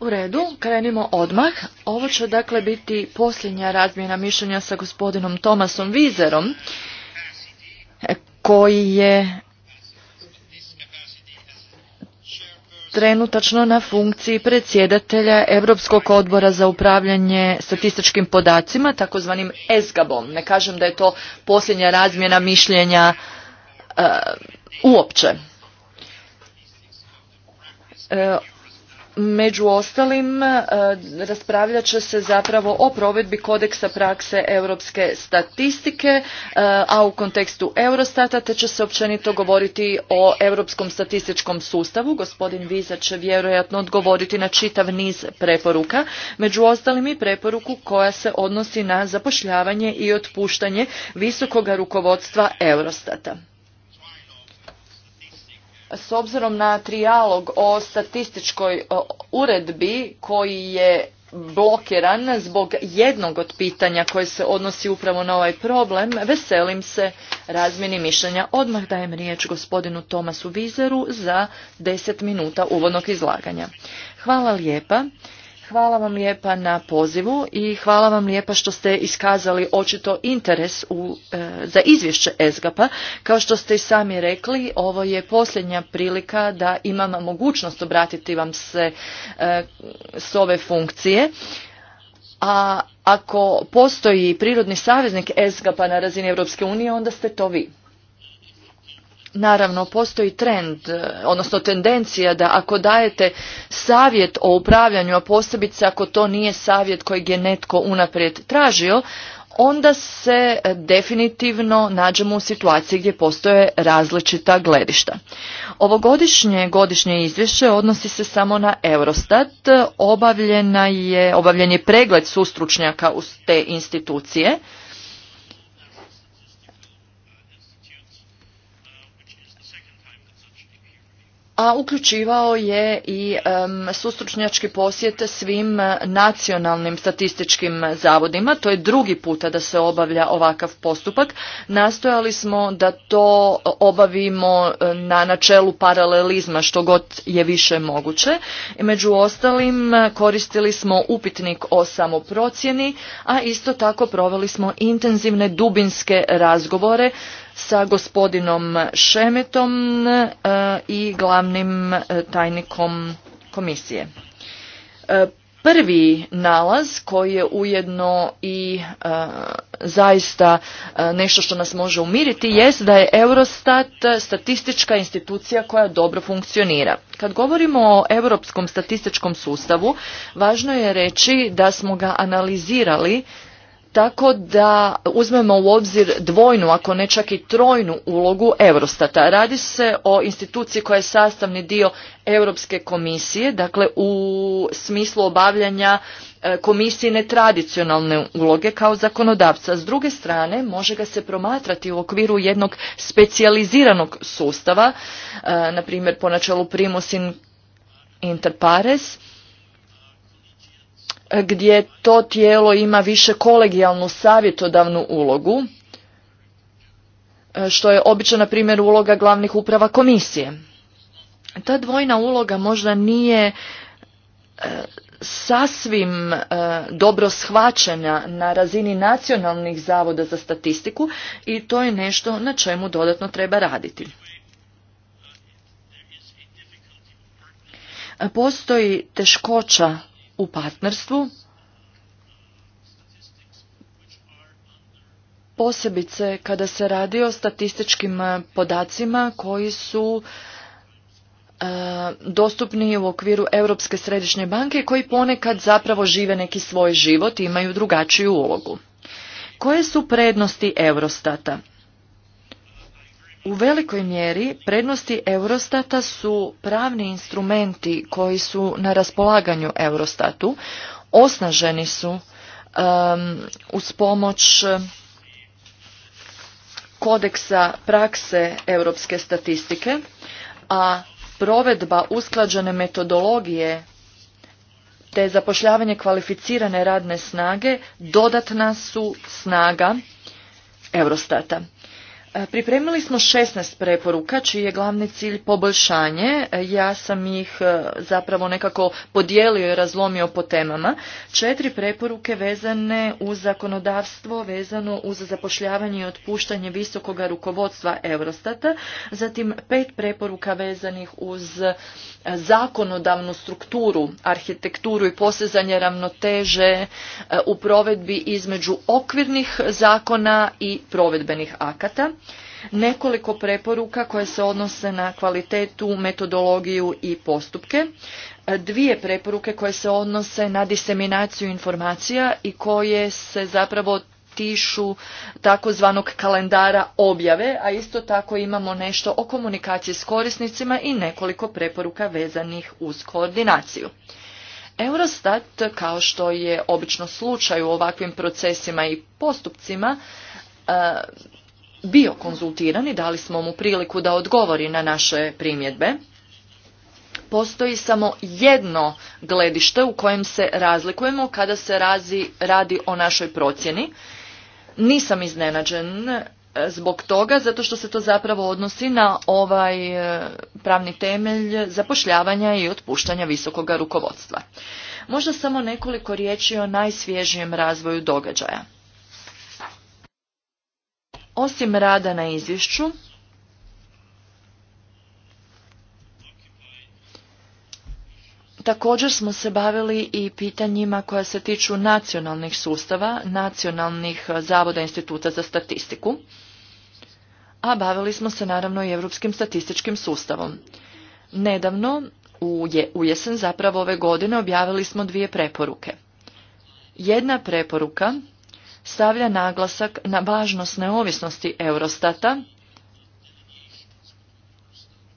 U redu, krenimo odmah. Ovo će dakle biti posljednja razmjena mišljenja sa gospodinom Tomasom Vizerom, e, koji je trenutačno na funkciji predsjedatelja Europskog odbora za upravljanje statističkim podacima, takozvanim esgab Ne kažem da je to posljednja razmjena mišljenja e, uopće. E, među ostalim e, raspravljat će se zapravo o provedbi kodeksa prakse europske statistike, e, a u kontekstu Eurostata te će se općenito govoriti o europskom statističkom sustavu. Gospodin Viza će vjerojatno odgovoriti na čitav niz preporuka, među ostalim i preporuku koja se odnosi na zapošljavanje i otpuštanje visokog rukovodstva Eurostata s obzirom na trijalog o statističkoj uredbi koji je blokiran zbog jednog od pitanja koje se odnosi upravo na ovaj problem, veselim se razmjeni mišljenja. Odmah dajem riječ gospodinu Tomasu Vizeru za 10 minuta uvodnog izlaganja. Hvala lijepa. Hvala vam lijepa na pozivu i hvala vam lijepa što ste iskazali očito interes u, e, za izvješće ESGAP-a. Kao što ste i sami rekli, ovo je posljednja prilika da imam mogućnost obratiti vam se e, s ove funkcije. A ako postoji prirodni saveznik esgap p-a na razini Europske unije, onda ste to vi. Naravno, postoji trend, e, odnosno tendencija da ako dajete savjet o upravljanju, a posebice ako to nije savjet kojeg je netko unaprijed tražio, onda se e, definitivno nađemo u situaciji gdje postoje različita gledišta. Ovogodišnje godišnje izvješće odnosi se samo na Eurostat. Obavljena je, obavljen je pregled sustručnjaka uz te institucije a uključivao je i um, sustručnjački posjet svim nacionalnim statističkim zavodima. To je drugi puta da se obavlja ovakav postupak. Nastojali smo da to obavimo na načelu paralelizma što god je više moguće. Među ostalim koristili smo upitnik o samoprocjeni, a isto tako proveli smo intenzivne dubinske razgovore sa gospodinom Šemetom e, i glavnim e, tajnikom komisije. E, prvi nalaz koji je ujedno i zaista nešto što nas može umiriti jest da je Eurostat statistička institucija koja dobro funkcionira. Kad govorimo o europskom statističkom sustavu, važno je reći da smo ga analizirali tako da uzmemo u obzir dvojnu, ako ne čak i trojnu ulogu Eurostata. Radi se o instituciji koja je sastavni dio Europske komisije, dakle u smislu obavljanja e, komisijine tradicionalne uloge kao zakonodavca. S druge strane, može ga se promatrati u okviru jednog specijaliziranog sustava, e, na primjer po načelu primus in inter pares, gdje to tijelo ima više kolegijalnu savjetodavnu ulogu, e, što je obično, na primjer, uloga glavnih uprava komisije. Ta dvojna uloga možda nije e, sasvim e, dobro shvaćena na razini nacionalnih zavoda za statistiku i to je nešto na čemu dodatno treba raditi. Postoji teškoća u partnerstvu posebice kada se radi o statističkim e, podacima koji su e, dostupni u okviru Europske središnje banke koji ponekad zapravo žive neki svoj život i imaju drugačiju ulogu. Koje su prednosti Eurostata? U velikoj mjeri prednosti Eurostata su pravni instrumenti koji su na raspolaganju Eurostatu, osnaženi su um, uz pomoć um, kodeksa prakse europske statistike, a provedba usklađene metodologije te zapošljavanje kvalificirane radne snage dodatna su snaga Eurostata. E, pripremili smo 16 preporuka čiji je glavni cilj poboljšanje. E, ja sam ih e, zapravo nekako podijelio i razlomio po temama. Četiri preporuke vezane uz zakonodavstvo, vezano uz zapošljavanje i otpuštanje visokoga rukovodstva Eurostata. Zatim pet preporuka vezanih uz zakonodavnu strukturu, arhitekturu i posezanje ravnoteže u provedbi između okvirnih zakona i provedbenih akata nekoliko preporuka koje se odnose na kvalitetu, metodologiju i postupke, dvije preporuke koje se odnose na diseminaciju informacija i koje se zapravo tišu takozvanog kalendara objave, a isto tako imamo nešto o komunikaciji s korisnicima i nekoliko preporuka vezanih uz koordinaciju. Eurostat, kao što je obično slučaj u ovakvim procesima i postupcima, e, bio konzultiran i dali smo mu priliku da odgovori na naše primjedbe. Postoji samo jedno gledište u kojem se razlikujemo kada se razi, radi o našoj procjeni. Nisam iznenađen e, zbog toga, zato što se to zapravo odnosi na ovaj e, pravni temelj zapošljavanja i otpuštanja visokog rukovodstva. Možda samo nekoliko riječi o najsvježijem razvoju događaja. Osim rada na izvješću, Također smo se bavili i pitanjima koja se tiču nacionalnih sustava, nacionalnih e, zavoda instituta za statistiku, a bavili smo se naravno i Europskim statističkim sustavom. Nedavno, u jesen zapravo ove godine, objavili smo dvije preporuke. Jedna preporuka stavlja naglasak na važnost neovisnosti Eurostata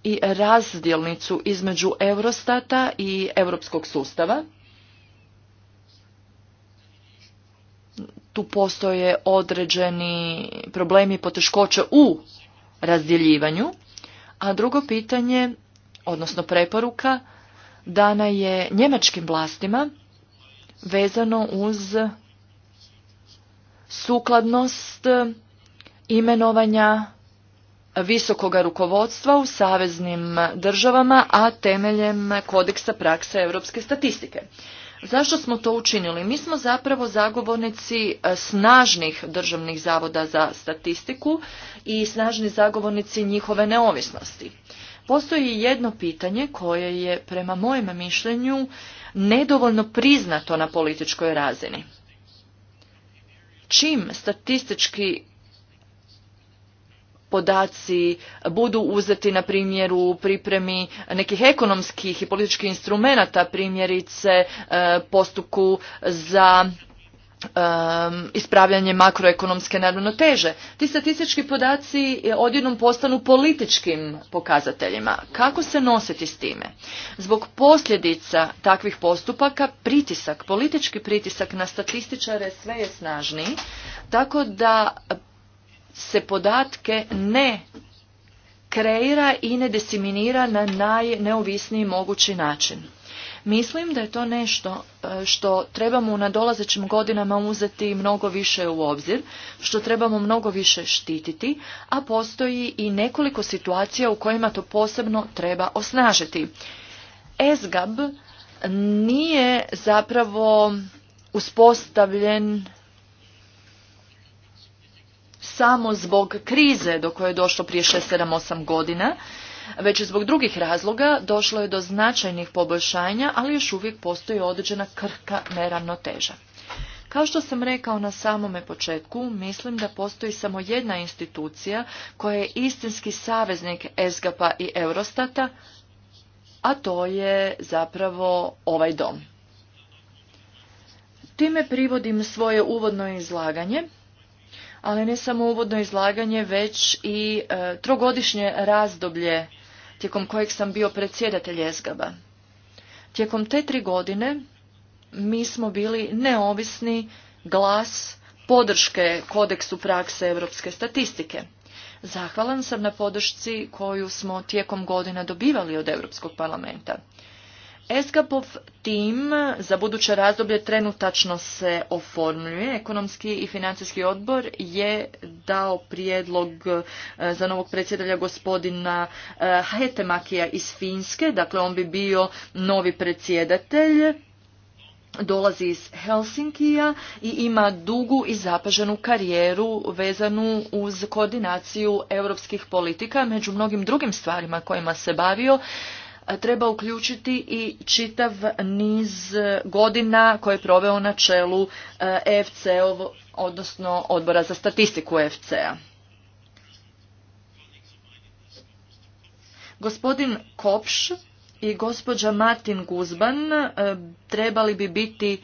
i razdjelnicu između Eurostata i europskog sustava. Tu postoje određeni problemi i poteškoće u razdjeljivanju. A drugo pitanje, odnosno preporuka, dana je njemačkim vlastima vezano uz sukladnost e, imenovanja visokoga rukovodstva u saveznim državama, a temeljem kodeksa prakse europske statistike. Zašto smo to učinili? Mi smo zapravo zagovornici e, snažnih državnih zavoda za statistiku i snažni zagovornici njihove neovisnosti. Postoji jedno pitanje koje je prema mojem mišljenju nedovoljno priznato na političkoj razini čim statistički podaci budu uzeti na primjeru u pripremi nekih ekonomskih i političkih instrumenata primjerice e, postupku za Um, ispravljanje makroekonomske neravnoteže. Ti statistički podaci odjednom postanu političkim pokazateljima. Kako se nositi s time? Zbog posljedica takvih postupaka pritisak, politički pritisak na statističare sve je snažniji, tako da se podatke ne kreira i ne desiminira na najneovisniji mogući način. Mislim da je to nešto e, što trebamo u nadolazećim godinama uzeti mnogo više u obzir, što trebamo mnogo više štititi, a postoji i nekoliko situacija u kojima to posebno treba osnažiti. ESGAB nije zapravo uspostavljen samo zbog krize do koje je došlo prije 6-7-8 godina, već zbog drugih razloga došlo je do značajnih poboljšanja, ali još uvijek postoji određena krhka neravnoteža. Kao što sam rekao na samome početku, mislim da postoji samo jedna institucija koja je istinski saveznik SGP-a i Eurostata, a to je zapravo ovaj dom. Time privodim svoje uvodno izlaganje ali ne samo uvodno izlaganje, već i e, trogodišnje razdoblje tijekom kojeg sam bio predsjedatelj Jezgaba. Tijekom te tri godine mi smo bili neovisni glas podrške kodeksu prakse europske statistike. Zahvalan sam na podršci koju smo tijekom godina dobivali od Europskog parlamenta. Eskapov tim za buduće razdoblje trenutačno se oformljuje. Ekonomski i financijski odbor je dao prijedlog e, za novog predsjedalja gospodina e, Hetemakija iz Finske. Dakle, on bi bio novi predsjedatelj. Dolazi iz Helsinkija i ima dugu i zapaženu karijeru vezanu uz koordinaciju europskih politika među mnogim drugim stvarima kojima se bavio treba uključiti i čitav niz godina koje je proveo na čelu efc odnosno odbora za statistiku EFC-a. Gospodin Kopš i gospođa Martin Guzban e, trebali bi biti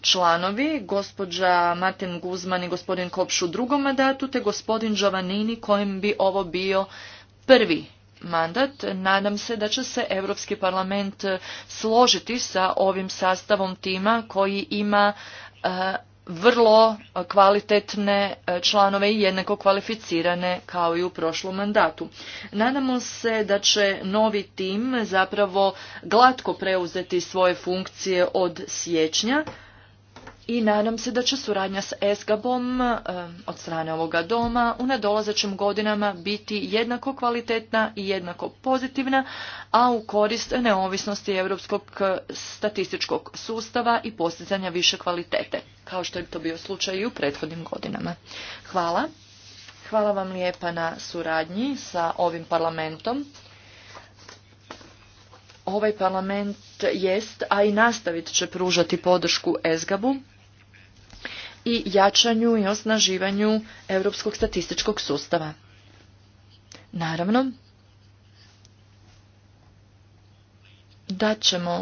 članovi, gospođa Martin Guzman i gospodin Kopš u drugom mandatu, te gospodin Giovannini kojim bi ovo bio prvi mandat. Nadam se da će se Europski parlament e, složiti sa ovim sastavom tima koji ima e, vrlo kvalitetne e, članove i jednako kvalificirane kao i u prošlom mandatu. Nadamo se da će novi tim zapravo glatko preuzeti svoje funkcije od siječnja i nadam se da će suradnja s ESGABom eh, od strane ovoga doma u nadolazećim godinama biti jednako kvalitetna i jednako pozitivna, a u korist neovisnosti europskog eh, statističkog sustava i postizanja više kvalitete, kao što je to bio slučaj i u prethodnim godinama. Hvala. Hvala vam lijepa na suradnji sa ovim parlamentom ovaj parlament jest, a i nastavit će pružati podršku esgab i jačanju i osnaživanju europskog statističkog sustava. Naravno, da ćemo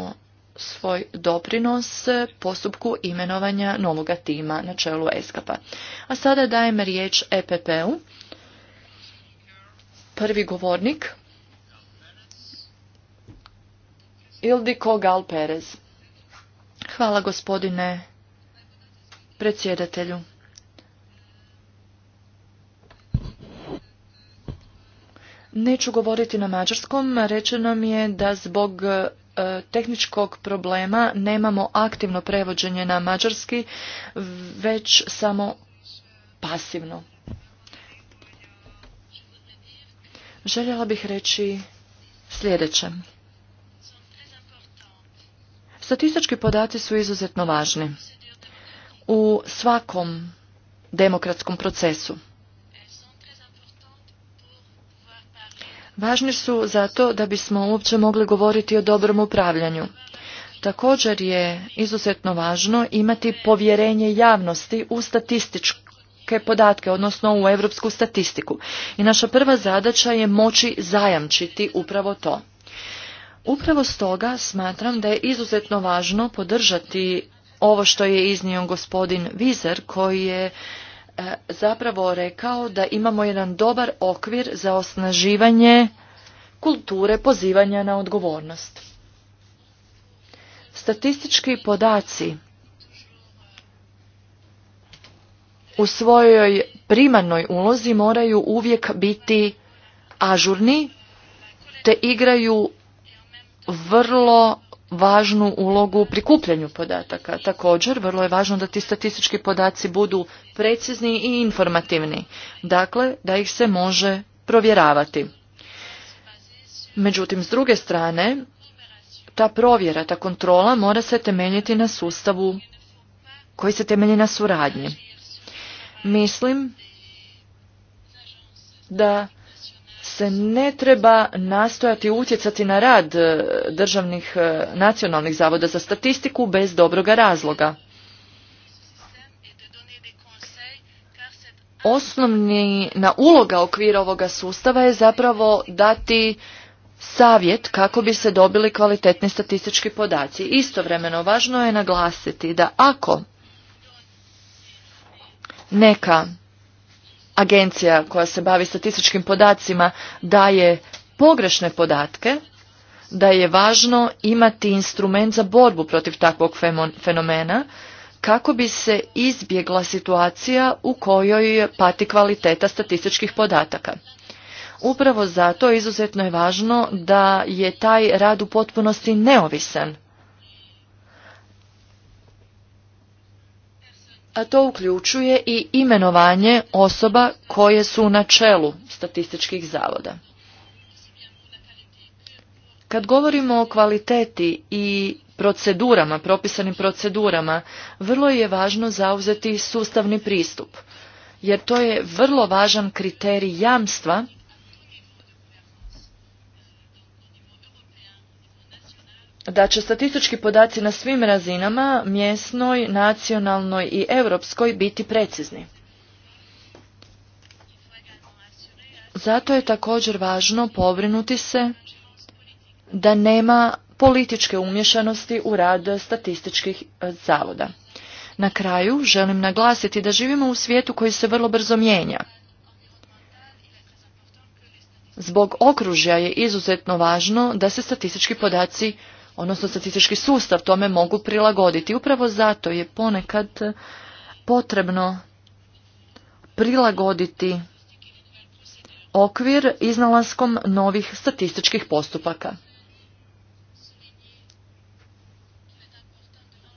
svoj doprinos postupku imenovanja novoga tima na čelu eskapa. a A sada dajem riječ EPP-u. Prvi govornik Ildiko Gal Perez. Hvala gospodine predsjedatelju. Neću govoriti na mađarskom, rečeno mi je da zbog e, tehničkog problema nemamo aktivno prevođenje na mađarski, već samo pasivno. Željela bih reći sljedeće. Statistički podaci su izuzetno važni u svakom demokratskom procesu. Važni su zato da bismo uopće mogli govoriti o dobrom upravljanju. Također je izuzetno važno imati povjerenje javnosti u statističke podatke, odnosno u europsku statistiku. I naša prva zadaća je moći zajamčiti upravo to. Upravo stoga smatram da je izuzetno važno podržati ovo što je iznio gospodin Vizer koji je e, zapravo rekao da imamo jedan dobar okvir za osnaživanje kulture pozivanja na odgovornost. Statistički podaci u svojoj primarnoj ulozi moraju uvijek biti ažurni te igraju vrlo važnu ulogu u prikupljanju podataka. Također, vrlo je važno da ti statistički podaci budu precizni i informativni, dakle da ih se može provjeravati. Međutim, s druge strane, ta provjera, ta kontrola mora se temeljiti na sustavu koji se temelji na suradnji. Mislim da se ne treba nastojati utjecati na rad e, državnih e, nacionalnih zavoda za statistiku bez dobroga razloga. na uloga okvira ovoga sustava je zapravo dati savjet kako bi se dobili kvalitetni statistički podaci. Istovremeno važno je naglasiti da ako neka agencija koja se bavi statističkim podacima daje pogrešne podatke, da je važno imati instrument za borbu protiv takvog fenomena kako bi se izbjegla situacija u kojoj pati kvaliteta statističkih podataka. Upravo zato izuzetno je važno da je taj rad u potpunosti neovisan a to uključuje i imenovanje osoba koje su na čelu statističkih zavoda. Kad govorimo o kvaliteti i procedurama, propisanim procedurama, vrlo je važno zauzeti sustavni pristup, jer to je vrlo važan kriterij jamstva da će statistički podaci na svim razinama, mjesnoj, nacionalnoj i europskoj, biti precizni. Zato je također važno pobrinuti se da nema političke umješanosti u rad statističkih e, zavoda. Na kraju želim naglasiti da živimo u svijetu koji se vrlo brzo mijenja. Zbog okružja je izuzetno važno da se statistički podaci odnosno statistički sustav tome mogu prilagoditi. Upravo zato je ponekad potrebno prilagoditi okvir iznalaskom novih statističkih postupaka.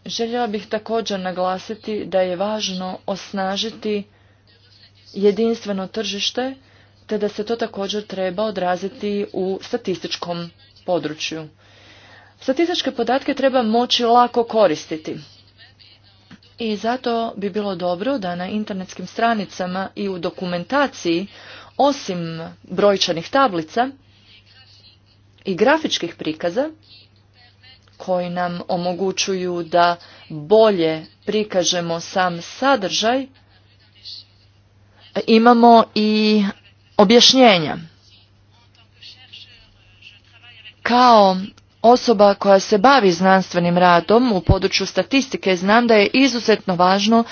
Željela bih također naglasiti da je važno osnažiti jedinstveno tržište, te da se to također treba odraziti u statističkom području. Statističke podatke treba moći lako koristiti. I zato bi bilo dobro da na internetskim stranicama i u dokumentaciji, osim brojčanih tablica i grafičkih prikaza, koji nam omogućuju da bolje prikažemo sam sadržaj, imamo i objašnjenja. Kao osoba koja se bavi znanstvenim radom u području statistike znam da je izuzetno važno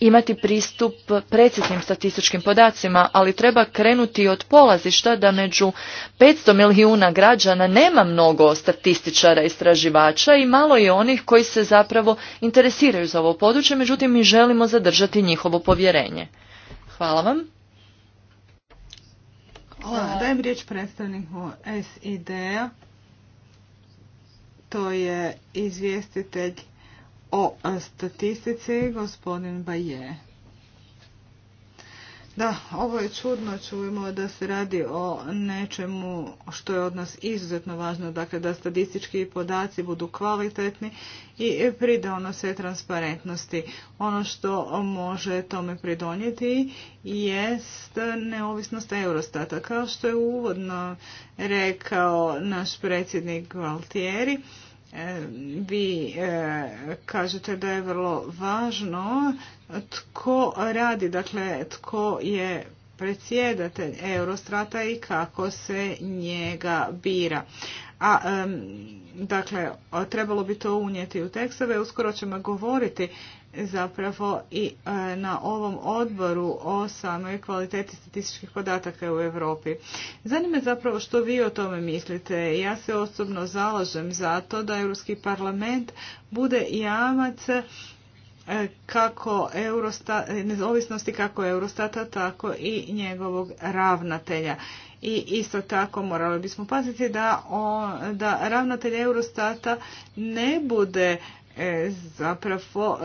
imati pristup preciznim statističkim podacima, ali treba krenuti od polazišta da među 500 milijuna građana nema mnogo statističara, istraživača i malo je onih koji se zapravo interesiraju za ovo područje, međutim mi želimo zadržati njihovo povjerenje. Hvala vam. Hvala, dajem riječ predstavniku SID-a to je izvjestitelj o statistici, gospodin Bajer. Da, ovo je čudno, čujemo da se radi o nečemu što je od nas izuzetno važno, dakle da statistički podaci budu kvalitetni i pridonose transparentnosti. Ono što može tome pridonijeti jest neovisnost Eurostata. Kao što je uvodno rekao naš predsjednik Valtieri, vi e, kažete da je vrlo važno tko radi, dakle tko je predsjedatelj Eurostrata i kako se njega bira. A, dakle, trebalo bi to unijeti u tekstove, uskoro ćemo govoriti zapravo i e, na ovom odboru o samoj kvaliteti statističkih podataka u Europi. Zanima zapravo što vi o tome mislite. Ja se osobno zalažem za to da Europski parlament bude jamac e, kako Eurosta, neovisnosti kako Eurostata, tako i njegovog ravnatelja. I isto tako morali bismo paziti da, da ravnatelj Eurostata ne bude E, zapravo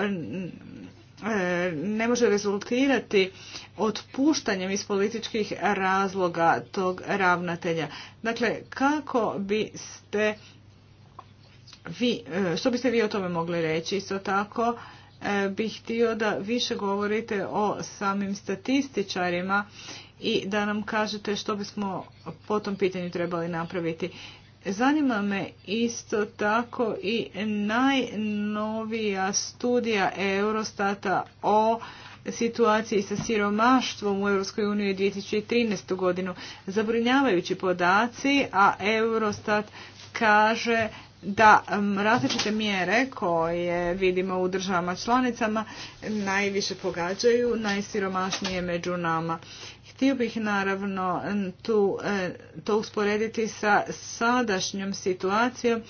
e, ne može rezultirati otpuštanjem iz političkih razloga tog ravnatelja. Dakle, kako biste vi, e, što biste vi o tome mogli reći? Isto tako bih htio da više govorite o samim statističarima i da nam kažete što bismo po tom pitanju trebali napraviti. Zanima me isto tako i najnovija studija Eurostata o situaciji sa siromaštvom u EU 2013. godinu. Zabrinjavajući podaci, a Eurostat kaže da različite mjere koje vidimo u državama članicama najviše pogađaju najsiromašnije među nama. Htio bih naravno tu, e, to usporediti sa sadašnjom situacijom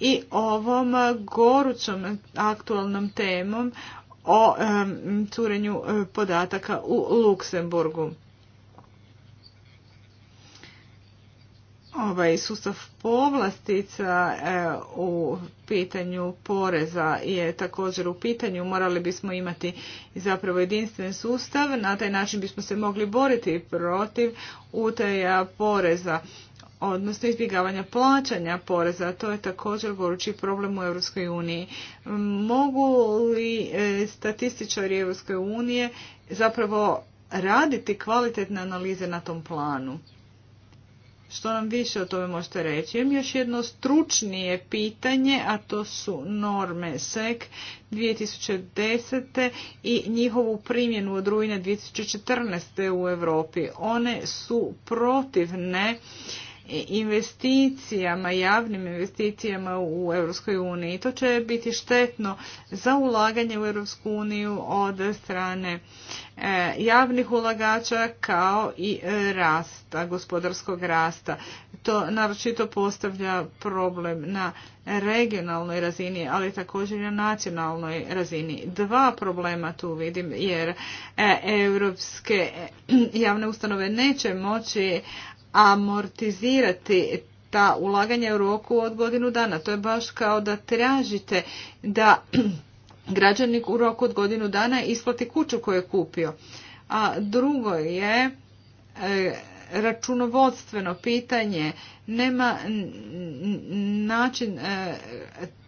i ovom e, gorućom aktualnom temom o e, curenju podataka u Luksemburgu. ovaj sustav povlastica e, u pitanju poreza je također u pitanju. Morali bismo imati zapravo jedinstven sustav. Na taj način bismo se mogli boriti protiv utaja poreza odnosno izbjegavanja plaćanja poreza. To je također gorući problem u Europskoj uniji. Mogu li e, statističari Europske unije zapravo raditi kvalitetne analize na tom planu? što nam više o tome možete reći. Imam još jedno stručnije pitanje, a to su norme e SEC 2010. i njihovu primjenu od rujna 2014. u Europi. One su protivne investicijama, javnim investicijama u Europskoj uniji. To će biti štetno za ulaganje u Europsku uniju od strane e, javnih ulagača kao i rasta, gospodarskog rasta. To naročito postavlja problem na regionalnoj razini, ali također i na nacionalnoj razini. Dva problema tu vidim jer e, europske e, javne ustanove neće moći amortizirati ta ulaganja u roku od godinu dana. To je baš kao da tražite da građanik u roku od godinu dana isplati kuću koju je kupio. A drugo je e, računovodstveno pitanje. Nema način e,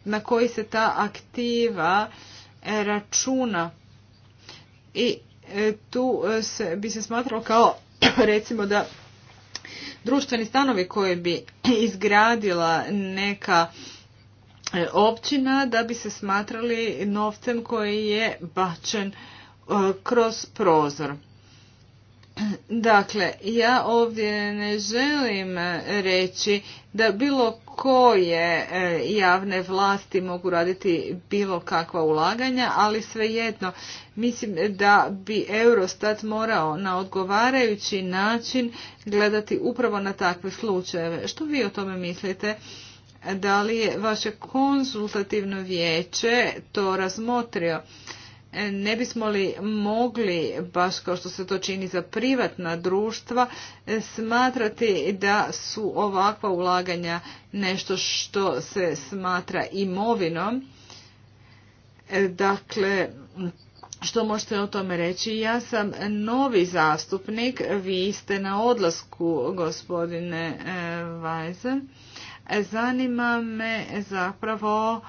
na koji se ta aktiva e, računa i tu bi se smatralo kao recimo da društveni stanovi koje bi izgradila neka e, općina da bi se smatrali novcem koji je bačen e, kroz prozor. Dakle, ja ovdje ne želim reći da bilo koje e, javne vlasti mogu raditi bilo kakva ulaganja, ali svejedno mislim da bi Eurostat morao na odgovarajući način gledati upravo na takve slučajeve. Što vi o tome mislite? Da li je vaše konzultativno vijeće to razmotrio? ne bismo li mogli, baš kao što se to čini za privatna društva, smatrati da su ovakva ulaganja nešto što se smatra imovinom? Dakle, što možete o tome reći? Ja sam novi zastupnik, vi ste na odlasku gospodine eh, Weiser. Zanima me zapravo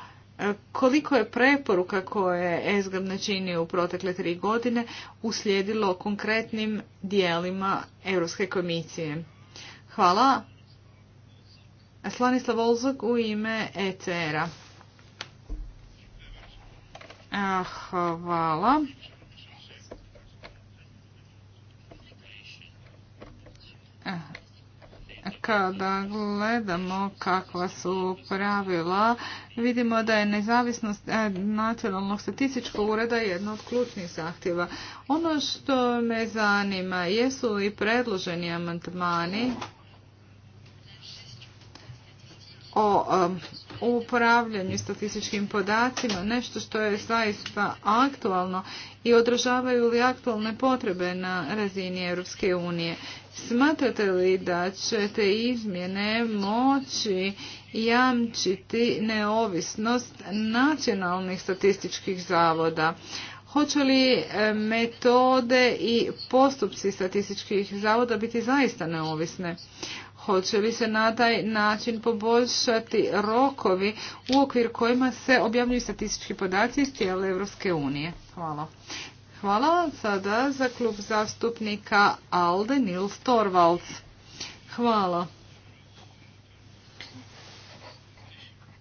koliko je preporuka koje ESGAB načinio u protekle tri godine uslijedilo konkretnim dijelima Europske komisije. Hvala. Slanislav Olzog u ime ECR-a. Hvala. kada gledamo kakva su pravila, vidimo da je nezavisnost e, nacionalnog statističkog ureda jedno od ključnih zahtjeva. Ono što me zanima jesu i predloženi amandmani o e, upravljanju statističkim podacima, nešto što je zaista aktualno i održavaju li aktualne potrebe na razini Europske unije. Smatrate li da će te izmjene moći jamčiti neovisnost nacionalnih statističkih zavoda? Hoće li e, metode i postupci statističkih zavoda biti zaista neovisne? Hoće li se na taj način poboljšati rokovi u okvir kojima se objavljuju statistički podaci iz tijela Europske unije? Hvala. Hvala sada za klub zastupnika Alde Nils Torvalds. Hvala.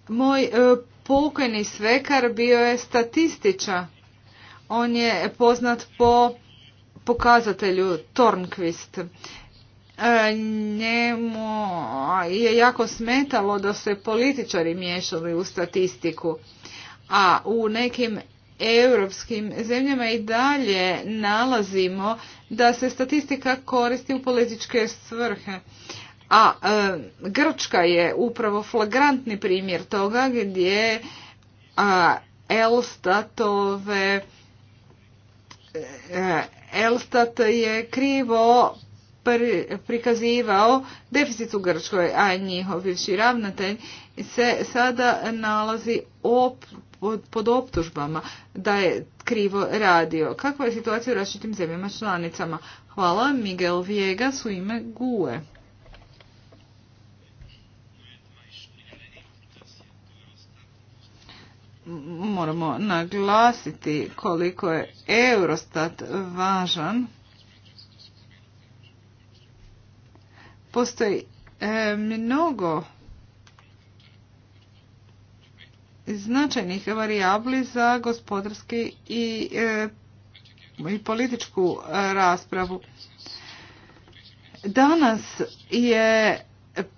Moj e, pokojni svekar bio je statističa. On je poznat po pokazatelju Tornquist njemu je jako smetalo da se političari miješali u statistiku, a u nekim europskim zemljama i dalje nalazimo da se statistika koristi u političke svrhe. A e, Grčka je upravo flagrantni primjer toga gdje a, Elstatove e, Elstat je krivo prikazivao deficit u Grčkoj, a njihov bivši ravnatelj se sada nalazi pod optužbama da je krivo radio. Kakva je situacija u različitim zemljama članicama? Hvala, Miguel Viegas u ime GUE. Moramo naglasiti koliko je Eurostat važan Postoji e, mnogo značajnih varijabli za gospodarski i, e, i političku e, raspravu. Danas je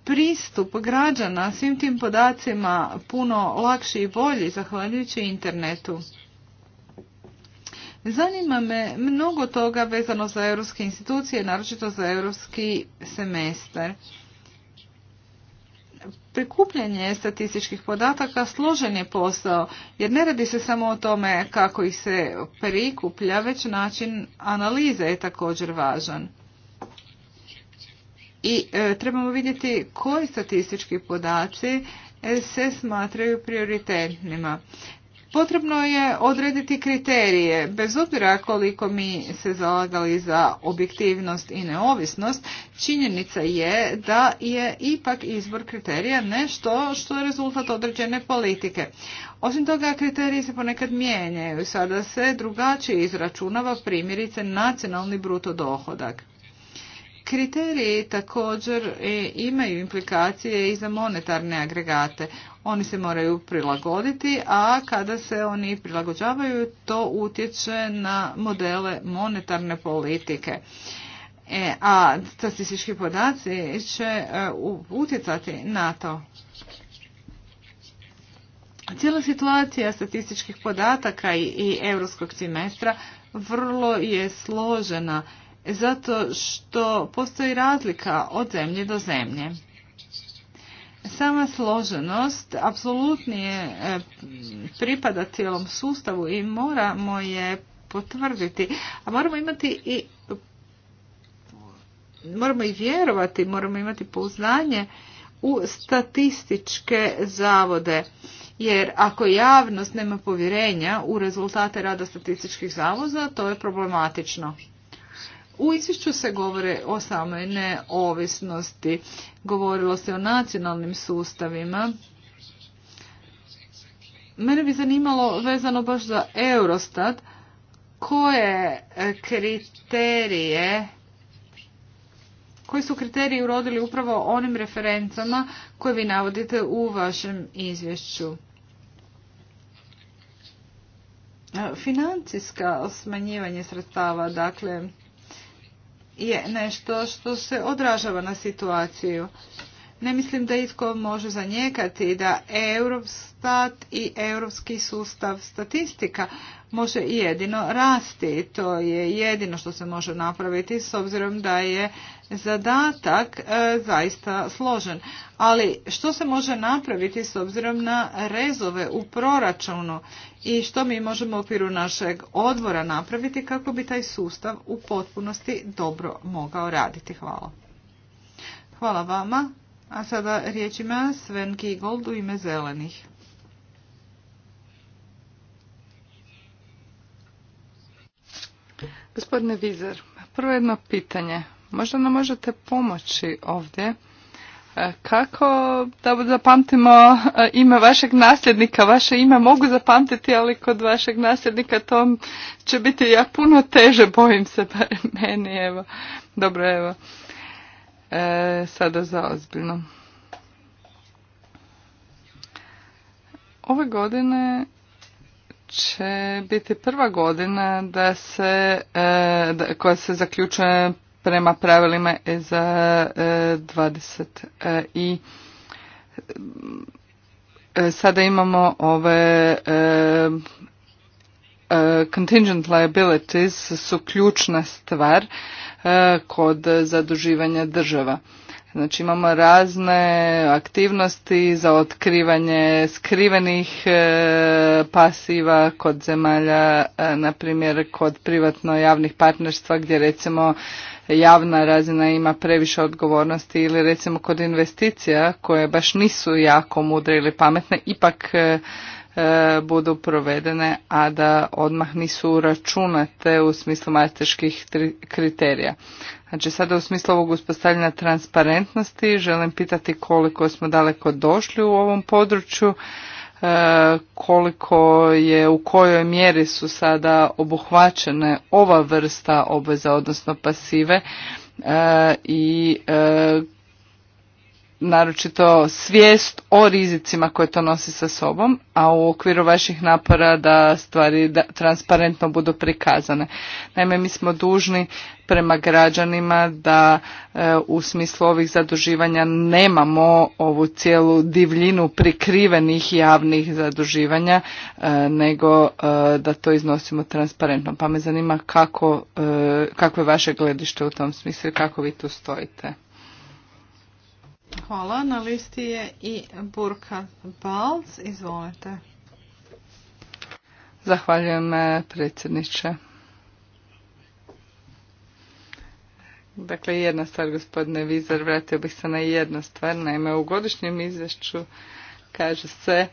pristup građana svim tim podacima puno lakši i bolji zahvaljujući internetu. Zanima me mnogo toga vezano za europske institucije, naročito za europski semestar. Prikupljanje statističkih podataka složen je posao, jer ne radi se samo o tome kako ih se prikuplja, već način analize je također važan. I e, trebamo vidjeti koji statistički podaci e, se smatraju prioritetnima. Potrebno je odrediti kriterije, bez obzira koliko mi se zalagali za objektivnost i neovisnost, činjenica je da je ipak izbor kriterija nešto što je rezultat određene politike. Osim toga, kriteriji se ponekad mijenjaju, sada se drugačije izračunava primjerice nacionalni bruto dohodak. Kriteriji također e, imaju implikacije i za monetarne agregate. Oni se moraju prilagoditi, a kada se oni prilagođavaju, to utječe na modele monetarne politike. E, a statistički podaci će e, utjecati na to. Cijela situacija statističkih podataka i, i europskog vrlo je složena zato što postoji razlika od zemlje do zemlje. Sama složenost apsolutnije e, pripada cijelom sustavu i moramo je potvrditi, a moramo imati i moramo i vjerovati, moramo imati pouznanje u statističke zavode. Jer ako javnost nema povjerenja u rezultate rada statističkih zavoda, to je problematično. U izvješću se govore o samoj neovisnosti. Govorilo se o nacionalnim sustavima. Mene bi zanimalo vezano baš za Eurostat koje e, kriterije koji su kriteriji urodili upravo onim referencama koje vi navodite u vašem izvješću. E, financijska smanjivanje sredstava, dakle, je nešto što se odražava na situaciju. Ne mislim da itko može zanijekati da Eurostat i Europski sustav statistika može jedino rasti. To je jedino što se može napraviti s obzirom da je zadatak e, zaista složen. Ali što se može napraviti s obzirom na rezove u proračunu i što mi možemo u okviru našeg odvora napraviti kako bi taj sustav u potpunosti dobro mogao raditi. Hvala. Hvala vama. A sada riječ ima Sven Kigold u ime zelenih. Gospodine Vizer, prvo jedno pitanje. Možda nam možete pomoći ovdje. E, kako da zapamtimo e, ime vašeg nasljednika? Vaše ime mogu zapamtiti, ali kod vašeg nasljednika to će biti ja puno teže, bojim se, meni, evo. Dobro, evo. E, sada za ozbiljno. Ove godine će biti prva godina da se, e, koja se zaključuje prema pravilima za e, 20 e, i e, sada imamo ove contingent liabilities su ključna stvar kod zaduživanja država. Znači imamo razne aktivnosti za otkrivanje skrivenih e, pasiva kod zemalja, e, na primjer kod privatno-javnih partnerstva gdje recimo javna razina ima previše odgovornosti ili recimo kod investicija koje baš nisu jako mudre ili pametne, ipak e, E, budu provedene, a da odmah nisu računate u smislu marteških kriterija. Znači sada u smislu ovog uspostavljanja transparentnosti želim pitati koliko smo daleko došli u ovom području, e, koliko je u kojoj mjeri su sada obuhvaćene ova vrsta obveza, odnosno pasive e, i naročito svijest o rizicima koje to nosi sa sobom, a u okviru vaših napora da stvari da transparentno budu prikazane. Naime, mi smo dužni prema građanima da e, u smislu ovih zaduživanja nemamo ovu cijelu divljinu prikrivenih javnih zaduživanja, e, nego e, da to iznosimo transparentno. Pa me zanima kako, kako je vaše gledište u tom smislu i kako vi tu stojite. Hvala. Na listi je i Burka Balc. Izvolite. Zahvaljujem eh, predsjedniče. Dakle, jedna stvar, gospodine Vizar, vratio bih se na jednu stvar. Naime, u godišnjem izvješću kaže se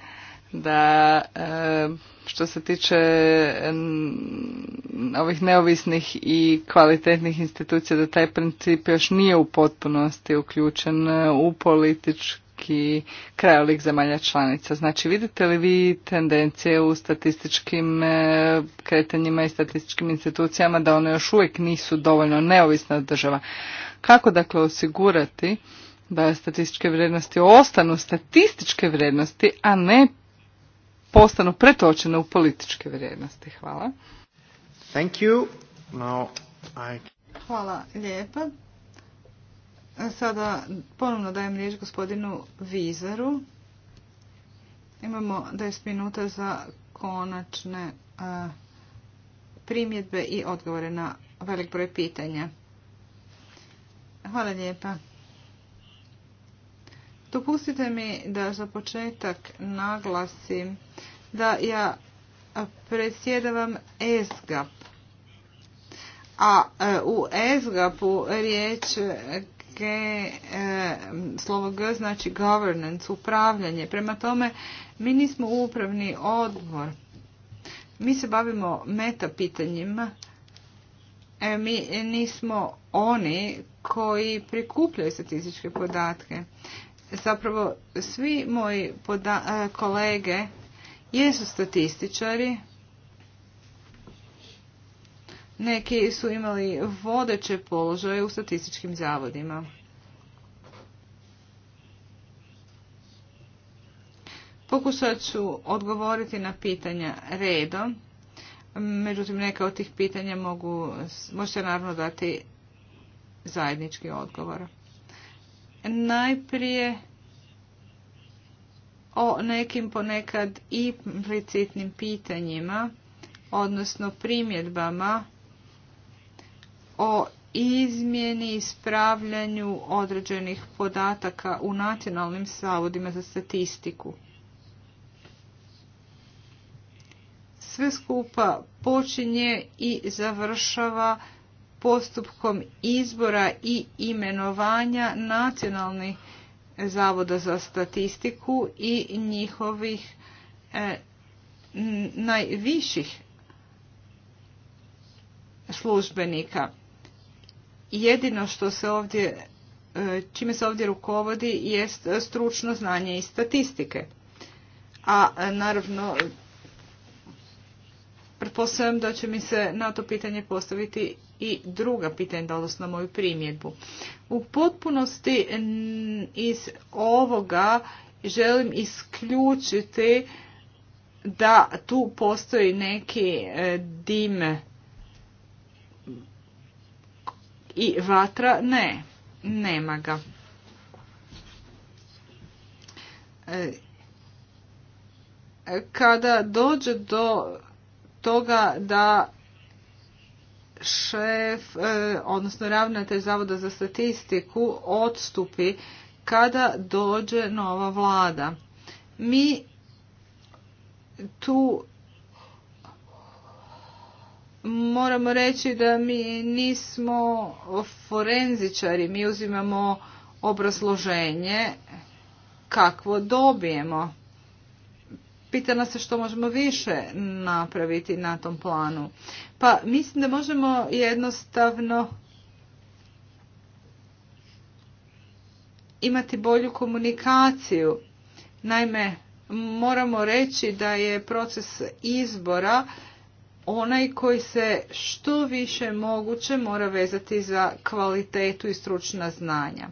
da eh, što se tiče ovih neovisnih i kvalitetnih institucija da taj princip još nije u potpunosti uključen e, u politički krajolik zemalja članica. Znači vidite li vi tendencije u statističkim e, kretanjima i statističkim institucijama da one još uvijek nisu dovoljno neovisna država? Kako dakle osigurati da statističke vrijednosti ostanu statističke vrijednosti, a ne postanu pretočene u političke vrijednosti. Hvala. Thank you. I... Hvala lijepa. Sada ponovno dajem riječ gospodinu Vizaru. Imamo 10 minuta za konačne primjedbe i odgovore na velik broj pitanja. Hvala lijepa. Dopustite mi da za početak naglasim da ja predsjedavam ESGAP. A e, u ESGAP-u riječ G, e, slovo G znači governance, upravljanje. Prema tome, mi nismo upravni odbor. Mi se bavimo meta pitanjima. E, mi nismo oni koji prikupljaju statističke podatke zapravo svi moji poda e, kolege jesu statističari. Neki su imali vodeće položaje u statističkim zavodima. Pokušat ću odgovoriti na pitanja redom. Međutim, neka od tih pitanja mogu, možete naravno dati zajednički odgovor. Najprije o nekim ponekad implicitnim pitanjima, odnosno primjedbama o izmjeni i ispravljanju određenih podataka u nacionalnim savodima za statistiku. Sve skupa počinje i završava postupkom izbora i imenovanja nacionalnih zavoda za statistiku i njihovih e, najviših službenika. Jedino što se ovdje, e, čime se ovdje rukovodi jest stručno znanje i statistike. A e, naravno pretpostavljam da će mi se na to pitanje postaviti i druga pitanja, odnosno moju primjedbu. U potpunosti iz ovoga želim isključiti da tu postoji neki e, dim i vatra. Ne, nema ga. E, e, kada dođe do toga da šef, e, odnosno ravnatelj Zavoda za statistiku odstupi kada dođe nova vlada. Mi tu moramo reći da mi nismo forenzičari, mi uzimamo obrazloženje kakvo dobijemo. Pitala se što možemo više napraviti na tom planu. Pa mislim da možemo jednostavno imati bolju komunikaciju. Naime, moramo reći da je proces izbora onaj koji se što više moguće mora vezati za kvalitetu i stručna znanja.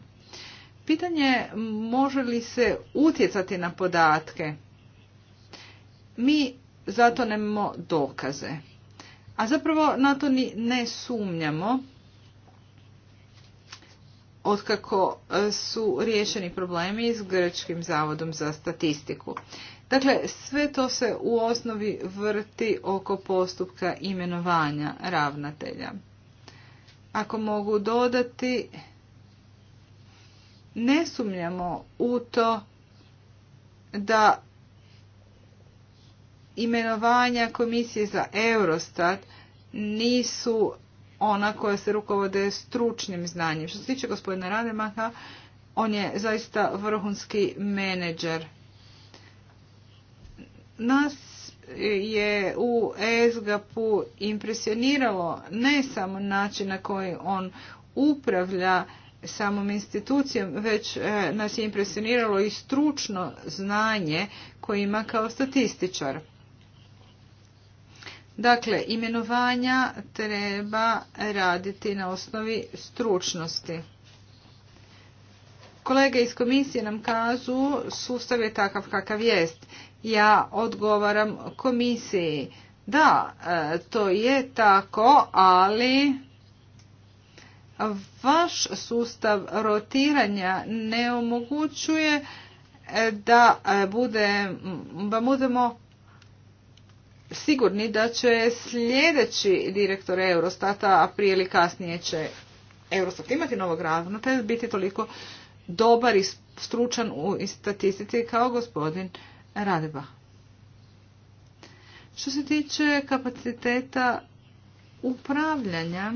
Pitanje je može li se utjecati na podatke. Mi zato nemamo dokaze. A zapravo na to ni ne sumnjamo otkako e, su riješeni problemi s Grčkim zavodom za statistiku. Dakle, sve to se u osnovi vrti oko postupka imenovanja ravnatelja. Ako mogu dodati, ne sumnjamo u to da imenovanja komisije za Eurostat nisu ona koja se rukovode stručnim znanjem. Što se tiče gospodina Rademaha, on je zaista vrhunski menedžer. Nas je u ESGAP-u impresioniralo ne samo način na koji on upravlja samom institucijom, već e, nas je impresioniralo i stručno znanje koje ima kao statističar. Dakle, imenovanja treba raditi na osnovi stručnosti. Kolege iz komisije nam kažu sustav je takav kakav jest. Ja odgovaram komisiji. Da, e, to je tako, ali vaš sustav rotiranja ne omogućuje e, da, e, bude, da budemo sigurni da će sljedeći direktor Eurostata, a prije ili kasnije će Eurostat imati novog ravnatelja, biti toliko dobar i stručan u statistici kao gospodin Radeba. Što se tiče kapaciteta upravljanja,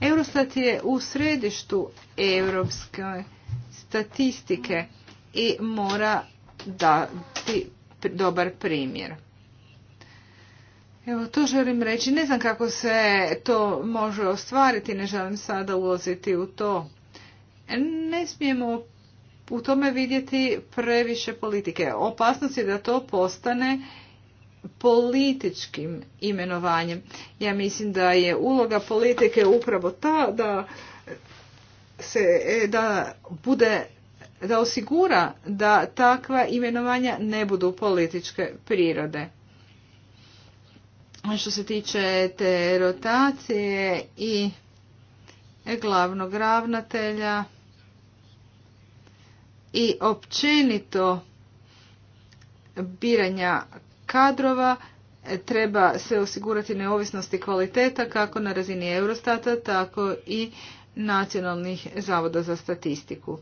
Eurostat je u središtu europske statistike i mora dati dobar primjer. Evo, to želim reći. Ne znam kako se to može ostvariti, ne želim sada ulaziti u to. Ne smijemo u tome vidjeti previše politike. Opasnost je da to postane političkim imenovanjem. Ja mislim da je uloga politike upravo ta da se da bude da osigura da takva imenovanja ne budu političke prirode što se tiče te rotacije i glavnog ravnatelja i općenito biranja kadrova treba se osigurati neovisnost i kvaliteta kako na razini Eurostata, tako i nacionalnih zavoda za statistiku.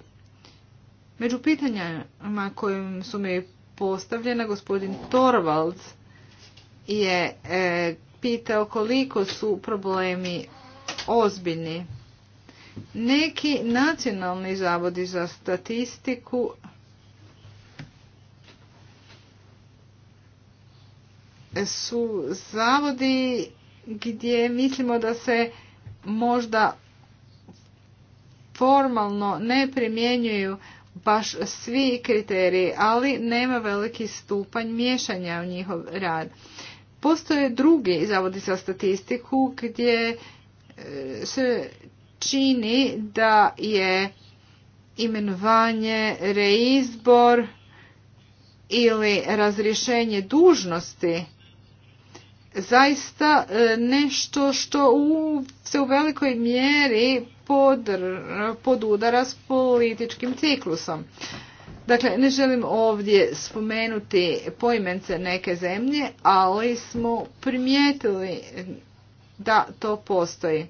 Među pitanjama kojim su mi postavljena gospodin Torvalds je e, pitao koliko su problemi ozbiljni. Neki nacionalni zavodi za statistiku su zavodi gdje mislimo da se možda formalno ne primjenjuju baš svi kriteriji, ali nema veliki stupanj miješanja u njihov rad. Postoje drugi zavodi za statistiku gdje e, se čini da je imenovanje, reizbor ili razrješenje dužnosti zaista e, nešto što se u velikoj mjeri podudara s političkim ciklusom. Dakle, ne želim ovdje spomenuti poimence neke zemlje, ali smo primijetili da to postoji.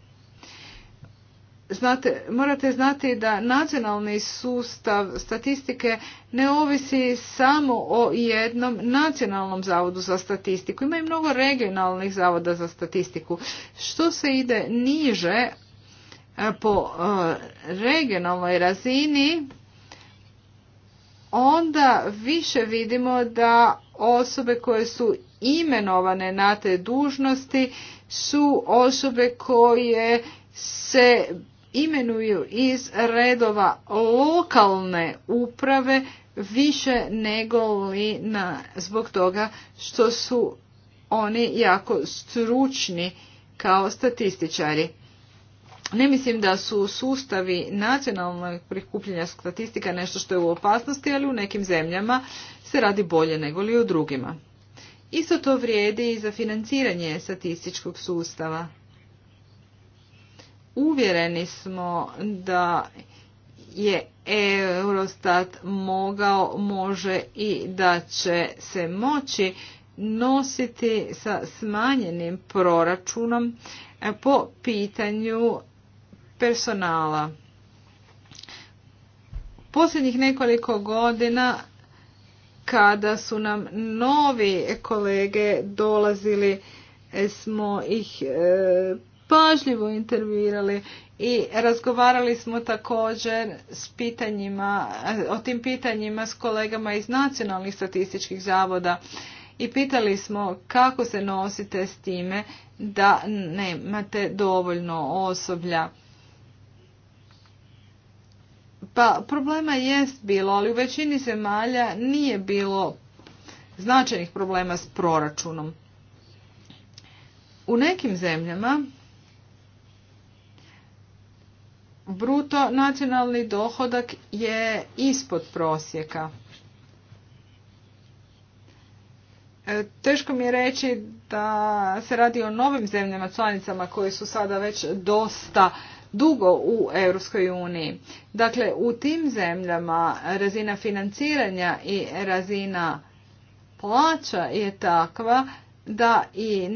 Znate, morate znati da nacionalni sustav statistike ne ovisi samo o jednom nacionalnom zavodu za statistiku. Ima i mnogo regionalnih zavoda za statistiku. Što se ide niže eh, po eh, regionalnoj razini, onda više vidimo da osobe koje su imenovane na te dužnosti su osobe koje se imenuju iz redova lokalne uprave više nego li na, zbog toga što su oni jako stručni kao statističari. Ne mislim da su sustavi nacionalnog prikupljanja statistika nešto što je u opasnosti, ali u nekim zemljama se radi bolje nego li u drugima. Isto to vrijedi i za financiranje statističkog sustava. Uvjereni smo da je Eurostat mogao, može i da će se moći nositi sa smanjenim proračunom po pitanju personala. Posljednjih nekoliko godina kada su nam novi kolege dolazili e, smo ih e, pažljivo intervirali i razgovarali smo također s pitanjima, o tim pitanjima s kolegama iz nacionalnih statističkih zavoda i pitali smo kako se nosite s time da nemate dovoljno osoblja. Pa problema jest bilo, ali u većini zemalja nije bilo značajnih problema s proračunom. U nekim zemljama bruto nacionalni dohodak je ispod prosjeka. E, teško mi je reći da se radi o novim zemljama članicama koje su sada već dosta dugo u Europskoj uniji. Dakle, u tim zemljama razina financiranja i razina plaća je takva da i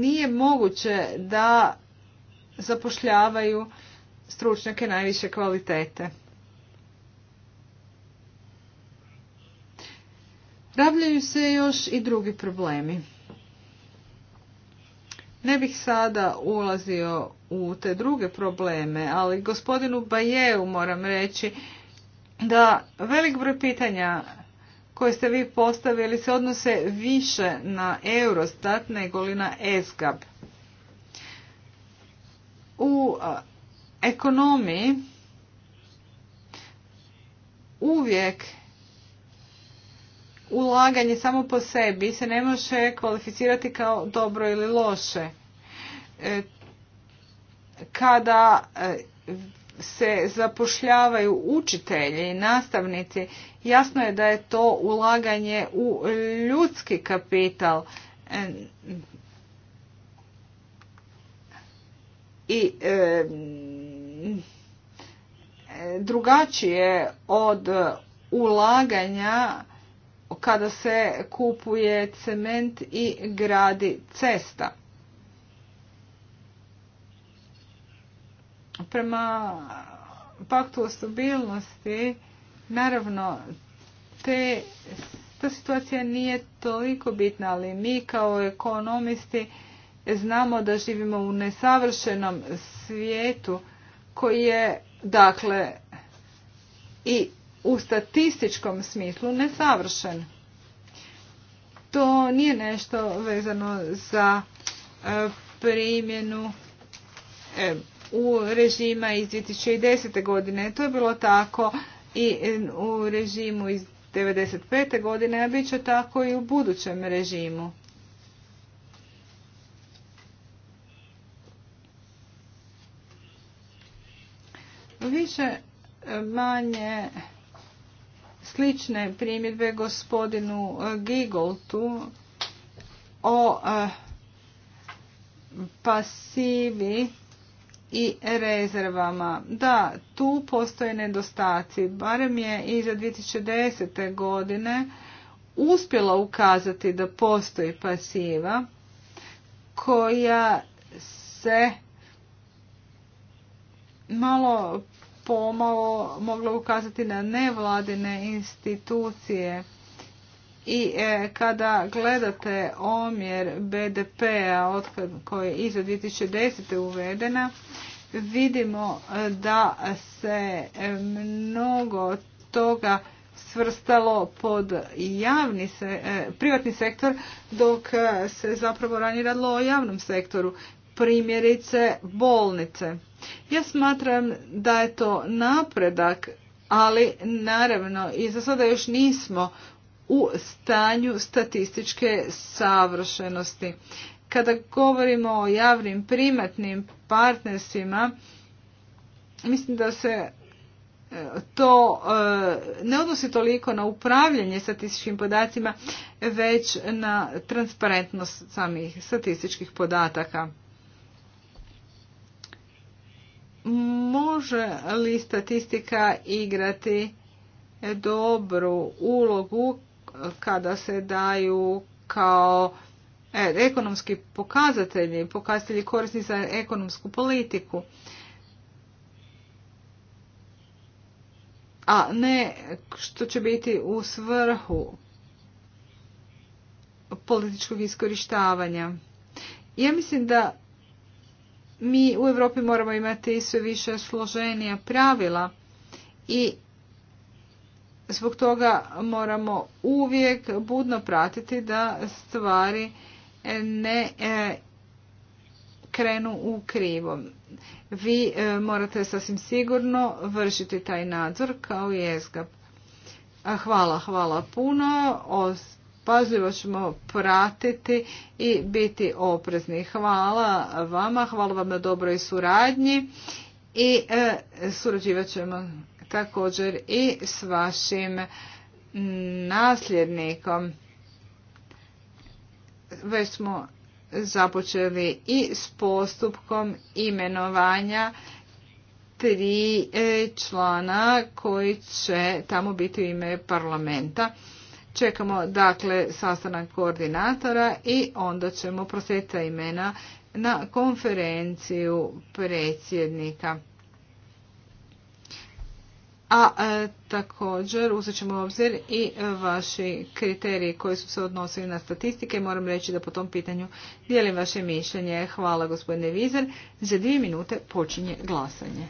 nije moguće da zapošljavaju stručnjake najviše kvalitete. Ravljaju se još i drugi problemi. Ne bih sada ulazio u te druge probleme, ali gospodinu Bajeu moram reći da velik broj pitanja koje ste vi postavili se odnose više na Eurostat nego li na ESGAB. U ekonomiji uvijek ulaganje samo po sebi se ne može kvalificirati kao dobro ili loše. E, kada e, se zapošljavaju učitelji i nastavnici, jasno je da je to ulaganje u ljudski kapital. E, I e, drugačije od ulaganja kada se kupuje cement i gradi cesta. Prema paktu o stabilnosti, naravno, te, ta situacija nije toliko bitna, ali mi kao ekonomisti znamo da živimo u nesavršenom svijetu koji je, dakle, i u statističkom smislu nesavršen. To nije nešto vezano za e, primjenu e, u režima iz 2010. godine. To je bilo tako i e, u režimu iz 1995. godine, a bit će tako i u budućem režimu. Više e, manje slične primjedbe gospodinu e, Gigoltu o pasivi i rezervama. Da, tu postoje nedostaci. Barem je i za 2010. godine uspjela ukazati da postoji pasiva koja se malo pomalo mogla ukazati na nevladine institucije i e, kada gledate omjer BDP-a koji je iza 2010. uvedena, vidimo e, da se e, mnogo toga svrstalo pod javni se, privatni sektor dok se zapravo ranije radilo o javnom sektoru primjerice bolnice. Ja smatram da je to napredak, ali naravno i za sada još nismo u stanju statističke savršenosti. Kada govorimo o javnim primatnim partnerstvima, mislim da se e, to e, ne odnosi toliko na upravljanje statističkim podacima, već na transparentnost samih statističkih podataka. Može li statistika igrati dobru ulogu kada se daju kao e, ekonomski pokazatelji, pokazatelji korisni za ekonomsku politiku. A ne što će biti u svrhu političkog iskorištavanja. Ja mislim da mi u Europi moramo imati sve više složenija pravila i Zbog toga moramo uvijek budno pratiti da stvari ne e, krenu u krivo. Vi e, morate sasvim sigurno vršiti taj nadzor kao i Hvala, hvala puno. Pazljivo ćemo pratiti i biti oprezni. Hvala vama, hvala vam na dobroj suradnji i e, surađivat ćemo također i s vašim nasljednikom. Već smo započeli i s postupkom imenovanja tri e, člana koji će tamo biti u ime parlamenta. Čekamo dakle sastanak koordinatora i onda ćemo prosjetiti imena na konferenciju predsjednika a e, također uzet ćemo u obzir i e, vaši kriteriji koji su se odnosili na statistike. Moram reći da po tom pitanju dijelim vaše mišljenje. Hvala gospodine Vizer. Za dvije minute počinje glasanje.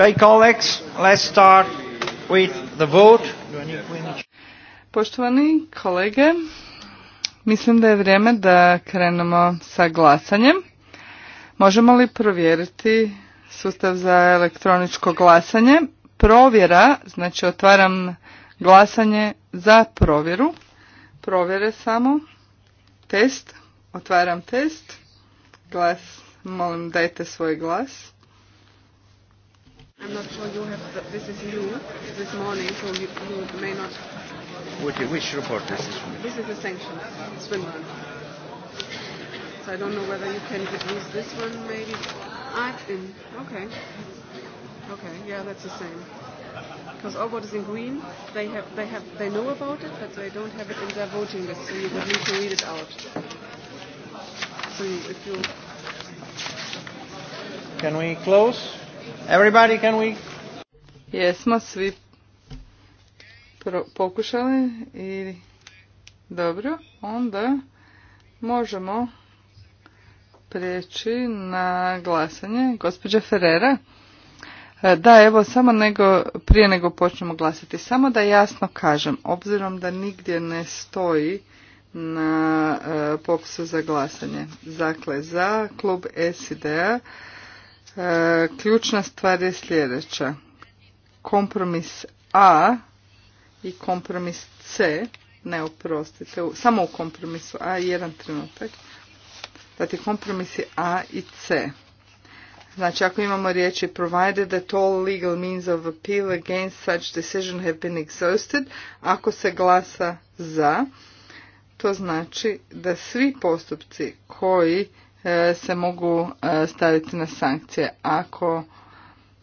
Okay, colleagues, let's start with the vote. Poštovani kolege, mislim da je vrijeme da krenemo sa glasanjem. Možemo li provjeriti sustav za elektroničko glasanje? Provjera, znači otvaram glasanje za provjeru. Provjere samo. Test. Otvaram test. Glas. Molim, dajte svoj glas. I'm not sure you have the, this is you this morning, so you, you may not. Would you which report this is from? This is sanction, swim Swinburne. So I don't know whether you can use this one, maybe. I've been okay. Okay, yeah, that's the same. Because all what is in green, they have, they have, they know about it, but they don't have it in their voting list, so you would need to read it out. So if you. Can we close? Everybody, can we? Jesmo svi pokušali i dobro, onda možemo prijeći na glasanje. Gospođa Ferrera, e, da, evo, samo nego, prije nego počnemo glasati, samo da jasno kažem, obzirom da nigdje ne stoji na e, popisu za glasanje. Dakle, za klub SID-a E, ključna stvar je sljedeća. Kompromis A i kompromis C, ne oprostite, samo u kompromisu A, jedan trenutak. Znači kompromisi A i C. Znači ako imamo riječi provided that all legal means of appeal against such decision have been exhausted, ako se glasa za, to znači da svi postupci koji E, se mogu e, staviti na sankcije. Ako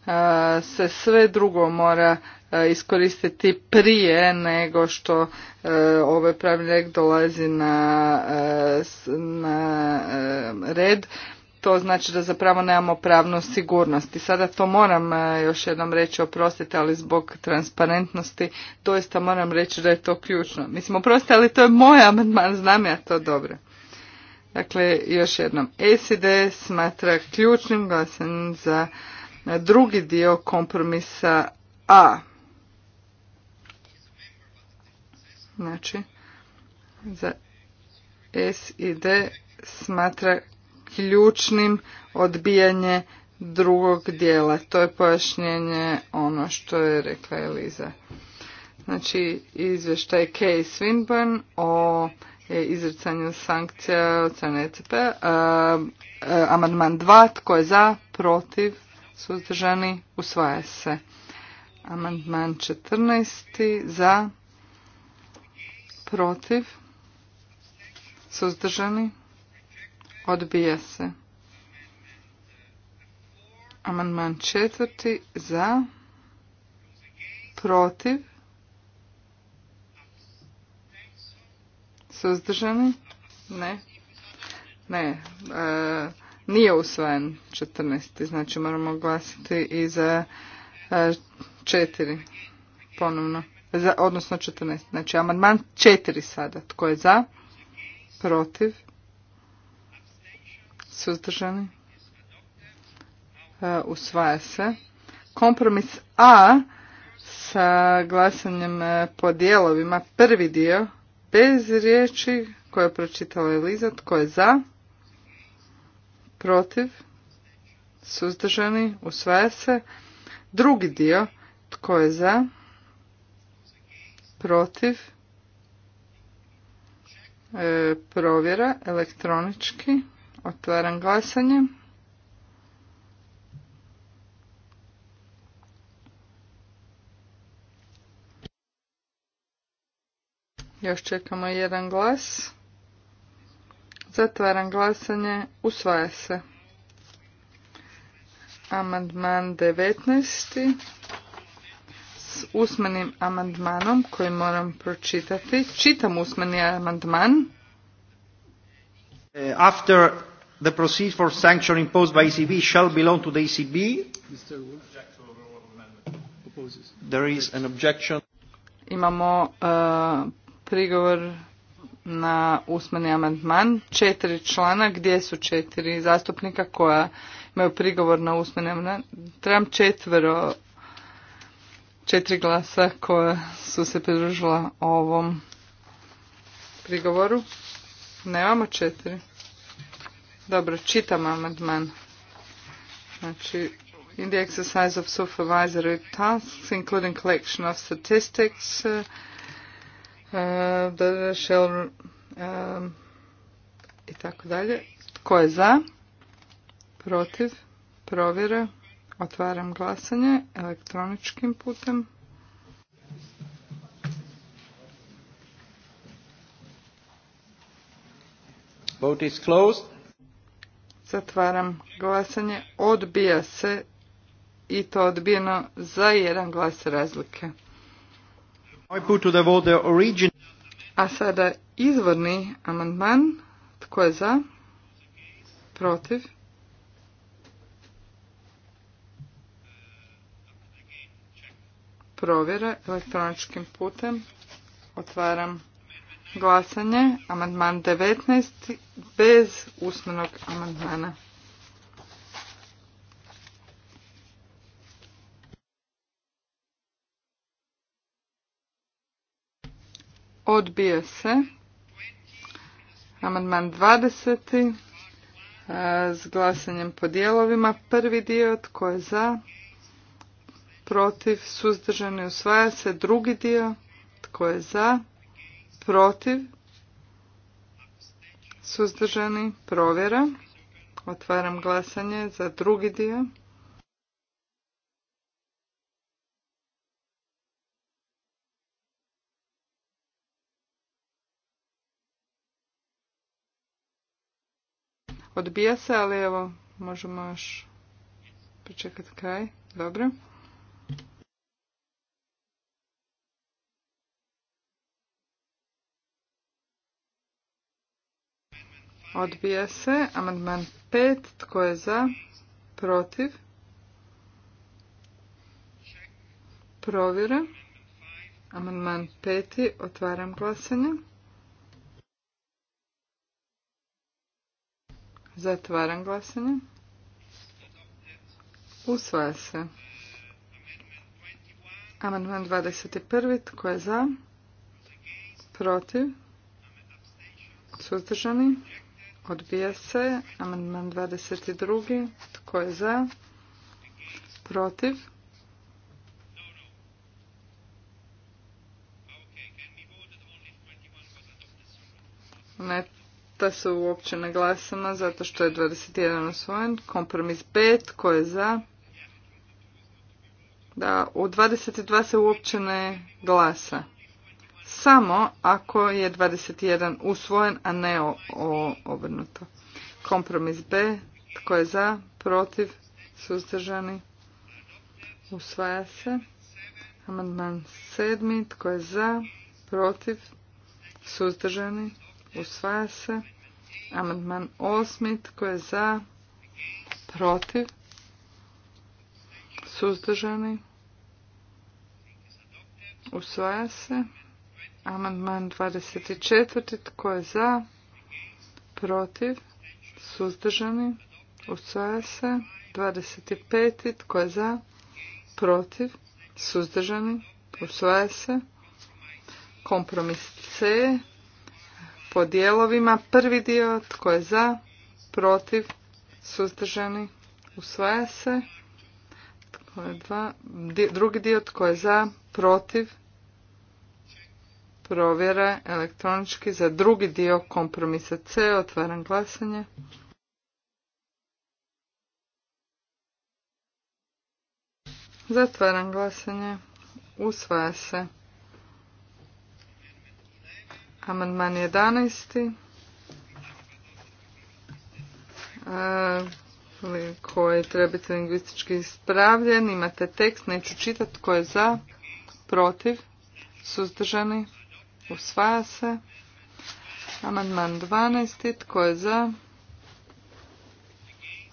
e, se sve drugo mora iskoristiti prije nego što ovaj lijek dolazi na, na red, to znači da zapravo nemamo pravnu sigurnost. I sada to moram još jednom reći, oprostite, ali zbog transparentnosti doista moram reći da je to ključno. Mislim, oprostite, ali to je moj amandman, znam ja to dobro. Dakle, još jednom, D smatra ključnim glasanjem za drugi dio kompromisa A. Znači, za SID smatra ključnim odbijanje drugog dijela. To je pojašnjenje ono što je rekla Eliza. Znači, izvještaj Kay Swinburne o E, izricanju sankcija od strane ECP. E, e, amandman 2. Tko je za? Protiv? Suzdržani? Usvaja se. Amandman 14. Za? Protiv? Suzdržani? Odbija se. Amandman 4, za, protiv, Suzdržani? Ne. Ne. E, nije usvojen 14. Znači moramo glasiti i za e, četiri, 4. Ponovno. Za, odnosno 14. Znači amandman 4 sada. Tko je za? Protiv? Suzdržani? E, usvaja se. Kompromis A sa glasanjem e, po dijelovima. Prvi dio bez riječi koje je pročitala Eliza, tko je za, protiv, suzdržani, usvaja se. Drugi dio, tko je za, protiv, e, provjera elektronički, otvaram glasanje. Još čekamo jedan glas. Zatvaram glasanje. Usvaja se. Amandman 19. S usmenim amandmanom koji moram pročitati. Čitam usmeni amandman. Eh, after the proceed for sanction imposed by ECB shall belong to the ECB. There is an objection. Imamo eh, prigovor na usmeni amandman. Četiri člana, gdje su četiri zastupnika koja imaju prigovor na usmeni amandman. Trebam četvero, četiri glasa koja su se pridružila ovom prigovoru. Nemamo četiri. Dobro, čitam amandman. Znači, in the exercise of supervisory tasks, including collection of statistics, E, e, i tako dalje. Tko je za? Protiv? Provjera. Otvaram glasanje elektroničkim putem. Vote is closed. Zatvaram glasanje. Odbija se i to odbijeno za jedan glas razlike. A sada izvorni amandman. Tko je za? Protiv? Provjera elektroničkim putem. Otvaram glasanje. Amandman 19 bez usmenog amandmana. Odbije se. Amandman 20. E, s glasanjem po dijelovima. Prvi dio tko je za? Protiv. Suzdržani usvaja se. Drugi dio tko je za? Protiv. Suzdržani provjera. Otvaram glasanje za drugi dio. Odbija se, ali evo, možemo još pričekati kraj. Dobro. Odbija se. Amandman 5. Tko je za? Protiv? Provira. Amandman 5. Otvaram glasanje. Zatvaram glasanje. Usvaja se. Amandman 21. Tko je za? Protiv? Suzdržani? Odbija se. Amandman 22. Tko je za? Protiv? Ne, da se uopće ne glasa zato što je 21 usvojen. Kompromis 5, tko je za? Da, u 22 se uopće ne glasa. Samo ako je 21 usvojen, a ne obrnuto. Kompromis B, tko je za, protiv, suzdržani, usvaja se. Amandman sedmi, tko je za, protiv, suzdržani, Usvaja se. Amandman osmit Tko je za? Protiv? Suzdržani? Usvaja se. Amandman 24. Tko je za? Protiv? Suzdržani? Usvaja se. 25. Tko je za? Protiv? Suzdržani? Usvaja se. Kompromis C po dijelovima. Prvi dio tko je za, protiv, suzdržani, usvaja se. Tko je dva, drugi dio tko je za, protiv, provjera elektronički za drugi dio kompromisa C. Otvaram glasanje. Zatvaram glasanje. Usvaja se. Amandman 11. koji treba biti lingvistički ispravljen. Imate tekst, neću čitati tko je za, protiv, suzdržani, usvaja se. Amandman 12. Tko je za?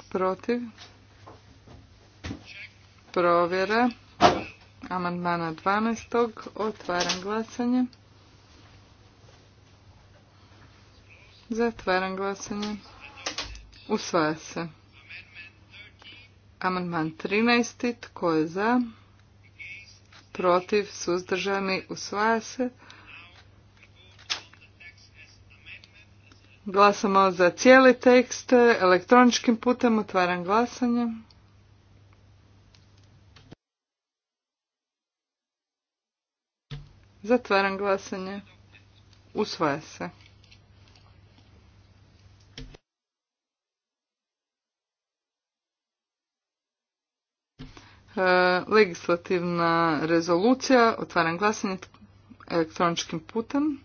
Protiv? Provjera. Amandmana 12. Otvaram glasanje. Zatvaram glasanje. Usvaja se. Amandman 13. Tko je za? Protiv, suzdržani, usvaja se. Glasamo za cijeli tekst elektroničkim putem. Otvaram glasanje. Zatvaram glasanje. Usvaja se. E, legislativna rezolucija, otvaram glasanje elektroničkim putem.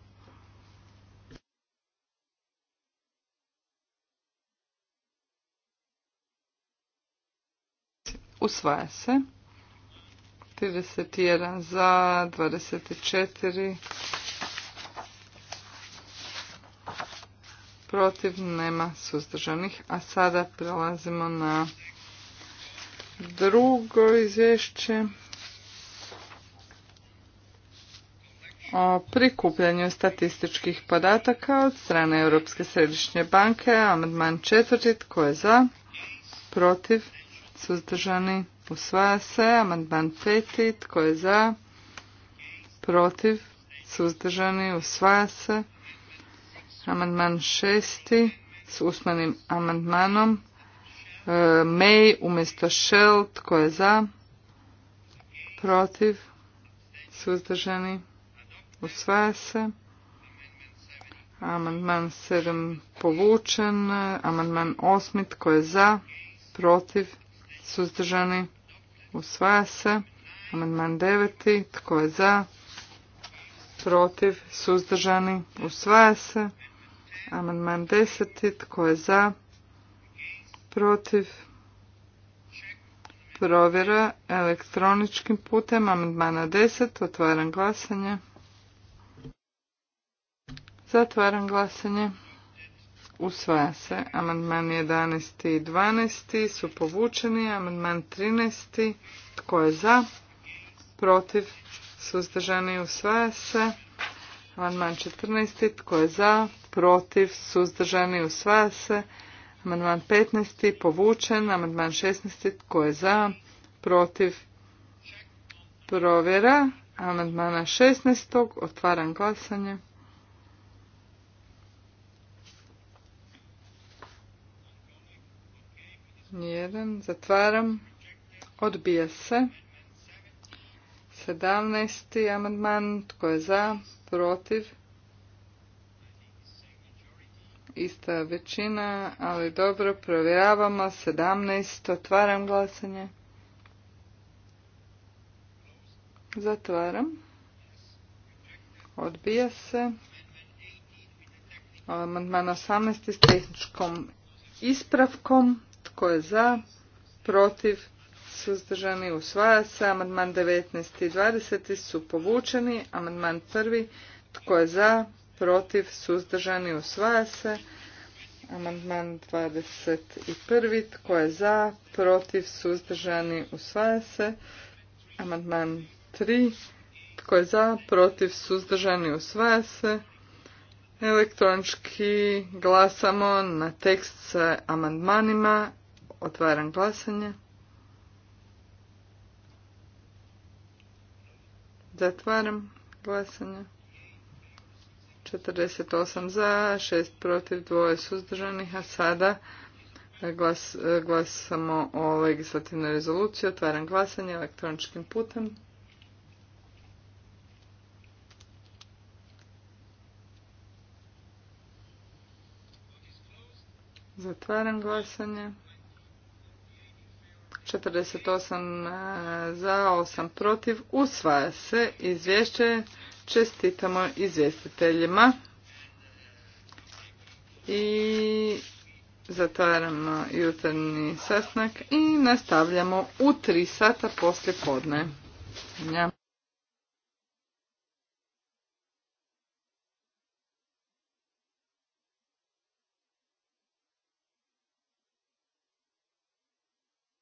Usvaja se. 31 za, 24 protiv, nema suzdržanih. A sada prelazimo na drugo izvješće o prikupljanju statističkih podataka od strane Europske središnje banke, amandman četvrti, tko je za, protiv, suzdržani, usvaja se, amandman peti, tko je za, protiv, suzdržani, usvaja se, amandman šesti, s usmanim amandmanom, May umjesto shell, tko je za, protiv, suzdržani, usvaja se. Amandman 7 povučen, amandman 8 tko je za, protiv, suzdržani, usvaja se. Amandman 9 tko je za, protiv, suzdržani, usvaja se. Amandman 10 tko je za, protiv, provjera elektroničkim putem amandmana 10. Otvaram glasanje. Zatvaram glasanje. Usvaja se. Amandman 11. i 12. su povučeni. Amandman 13. Tko je za? Protiv? Suzdržani? Usvaja se. Amandman 14. Tko je za? Protiv? Suzdržani? Usvaja se. Amandman 15. povučen. Amandman 16. tko je za? Protiv? Provjera. Amandmana 16. Otvaram glasanje. Nijedan. Zatvaram. Odbija se. 17. amandman. Tko je za? Protiv? ista većina, ali dobro, provjeravamo, 17, otvaram glasanje. Zatvaram. Odbija se. Amandman 18 s tehničkom ispravkom. Tko je za? Protiv? Suzdržani? Usvaja se. Amandman 19 i 20 su povučeni. Amandman 1. Tko je za? protiv, suzdržani, usvaja se. Amandman 21. Tko je za, protiv, suzdržani, usvaja se. Amandman 3. Tko je za, protiv, suzdržani, usvaja se. Elektronički glasamo na tekst sa amandmanima. Otvaram glasanje. Zatvaram glasanje. 48 za, 6 protiv, 2 suzdržanih, a sada e, glas, e, glasamo o legislativnoj rezoluciji. Otvaram glasanje elektroničkim putem. Zatvaram glasanje. 48 e, za, 8 protiv. Usvaja se izvješće Čestitamo izvjestiteljima i zatvaramo jutarnji sastanak i nastavljamo u tri sata poslje podne.